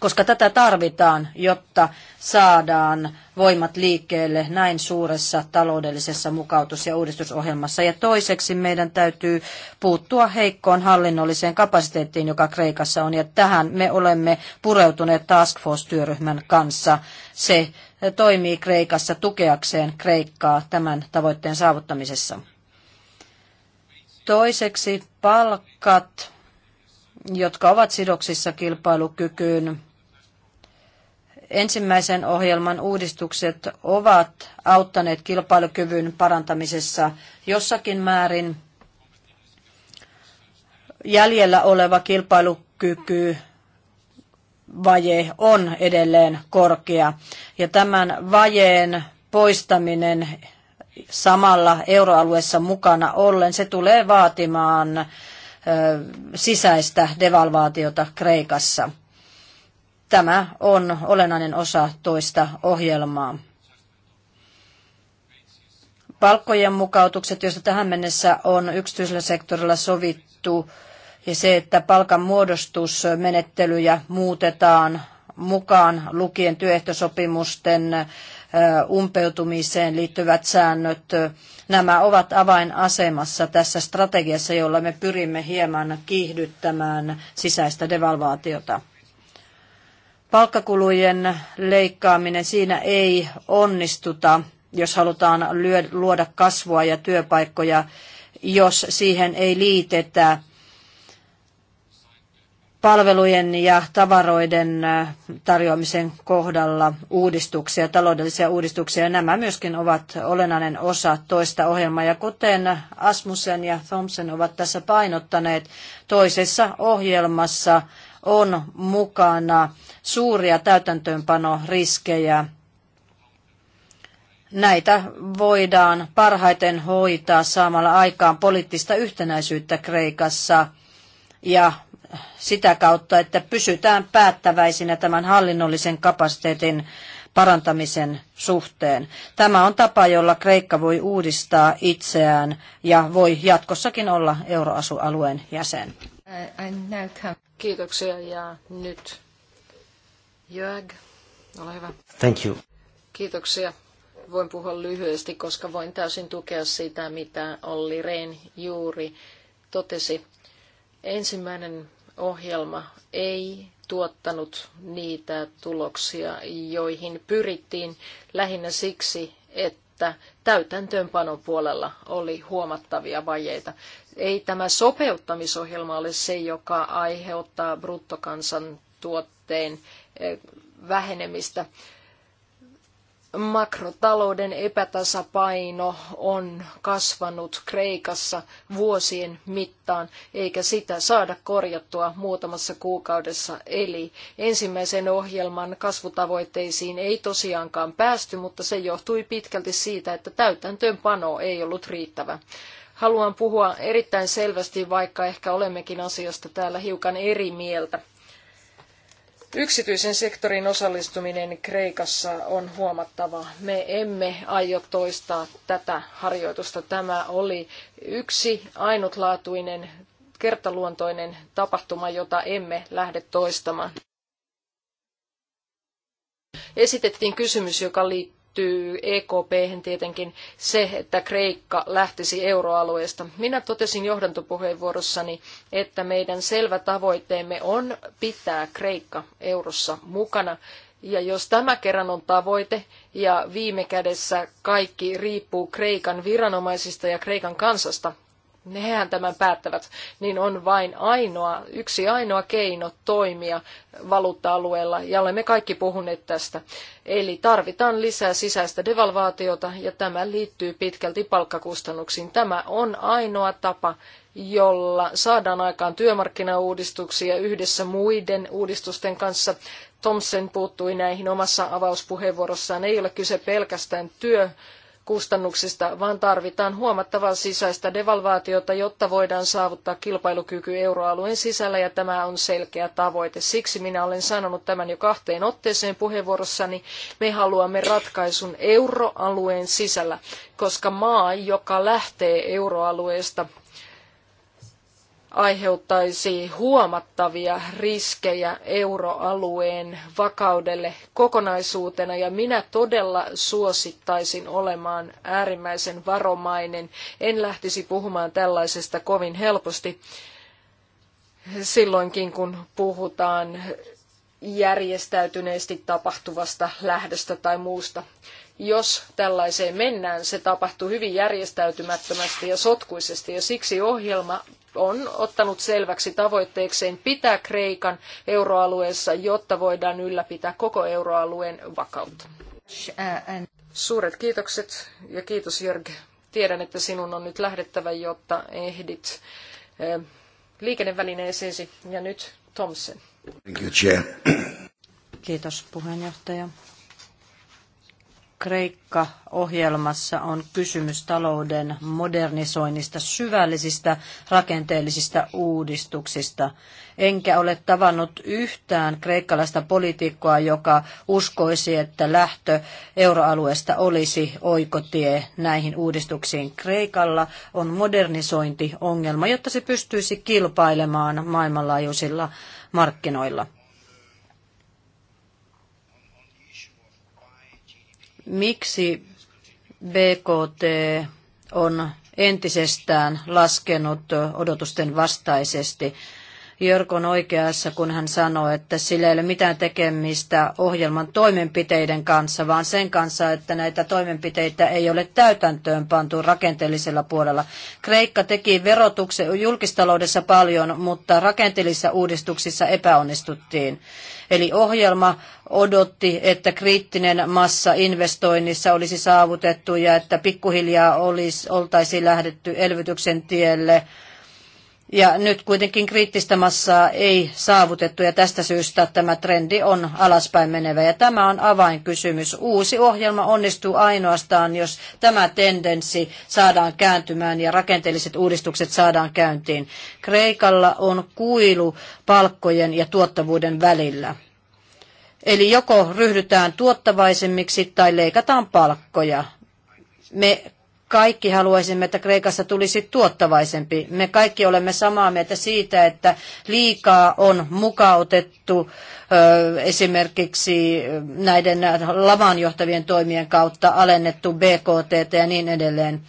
koska tätä tarvitaan, jotta saadaan voimat liikkeelle näin suuressa taloudellisessa mukautus- ja uudistusohjelmassa. Ja toiseksi meidän täytyy puuttua heikkoon hallinnolliseen kapasiteettiin, joka Kreikassa on, ja tähän me olemme pureutuneet Task Force-työryhmän kanssa. Se toimii Kreikassa tukeakseen Kreikkaa tämän tavoitteen saavuttamisessa. Toiseksi palkat, jotka ovat sidoksissa kilpailukykyyn ensimmäisen ohjelman uudistukset ovat auttaneet kilpailukyvyn parantamisessa jossakin määrin. Jäljellä oleva kilpailukyky vaje on edelleen korkea ja tämän vajeen poistaminen samalla euroalueessa mukana ollen, se tulee vaatimaan sisäistä devalvaatiota Kreikassa. Tämä on olennainen osa toista ohjelmaa. Palkkojen mukautukset, joista tähän mennessä on yksityisellä sektorilla sovittu, ja se, että palkan muodostusmenettelyjä muutetaan mukaan lukien työehtosopimusten umpeutumiseen liittyvät säännöt. Nämä ovat avainasemassa tässä strategiassa, jolla me pyrimme hieman kiihdyttämään sisäistä devalvaatiota. Palkkakulujen leikkaaminen siinä ei onnistuta, jos halutaan luoda kasvua ja työpaikkoja, jos siihen ei liitetä palvelujen ja tavaroiden äh, tarjoamisen kohdalla uudistuksia, taloudellisia uudistuksia. Nämä myöskin ovat olennainen osa toista ohjelmaa. Ja kuten Asmussen ja Thompson ovat tässä painottaneet, toisessa ohjelmassa on mukana suuria täytäntöönpanoriskejä. Näitä voidaan parhaiten hoitaa saamalla aikaan poliittista yhtenäisyyttä Kreikassa ja sitä kautta, että pysytään päättäväisinä tämän hallinnollisen kapasiteetin parantamisen suhteen. Tämä on tapa, jolla Kreikka voi uudistaa itseään ja voi jatkossakin olla euroasualueen jäsen. Kiitoksia ja nyt Jörg, ole hyvä. Thank you. Kiitoksia. Voin puhua lyhyesti, koska voin täysin tukea sitä, mitä Olli Rehn juuri totesi. Ensimmäinen ohjelma ei tuottanut niitä tuloksia, joihin pyrittiin lähinnä siksi, että täytäntöönpanon puolella oli huomattavia vajeita. Ei tämä sopeuttamisohjelma ole se, joka aiheuttaa bruttokansantuotteen eh, vähenemistä. Makrotalouden epätasapaino on kasvanut Kreikassa vuosien mittaan, eikä sitä saada korjattua muutamassa kuukaudessa. Eli ensimmäisen ohjelman kasvutavoitteisiin ei tosiaankaan päästy, mutta se johtui pitkälti siitä, että täytäntöönpano ei ollut riittävä haluan puhua erittäin selvästi, vaikka ehkä olemmekin asiasta täällä hiukan eri mieltä. Yksityisen sektorin osallistuminen Kreikassa on huomattava. Me emme aio toistaa tätä harjoitusta. Tämä oli yksi ainutlaatuinen kertaluontoinen tapahtuma, jota emme lähde toistamaan. Esitettiin kysymys, joka liittyy liittyy EKP tietenkin se, että Kreikka lähtisi euroalueesta. Minä totesin johdantopuheenvuorossani, että meidän selvä tavoitteemme on pitää Kreikka eurossa mukana. Ja jos tämä kerran on tavoite ja viime kädessä kaikki riippuu Kreikan viranomaisista ja Kreikan kansasta, nehän tämän päättävät, niin on vain ainoa, yksi ainoa keino toimia valuutta-alueella, ja olemme kaikki puhuneet tästä. Eli tarvitaan lisää sisäistä devalvaatiota, ja tämä liittyy pitkälti palkkakustannuksiin. Tämä on ainoa tapa, jolla saadaan aikaan työmarkkinauudistuksia yhdessä muiden uudistusten kanssa. Thomsen puuttui näihin omassa avauspuheenvuorossaan. Ei ole kyse pelkästään työ kustannuksista, vaan tarvitaan huomattavaa sisäistä devalvaatiota, jotta voidaan saavuttaa kilpailukyky euroalueen sisällä, ja tämä on selkeä tavoite. Siksi minä olen sanonut tämän jo kahteen otteeseen puheenvuorossani. Me haluamme ratkaisun euroalueen sisällä, koska maa, joka lähtee euroalueesta, aiheuttaisi huomattavia riskejä euroalueen vakaudelle kokonaisuutena ja minä todella suosittaisin olemaan äärimmäisen varomainen. En lähtisi puhumaan tällaisesta kovin helposti silloinkin, kun puhutaan järjestäytyneesti tapahtuvasta lähdöstä tai muusta. Jos tällaiseen mennään, se tapahtuu hyvin järjestäytymättömästi ja sotkuisesti ja siksi ohjelma on ottanut selväksi tavoitteekseen pitää Kreikan euroalueessa, jotta voidaan ylläpitää koko euroalueen vakautta. Suuret kiitokset ja kiitos Jörg. Tiedän, että sinun on nyt lähdettävä, jotta ehdit eh, liikennevälineeseesi. Ja nyt Thompson. Kiitos puheenjohtaja. Kreikka-ohjelmassa on kysymys talouden modernisoinnista, syvällisistä rakenteellisista uudistuksista. Enkä ole tavannut yhtään kreikkalaista poliitikkoa, joka uskoisi, että lähtö euroalueesta olisi oikotie näihin uudistuksiin. Kreikalla on modernisointiongelma, jotta se pystyisi kilpailemaan maailmanlaajuisilla markkinoilla. Miksi BKT on entisestään laskenut odotusten vastaisesti? on oikeassa, kun hän sanoi, että sillä ei ole mitään tekemistä ohjelman toimenpiteiden kanssa, vaan sen kanssa, että näitä toimenpiteitä ei ole täytäntöön pantu rakenteellisella puolella. Kreikka teki verotuksen julkistaloudessa paljon, mutta rakenteellisissa uudistuksissa epäonnistuttiin. Eli ohjelma odotti, että kriittinen massa investoinnissa olisi saavutettu ja että pikkuhiljaa olisi, oltaisiin lähdetty elvytyksen tielle ja nyt kuitenkin kriittistä massaa ei saavutettu ja tästä syystä tämä trendi on alaspäin menevä. Ja tämä on avainkysymys. Uusi ohjelma onnistuu ainoastaan, jos tämä tendenssi saadaan kääntymään ja rakenteelliset uudistukset saadaan käyntiin. Kreikalla on kuilu palkkojen ja tuottavuuden välillä. Eli joko ryhdytään tuottavaisemmiksi tai leikataan palkkoja. Me kaikki haluaisimme, että Kreikassa tulisi tuottavaisempi. Me kaikki olemme samaa mieltä siitä, että liikaa on mukautettu esimerkiksi näiden lavan johtavien toimien kautta alennettu BKT ja niin edelleen.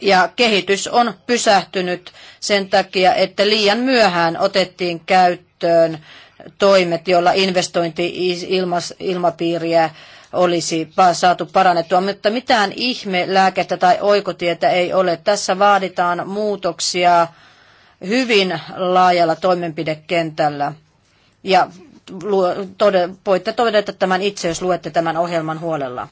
Ja kehitys on pysähtynyt sen takia, että liian myöhään otettiin käyttöön toimet, joilla investointi-ilmapiiriä olisi saatu parannettua, mutta mitään ihme lääkettä tai oikotietä ei ole. Tässä vaaditaan muutoksia hyvin laajalla toimenpidekentällä. Ja voitte todeta tämän itse, jos luette tämän ohjelman huolella.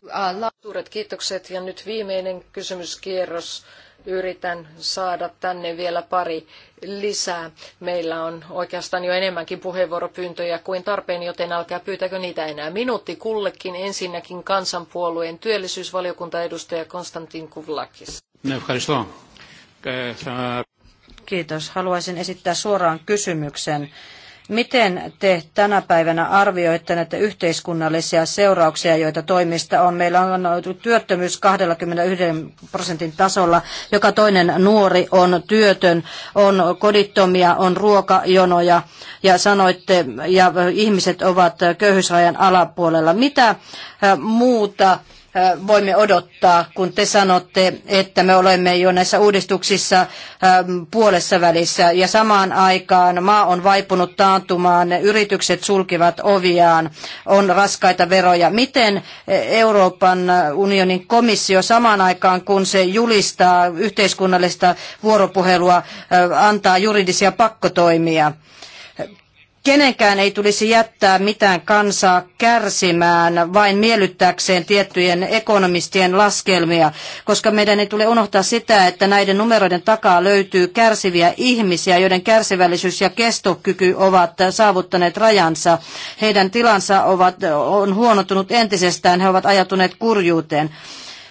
Suuret kiitokset ja nyt viimeinen kysymyskierros yritän saada tänne vielä pari lisää. Meillä on oikeastaan jo enemmänkin puheenvuoropyyntöjä kuin tarpeen, joten älkää pyytäkö niitä enää. Minuutti kullekin ensinnäkin kansanpuolueen työllisyysvaliokuntaedustaja Konstantin Kuvlakis. Kiitos. Haluaisin esittää suoraan kysymyksen Miten te tänä päivänä arvioitte näitä yhteiskunnallisia seurauksia, joita toimista on? Meillä on työttömyys 21 prosentin tasolla. Joka toinen nuori on työtön, on kodittomia, on ruokajonoja ja sanoitte, ja ihmiset ovat köyhyysrajan alapuolella. Mitä muuta? voimme odottaa, kun te sanotte, että me olemme jo näissä uudistuksissa puolessa välissä ja samaan aikaan maa on vaipunut taantumaan, yritykset sulkivat oviaan, on raskaita veroja. Miten Euroopan unionin komissio samaan aikaan, kun se julistaa yhteiskunnallista vuoropuhelua, antaa juridisia pakkotoimia? Kenenkään ei tulisi jättää mitään kansaa kärsimään vain miellyttääkseen tiettyjen ekonomistien laskelmia, koska meidän ei tule unohtaa sitä, että näiden numeroiden takaa löytyy kärsiviä ihmisiä, joiden kärsivällisyys ja kestokyky ovat saavuttaneet rajansa. Heidän tilansa ovat, on huonontunut entisestään, he ovat ajatuneet kurjuuteen.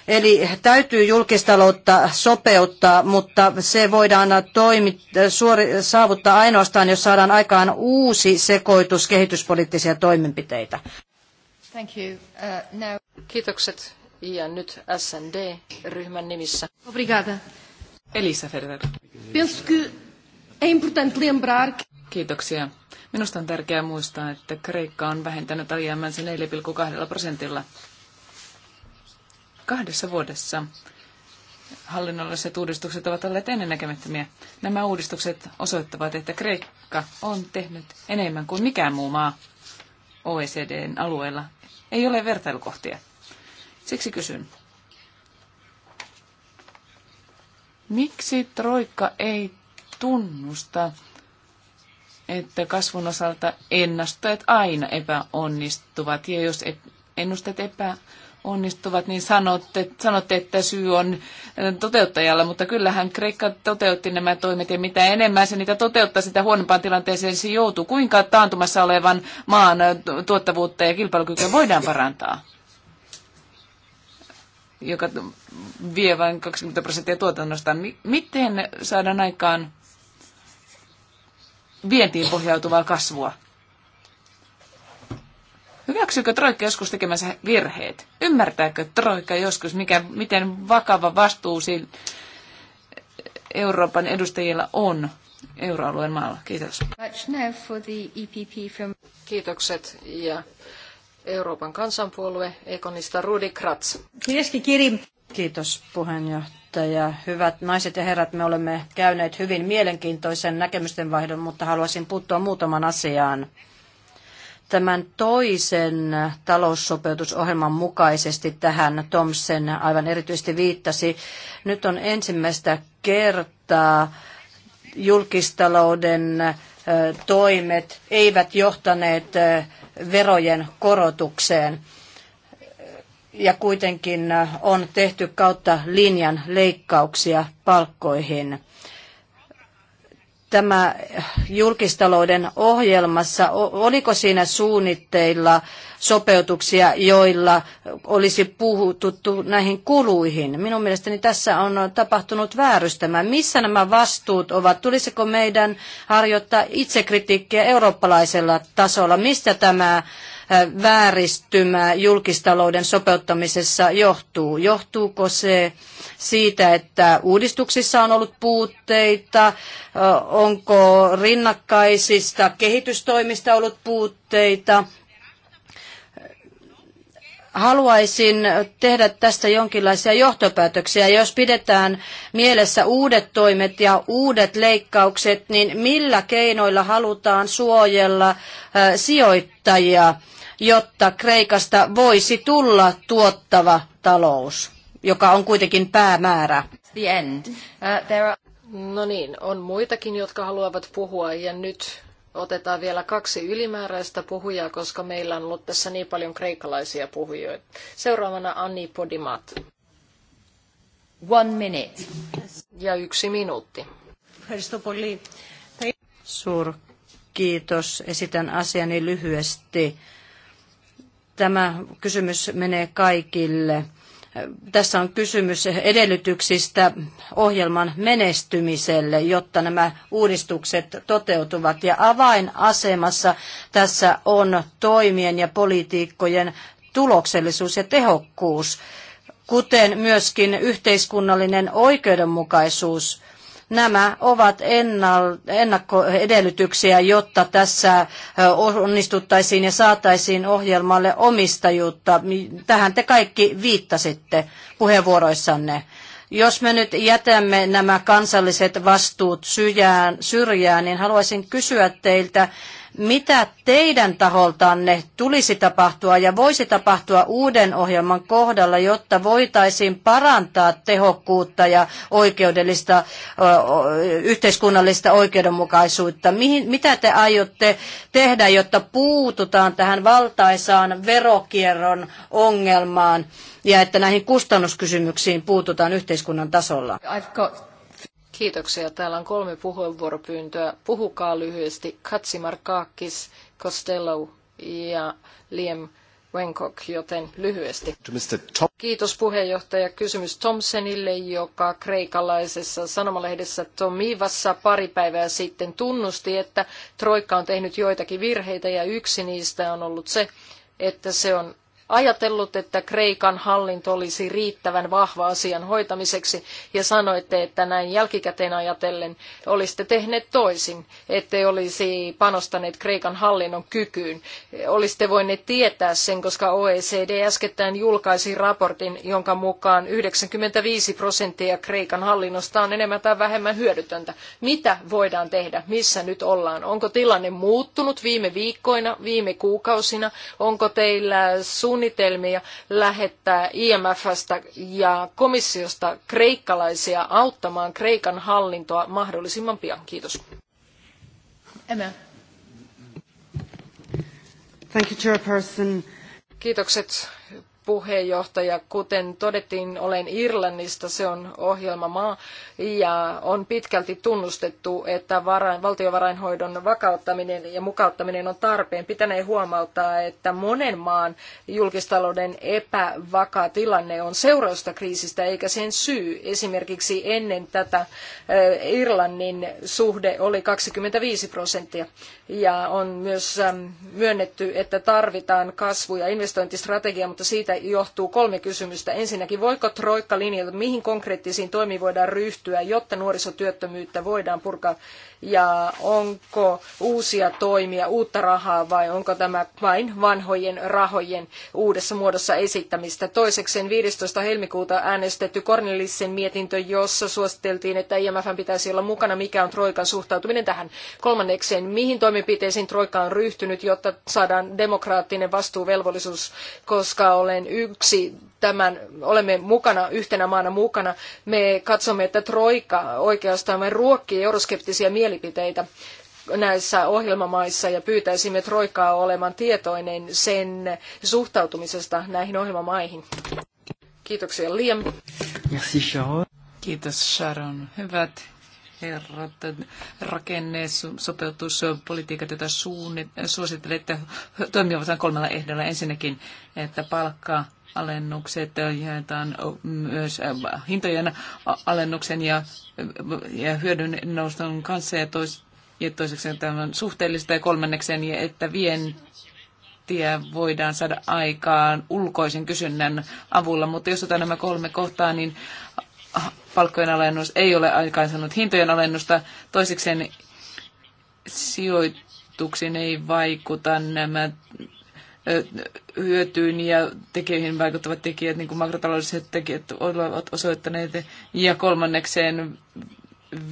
Eli täytyy julkistaloutta sopeuttaa, mutta se voidaan toimi, suori, saavuttaa ainoastaan, jos saadaan aikaan uusi sekoitus kehityspoliittisia toimenpiteitä. Thank you. Uh, now... Kiitokset. Ja nyt SND-ryhmän nimissä. Obrigada. Elisa Ferrer. Penso que é importante lembrar Kiitoksia. Minusta on tärkeää muistaa, että Kreikka on vähentänyt alijäämänsä 4,2 prosentilla Kahdessa vuodessa hallinnolliset uudistukset ovat olleet ennennäkemättömiä. Nämä uudistukset osoittavat, että Kreikka on tehnyt enemmän kuin mikään muu maa OECDn alueella. Ei ole vertailukohtia. Siksi kysyn, miksi Troikka ei tunnusta, että kasvun osalta ennusteet aina epäonnistuvat, ja jos ennusteet epäonnistuvat, onnistuvat, niin sanotte, sanotte, että syy on äh, toteuttajalla, mutta kyllähän Kreikka toteutti nämä toimet ja mitä enemmän se niitä toteuttaa, sitä huonompaan tilanteeseen se joutuu. Kuinka taantumassa olevan maan äh, tuottavuutta ja kilpailukykyä voidaan parantaa? joka vie vain 20 prosenttia tuotannosta. Miten saadaan aikaan vientiin pohjautuvaa kasvua? Hyväksyykö Troikka joskus tekemänsä virheet? Ymmärtääkö Troikka joskus, mikä, miten vakava vastuu Euroopan edustajilla on euroalueen maalla? Kiitos. Kiitokset ja Euroopan kansanpuolue Ekonista Rudi Kratz. Kiitos puheenjohtaja hyvät naiset ja herrat, me olemme käyneet hyvin mielenkiintoisen näkemysten vaihdon, mutta haluaisin puuttua muutaman asiaan tämän toisen taloussopeutusohjelman mukaisesti tähän Thomsen aivan erityisesti viittasi. Nyt on ensimmäistä kertaa julkistalouden toimet eivät johtaneet verojen korotukseen. Ja kuitenkin on tehty kautta linjan leikkauksia palkkoihin tämä julkistalouden ohjelmassa, oliko siinä suunnitteilla sopeutuksia, joilla olisi puhututtu näihin kuluihin? Minun mielestäni tässä on tapahtunut väärystämä. Missä nämä vastuut ovat? Tulisiko meidän harjoittaa itsekritiikkiä eurooppalaisella tasolla? Mistä tämä vääristymä julkistalouden sopeuttamisessa johtuu? Johtuuko se siitä, että uudistuksissa on ollut puutteita? Onko rinnakkaisista kehitystoimista ollut puutteita? haluaisin tehdä tästä jonkinlaisia johtopäätöksiä. Jos pidetään mielessä uudet toimet ja uudet leikkaukset, niin millä keinoilla halutaan suojella sijoittajia? jotta Kreikasta voisi tulla tuottava talous, joka on kuitenkin päämäärä. The end. Uh, there are... No niin, on muitakin, jotka haluavat puhua ja nyt otetaan vielä kaksi ylimääräistä puhujaa, koska meillä on ollut tässä niin paljon kreikkalaisia puhujia. Seuraavana Anni Podimat. One minute. Ja yksi minuutti. Suur kiitos. Esitän asiani lyhyesti. Tämä kysymys menee kaikille. Tässä on kysymys edellytyksistä ohjelman menestymiselle, jotta nämä uudistukset toteutuvat. Ja avainasemassa tässä on toimien ja politiikkojen tuloksellisuus ja tehokkuus, kuten myöskin yhteiskunnallinen oikeudenmukaisuus – Nämä ovat ennakkoedellytyksiä, jotta tässä onnistuttaisiin ja saataisiin ohjelmalle omistajuutta. Tähän te kaikki viittasitte puheenvuoroissanne jos me nyt jätämme nämä kansalliset vastuut syrjään, niin haluaisin kysyä teiltä, mitä teidän taholtanne tulisi tapahtua ja voisi tapahtua uuden ohjelman kohdalla, jotta voitaisiin parantaa tehokkuutta ja oikeudellista, yhteiskunnallista oikeudenmukaisuutta? Mihin, mitä te aiotte tehdä, jotta puututaan tähän valtaisaan verokierron ongelmaan ja että näihin kustannuskysymyksiin puututaan yhteiskunnan tasolla? I've got Kiitoksia. Täällä on kolme puheenvuoropyyntöä. Puhukaa lyhyesti. Katsimarkaakis, Costello ja Liam Wenkok, joten lyhyesti. Kiitos puheenjohtaja. Kysymys Thomsonille, joka kreikalaisessa sanomalehdessä Tomivassa pari päivää sitten tunnusti, että Troikka on tehnyt joitakin virheitä ja yksi niistä on ollut se, että se on ajatellut, että Kreikan hallinto olisi riittävän vahva asian hoitamiseksi ja sanoitte, että näin jälkikäteen ajatellen olisitte tehneet toisin, ettei olisi panostaneet Kreikan hallinnon kykyyn. Olisitte voineet tietää sen, koska OECD äskettäin julkaisi raportin, jonka mukaan 95 prosenttia Kreikan hallinnosta on enemmän tai vähemmän hyödytöntä. Mitä voidaan tehdä? Missä nyt ollaan? Onko tilanne muuttunut viime viikkoina, viime kuukausina? Onko teillä sun suunnitelmia lähettää IMFstä ja komissiosta kreikkalaisia auttamaan Kreikan hallintoa mahdollisimman pian. Kiitos. Emma. Thank you, Chairperson. Kiitokset puheenjohtaja. Kuten todettiin, olen Irlannista, se on ohjelmamaa, ja on pitkälti tunnustettu, että varain, valtiovarainhoidon vakauttaminen ja mukauttaminen on tarpeen. Pitänee huomauttaa, että monen maan julkistalouden epävakaa tilanne on seurausta kriisistä eikä sen syy. Esimerkiksi ennen tätä eh, Irlannin suhde oli 25 prosenttia, ja on myös myönnetty, että tarvitaan kasvu- ja investointistrategia, mutta siitä johtuu kolme kysymystä. Ensinnäkin, voiko Troikka linjata, mihin konkreettisiin toimiin voidaan ryhtyä, jotta nuorisotyöttömyyttä voidaan purkaa? ja onko uusia toimia, uutta rahaa vai onko tämä vain vanhojen rahojen uudessa muodossa esittämistä. Toisekseen 15. helmikuuta äänestetty Cornelissen mietintö, jossa suositeltiin, että IMFn pitäisi olla mukana, mikä on Troikan suhtautuminen tähän. Kolmannekseen, mihin toimenpiteisiin Troika on ryhtynyt, jotta saadaan demokraattinen vastuuvelvollisuus, koska olen yksi tämän, olemme mukana, yhtenä maana mukana. Me katsomme, että Troika oikeastaan ruokkii euroskeptisiä mielipiteitä mielipiteitä näissä ohjelmamaissa ja pyytäisimme Troikaa olemaan tietoinen sen suhtautumisesta näihin ohjelmamaihin. Kiitoksia Liam. Merci Sharon. Kiitos Sharon. Hyvät herrat, rakenne, sopeutus, politiikat, joita suosittelette, toimivat kolmella ehdolla. Ensinnäkin, että palkkaa alennukset jaetaan myös hintojen alennuksen ja, ja hyödyn nouston kanssa ja, tois, ja toiseksi tämän suhteellista ja kolmannekseen, että vientiä voidaan saada aikaan ulkoisen kysynnän avulla. Mutta jos otetaan nämä kolme kohtaa, niin palkkojen alennus ei ole aikaansaanut hintojen alennusta. Toisekseen sijoituksiin ei vaikuta nämä hyötyyn ja tekijöihin vaikuttavat tekijät, niin kuin makrotaloudelliset tekijät ovat osoittaneet. Ja kolmannekseen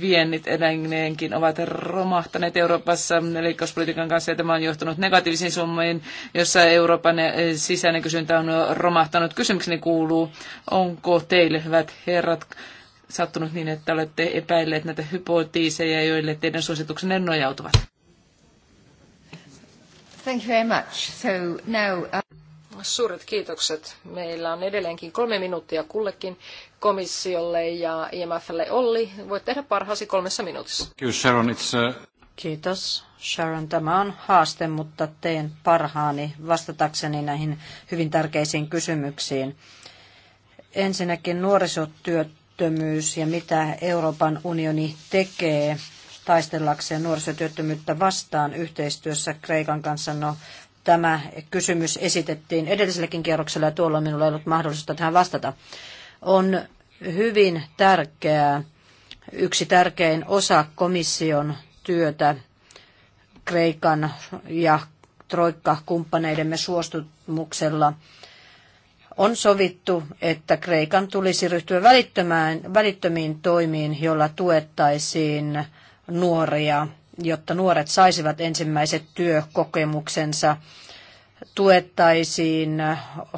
viennit edelleenkin ovat romahtaneet Euroopassa leikkauspolitiikan kanssa ja tämä on johtanut negatiivisiin summiin, jossa Euroopan sisäinen kysyntä on romahtanut. Kysymykseni kuuluu, onko teille hyvät herrat sattunut niin, että olette epäilleet näitä hypotiiseja, joille teidän suosituksenne nojautuvat? Thank you very much. So now, uh... Suuret kiitokset. Meillä on edelleenkin kolme minuuttia kullekin komissiolle ja IMFlle. Olli, voit tehdä parhaasi kolmessa minuutissa. Kiitos Sharon. It's, uh... Kiitos Sharon. Tämä on haaste, mutta teen parhaani vastatakseni näihin hyvin tärkeisiin kysymyksiin. Ensinnäkin nuorisotyöttömyys ja mitä Euroopan unioni tekee taistellakseen nuorisotyöttömyyttä vastaan yhteistyössä Kreikan kanssa. No, tämä kysymys esitettiin edelliselläkin kierroksella ja tuolla minulla ei ollut mahdollisuutta tähän vastata. On hyvin tärkeää, yksi tärkein osa komission työtä Kreikan ja Troikka-kumppaneidemme suostumuksella on sovittu, että Kreikan tulisi ryhtyä välittömiin toimiin, joilla tuettaisiin nuoria, jotta nuoret saisivat ensimmäiset työkokemuksensa. Tuettaisiin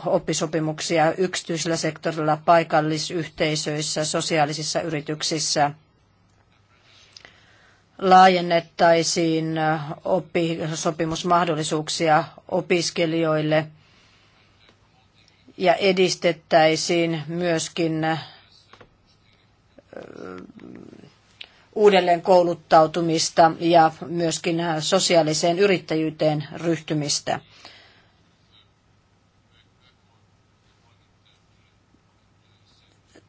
oppisopimuksia yksityisellä sektorilla, paikallisyhteisöissä, sosiaalisissa yrityksissä. Laajennettaisiin oppisopimusmahdollisuuksia opiskelijoille ja edistettäisiin myöskin uudelleen kouluttautumista ja myöskin äh, sosiaaliseen yrittäjyyteen ryhtymistä.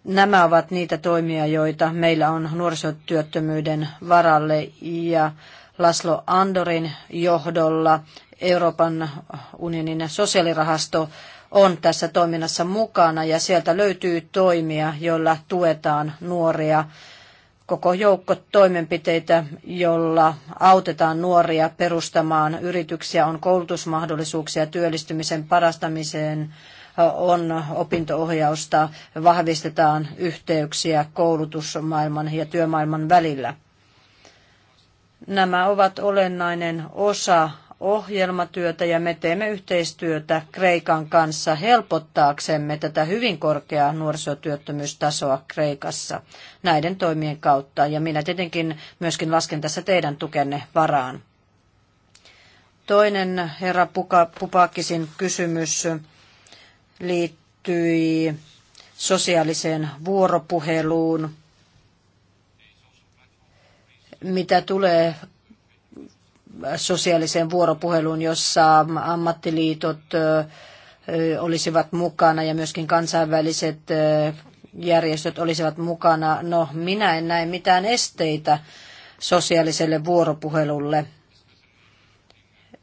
Nämä ovat niitä toimia, joita meillä on nuorisotyöttömyyden varalle ja Laslo Andorin johdolla Euroopan unionin sosiaalirahasto on tässä toiminnassa mukana ja sieltä löytyy toimia, joilla tuetaan nuoria koko joukko toimenpiteitä, jolla autetaan nuoria perustamaan yrityksiä, on koulutusmahdollisuuksia työllistymisen parastamiseen, on opintoohjausta, vahvistetaan yhteyksiä koulutusmaailman ja työmaailman välillä. Nämä ovat olennainen osa ohjelmatyötä ja me teemme yhteistyötä Kreikan kanssa helpottaaksemme tätä hyvin korkeaa nuorisotyöttömyystasoa Kreikassa näiden toimien kautta. Ja minä tietenkin myöskin lasken tässä teidän tukenne varaan. Toinen herra Puka, Pupakisin kysymys liittyi sosiaaliseen vuoropuheluun mitä tulee sosiaaliseen vuoropuheluun, jossa ammattiliitot olisivat mukana ja myöskin kansainväliset järjestöt olisivat mukana. No, minä en näe mitään esteitä sosiaaliselle vuoropuhelulle.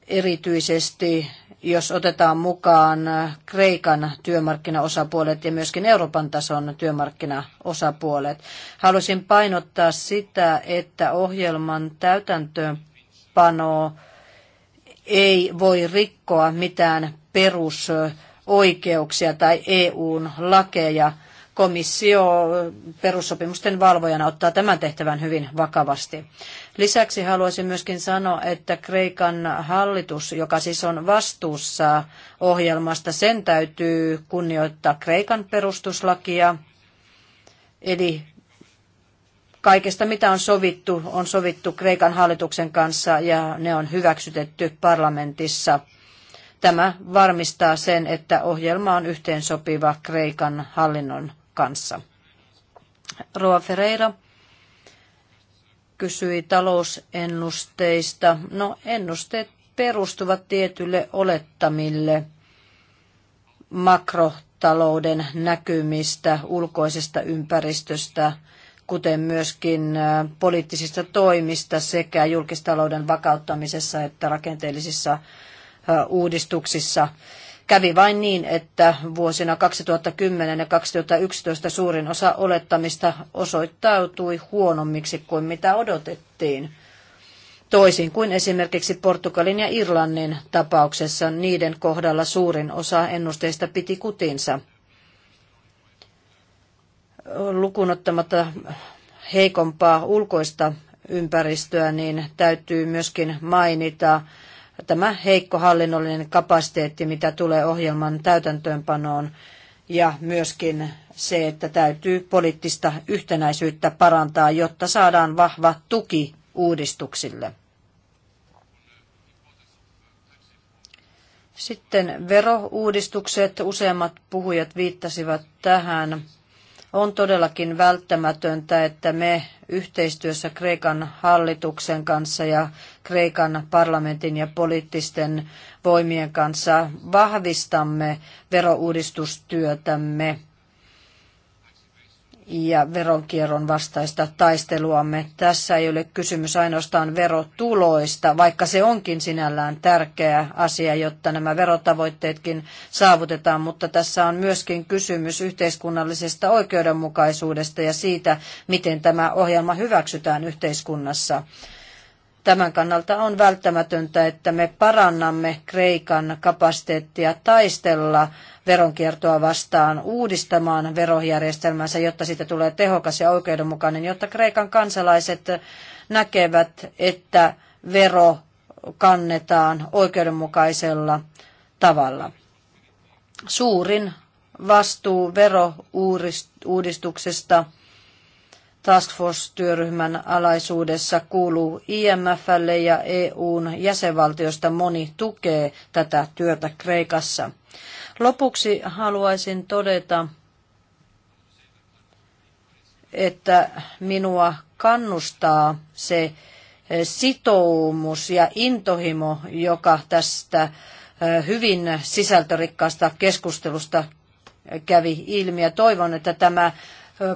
Erityisesti jos otetaan mukaan Kreikan työmarkkinaosapuolet ja myöskin Euroopan tason työmarkkinaosapuolet. Haluaisin painottaa sitä, että ohjelman täytäntöön toimeenpanoa, ei voi rikkoa mitään perusoikeuksia tai EUn lakeja. Komissio perussopimusten valvojana ottaa tämän tehtävän hyvin vakavasti. Lisäksi haluaisin myöskin sanoa, että Kreikan hallitus, joka siis on vastuussa ohjelmasta, sen täytyy kunnioittaa Kreikan perustuslakia, eli kaikesta, mitä on sovittu, on sovittu Kreikan hallituksen kanssa ja ne on hyväksytetty parlamentissa. Tämä varmistaa sen, että ohjelma on yhteensopiva Kreikan hallinnon kanssa. Roa Ferreira kysyi talousennusteista. No, ennusteet perustuvat tietylle olettamille makrotalouden näkymistä, ulkoisesta ympäristöstä – kuten myöskin poliittisista toimista sekä julkistalouden vakauttamisessa että rakenteellisissa uudistuksissa. Kävi vain niin, että vuosina 2010 ja 2011 suurin osa olettamista osoittautui huonommiksi kuin mitä odotettiin. Toisin kuin esimerkiksi Portugalin ja Irlannin tapauksessa, niiden kohdalla suurin osa ennusteista piti kutinsa – lukunottamatta heikompaa ulkoista ympäristöä, niin täytyy myöskin mainita tämä heikko hallinnollinen kapasiteetti, mitä tulee ohjelman täytäntöönpanoon, ja myöskin se, että täytyy poliittista yhtenäisyyttä parantaa, jotta saadaan vahva tuki uudistuksille. Sitten verouudistukset. Useammat puhujat viittasivat tähän on todellakin välttämätöntä, että me yhteistyössä Kreikan hallituksen kanssa ja Kreikan parlamentin ja poliittisten voimien kanssa vahvistamme verouudistustyötämme ja veronkierron vastaista taisteluamme. Tässä ei ole kysymys ainoastaan verotuloista, vaikka se onkin sinällään tärkeä asia, jotta nämä verotavoitteetkin saavutetaan, mutta tässä on myöskin kysymys yhteiskunnallisesta oikeudenmukaisuudesta ja siitä, miten tämä ohjelma hyväksytään yhteiskunnassa. Tämän kannalta on välttämätöntä, että me parannamme Kreikan kapasiteettia taistella veronkiertoa vastaan uudistamaan verojärjestelmänsä, jotta siitä tulee tehokas ja oikeudenmukainen, jotta Kreikan kansalaiset näkevät, että vero kannetaan oikeudenmukaisella tavalla. Suurin vastuu verouudistuksesta Task Force-työryhmän alaisuudessa kuuluu IMFlle ja EUn jäsenvaltioista moni tukee tätä työtä Kreikassa. Lopuksi haluaisin todeta, että minua kannustaa se eh, sitoumus ja intohimo, joka tästä eh, hyvin sisältörikkaasta keskustelusta kävi ilmi. Ja toivon, että tämä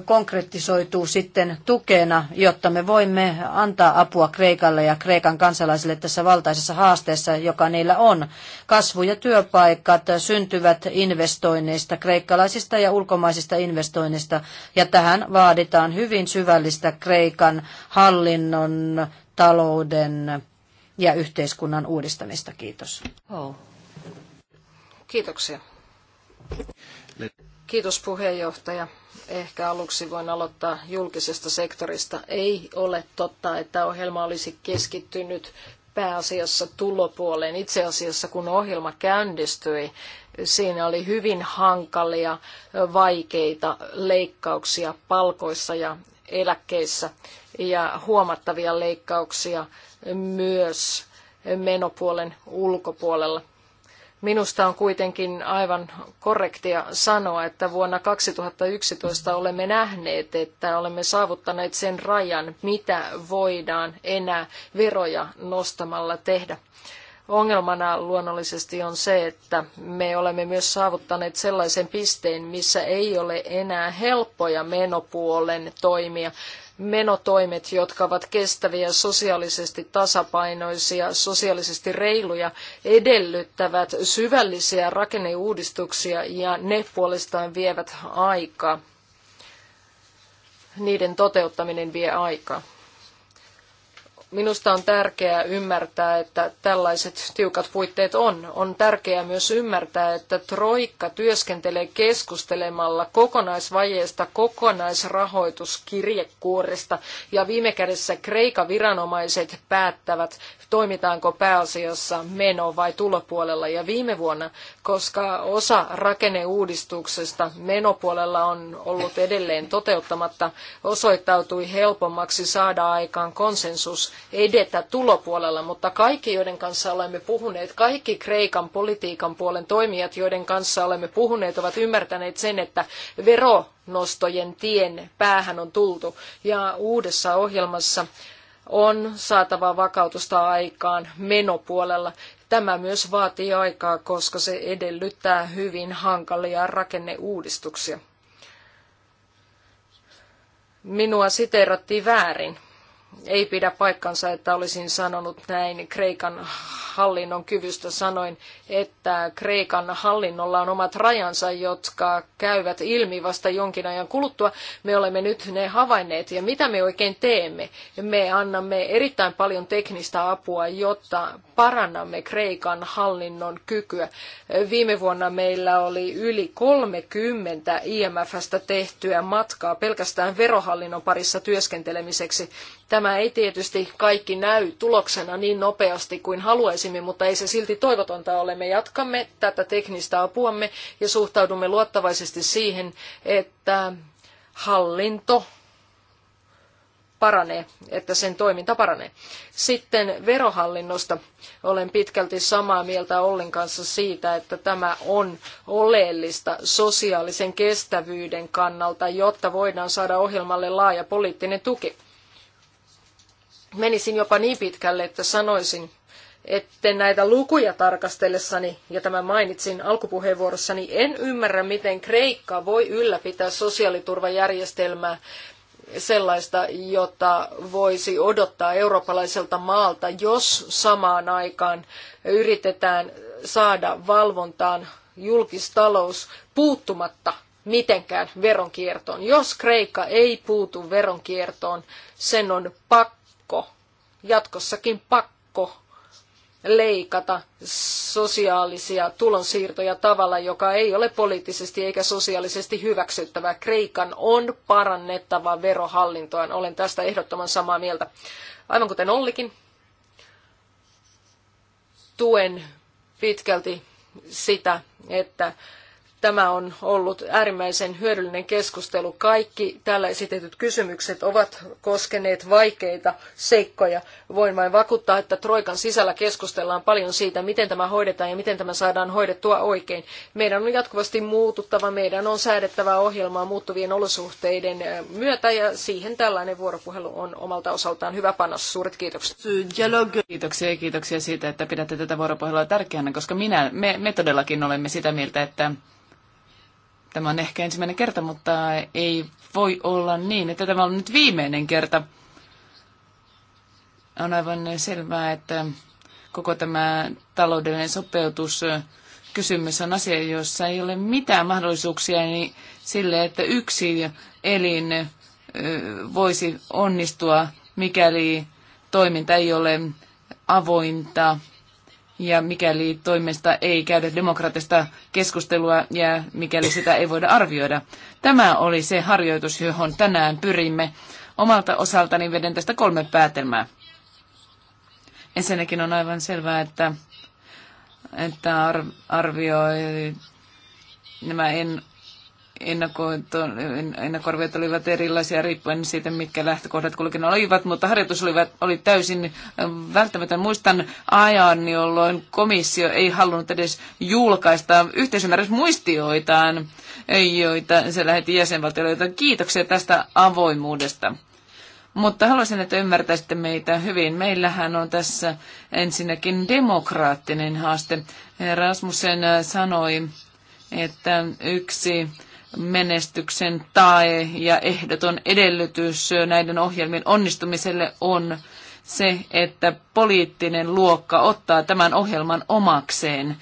konkretisoituu sitten tukena, jotta me voimme antaa apua Kreikalle ja Kreikan kansalaisille tässä valtaisessa haasteessa, joka niillä on. Kasvu- ja työpaikat syntyvät investoinneista, kreikkalaisista ja ulkomaisista investoinneista, ja tähän vaaditaan hyvin syvällistä Kreikan hallinnon, talouden ja yhteiskunnan uudistamista. Kiitos. Oh. Kiitoksia. Kiitos puheenjohtaja. Ehkä aluksi voin aloittaa julkisesta sektorista. Ei ole totta, että ohjelma olisi keskittynyt pääasiassa tulopuoleen. Itse asiassa kun ohjelma käynnistyi, siinä oli hyvin hankalia, vaikeita leikkauksia palkoissa ja eläkkeissä ja huomattavia leikkauksia myös menopuolen ulkopuolella. Minusta on kuitenkin aivan korrektia sanoa, että vuonna 2011 olemme nähneet, että olemme saavuttaneet sen rajan, mitä voidaan enää veroja nostamalla tehdä. Ongelmana luonnollisesti on se, että me olemme myös saavuttaneet sellaisen pisteen, missä ei ole enää helppoja menopuolen toimia menotoimet, jotka ovat kestäviä, sosiaalisesti tasapainoisia, sosiaalisesti reiluja, edellyttävät syvällisiä rakenneuudistuksia ja ne puolestaan vievät aikaa. Niiden toteuttaminen vie aikaa. Minusta on tärkeää ymmärtää, että tällaiset tiukat puitteet on. On tärkeää myös ymmärtää, että Troikka työskentelee keskustelemalla kokonaisvajeesta, kokonaisrahoituskirjekuoresta ja viime kädessä Kreikan viranomaiset päättävät, toimitaanko pääasiassa meno- vai tulopuolella. Ja viime vuonna, koska osa rakenneuudistuksesta menopuolella on ollut edelleen toteuttamatta, osoittautui helpommaksi saada aikaan konsensus edetä tulopuolella, mutta kaikki, joiden kanssa olemme puhuneet, kaikki Kreikan politiikan puolen toimijat, joiden kanssa olemme puhuneet, ovat ymmärtäneet sen, että veronostojen tien päähän on tultu. Ja uudessa ohjelmassa on saatava vakautusta aikaan menopuolella. Tämä myös vaatii aikaa, koska se edellyttää hyvin hankalia rakenneuudistuksia. Minua siteerattiin väärin. Ei pidä paikkansa, että olisin sanonut näin Kreikan hallinnon kyvystä. Sanoin, että Kreikan hallinnolla on omat rajansa, jotka käyvät ilmi vasta jonkin ajan kuluttua. Me olemme nyt ne havainneet ja mitä me oikein teemme? Me annamme erittäin paljon teknistä apua, jotta parannamme Kreikan hallinnon kykyä. Viime vuonna meillä oli yli 30 IMFstä tehtyä matkaa pelkästään verohallinnon parissa työskentelemiseksi. Tämä Tämä ei tietysti kaikki näy tuloksena niin nopeasti kuin haluaisimme, mutta ei se silti toivotonta ole. Me jatkamme tätä teknistä apuamme ja suhtaudumme luottavaisesti siihen, että hallinto paranee, että sen toiminta paranee. Sitten verohallinnosta olen pitkälti samaa mieltä Ollin kanssa siitä, että tämä on oleellista sosiaalisen kestävyyden kannalta, jotta voidaan saada ohjelmalle laaja poliittinen tuki. Menisin jopa niin pitkälle, että sanoisin, etten näitä lukuja tarkastellessani, ja tämä mainitsin alkupuheenvuorossani, en ymmärrä, miten Kreikka voi ylläpitää sosiaaliturvajärjestelmää sellaista, jota voisi odottaa eurooppalaiselta maalta, jos samaan aikaan yritetään saada valvontaan julkistalous puuttumatta mitenkään veronkiertoon. Jos Kreikka ei puutu veronkiertoon, sen on pakko pakko, jatkossakin pakko leikata sosiaalisia tulonsiirtoja tavalla, joka ei ole poliittisesti eikä sosiaalisesti hyväksyttävää. Kreikan on parannettava verohallintoaan. Olen tästä ehdottoman samaa mieltä. Aivan kuten Ollikin, tuen pitkälti sitä, että Tämä on ollut äärimmäisen hyödyllinen keskustelu. Kaikki täällä esitetyt kysymykset ovat koskeneet vaikeita seikkoja. Voin vain vakuuttaa, että Troikan sisällä keskustellaan paljon siitä, miten tämä hoidetaan ja miten tämä saadaan hoidettua oikein. Meidän on jatkuvasti muututtava, meidän on säädettävä ohjelmaa muuttuvien olosuhteiden eh, myötä ja siihen tällainen vuoropuhelu on omalta osaltaan hyvä panos. Suuret kiitokset. Kiitoksia ja kiitoksia siitä, että pidätte tätä vuoropuhelua tärkeänä, koska minä, me, me todellakin olemme sitä mieltä, että Tämä on ehkä ensimmäinen kerta, mutta ei voi olla niin, että tämä on nyt viimeinen kerta. On aivan selvää, että koko tämä taloudellinen sopeutus kysymys on asia, jossa ei ole mitään mahdollisuuksia niin sille, että yksi elin voisi onnistua, mikäli toiminta ei ole avointa ja mikäli toimesta ei käydä demokraattista keskustelua ja mikäli sitä ei voida arvioida. Tämä oli se harjoitus, johon tänään pyrimme. Omalta osaltani veden tästä kolme päätelmää. Ensinnäkin on aivan selvää, että, että arvioi nämä en, ennakkoarviot olivat erilaisia riippuen siitä, mitkä lähtökohdat kulkin olivat, mutta harjoitus oli, oli täysin välttämätön. Muistan ajan, jolloin komissio ei halunnut edes julkaista muistioitaan, joita se lähetti jäsenvaltioille. Kiitoksia tästä avoimuudesta. Mutta haluaisin, että ymmärtäisitte meitä hyvin. Meillähän on tässä ensinnäkin demokraattinen haaste. Rasmussen sanoi, että yksi menestyksen tae ja ehdoton edellytys näiden ohjelmien onnistumiselle on se, että poliittinen luokka ottaa tämän ohjelman omakseen.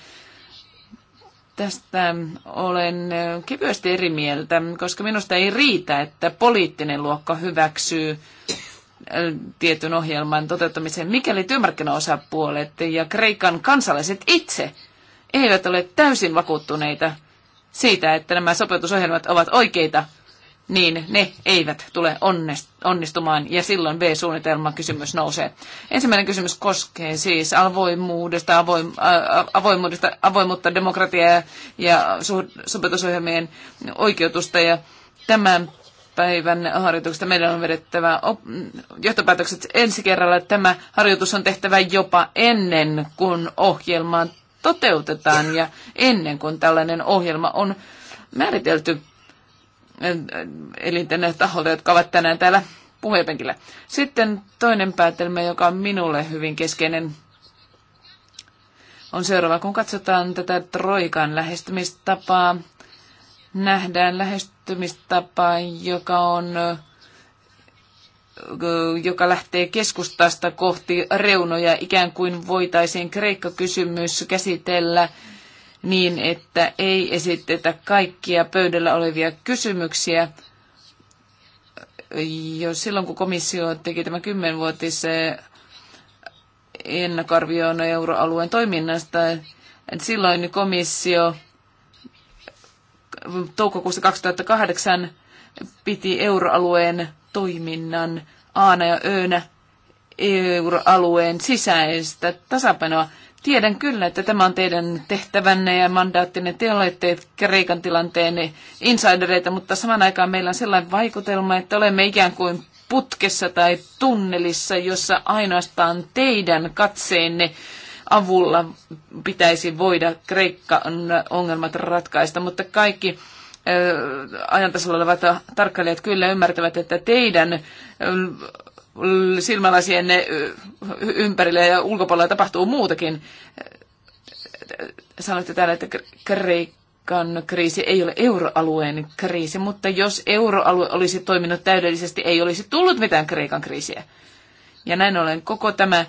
Tästä olen kevyesti eri mieltä, koska minusta ei riitä, että poliittinen luokka hyväksyy äh, tietyn ohjelman toteuttamiseen, mikäli työmarkkinaosapuolet ja Kreikan kansalaiset itse eivät ole täysin vakuuttuneita – siitä, että nämä sopeutusohjelmat ovat oikeita, niin ne eivät tule onnistumaan ja silloin B-suunnitelman kysymys nousee. Ensimmäinen kysymys koskee siis avoimuudesta, avoim, äh, avoimuudesta avoimuutta, demokratiaa ja sopetusohjelmien oikeutusta ja tämän päivän harjoituksesta meidän on vedettävä johtopäätökset ensi kerralla. Tämä harjoitus on tehtävä jopa ennen kuin ohjelmaan toteutetaan ja ennen kuin tällainen ohjelma on määritelty eh, elinten taholta, jotka ovat tänään täällä puhepenkillä. Sitten toinen päätelmä, joka on minulle hyvin keskeinen, on seuraava. Kun katsotaan tätä Troikan lähestymistapaa, nähdään lähestymistapa, joka on joka lähtee keskustasta kohti reunoja, ikään kuin voitaisiin Kreikka-kysymys käsitellä niin, että ei esitetä kaikkia pöydällä olevia kysymyksiä. Jo silloin, kun komissio teki tämän kymmenvuotisen ennakarvioon euroalueen toiminnasta, että silloin komissio toukokuussa 2008 piti euroalueen toiminnan aana ja öönä euroalueen sisäistä tasapainoa. Tiedän kyllä, että tämä on teidän tehtävänne ja mandaattinne. Te olette Kreikan tilanteen insidereita, mutta saman aikaan meillä on sellainen vaikutelma, että olemme ikään kuin putkessa tai tunnelissa, jossa ainoastaan teidän katseenne avulla pitäisi voida Kreikan ongelmat ratkaista, mutta kaikki ajantasolla olevat tarkkailijat kyllä ymmärtävät, että teidän silmälasienne ympärillä ja ulkopuolella tapahtuu muutakin. Sanoitte täällä, että Kreikan kriisi ei ole euroalueen kriisi, mutta jos euroalue olisi toiminut täydellisesti, ei olisi tullut mitään Kreikan kriisiä. Ja näin ollen koko tämä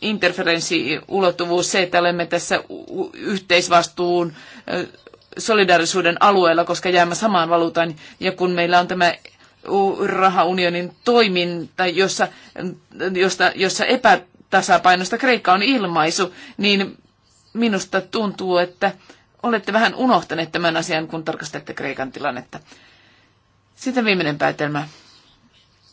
interferenssiulottuvuus, se, että olemme tässä yhteisvastuun solidaarisuuden alueella, koska jäämme samaan valuutaan. Ja kun meillä on tämä rahaunionin toiminta, jossa, josta, jossa epätasapainosta Kreikka on ilmaisu, niin minusta tuntuu, että olette vähän unohtaneet tämän asian, kun tarkastatte Kreikan tilannetta. Sitten viimeinen päätelmä.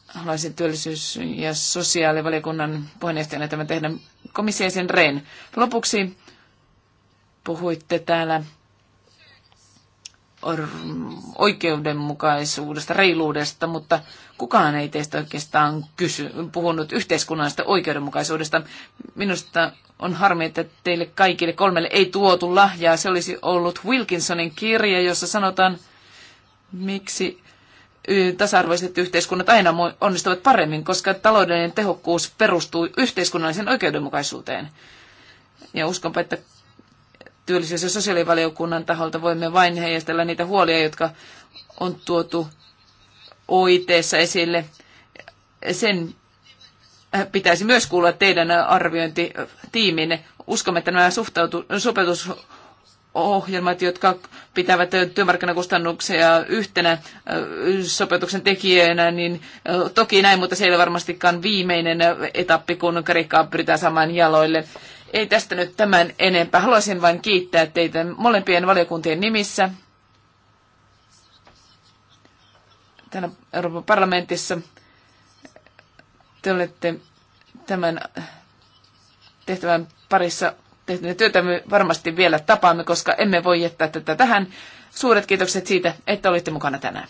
Haluaisin työllisyys- ja sosiaalivaliokunnan puheenjohtajana tämän tehdä komissiaisen Rehn. Lopuksi puhuitte täällä oikeudenmukaisuudesta, reiluudesta, mutta kukaan ei teistä oikeastaan kysy, puhunut yhteiskunnallisesta oikeudenmukaisuudesta. Minusta on harmi, että teille kaikille kolmelle ei tuotu lahjaa. Se olisi ollut Wilkinsonin kirja, jossa sanotaan, miksi tasa-arvoiset yhteiskunnat aina onnistuvat paremmin, koska taloudellinen tehokkuus perustuu yhteiskunnalliseen oikeudenmukaisuuteen. Ja uskonpa, että työllisyys- ja sosiaalivaliokunnan taholta voimme vain heijastella niitä huolia, jotka on tuotu oiteessa esille. Sen äh, pitäisi myös kuulla teidän arviointitiiminne. Uskomme, että nämä suhtautu, sopeutusohjelmat, jotka pitävät työmarkkinakustannuksia yhtenä äh, sopeutuksen tekijänä, niin äh, toki näin, mutta se ei ole varmastikaan viimeinen etappi, kun Kreikkaa pyritään saamaan jaloille. Ei tästä nyt tämän enempää. Haluaisin vain kiittää teitä molempien valiokuntien nimissä täällä Euroopan parlamentissa. Te olette tämän tehtävän parissa tehneet työtä. Me varmasti vielä tapaamme, koska emme voi jättää tätä tähän. Suuret kiitokset siitä, että olitte mukana tänään.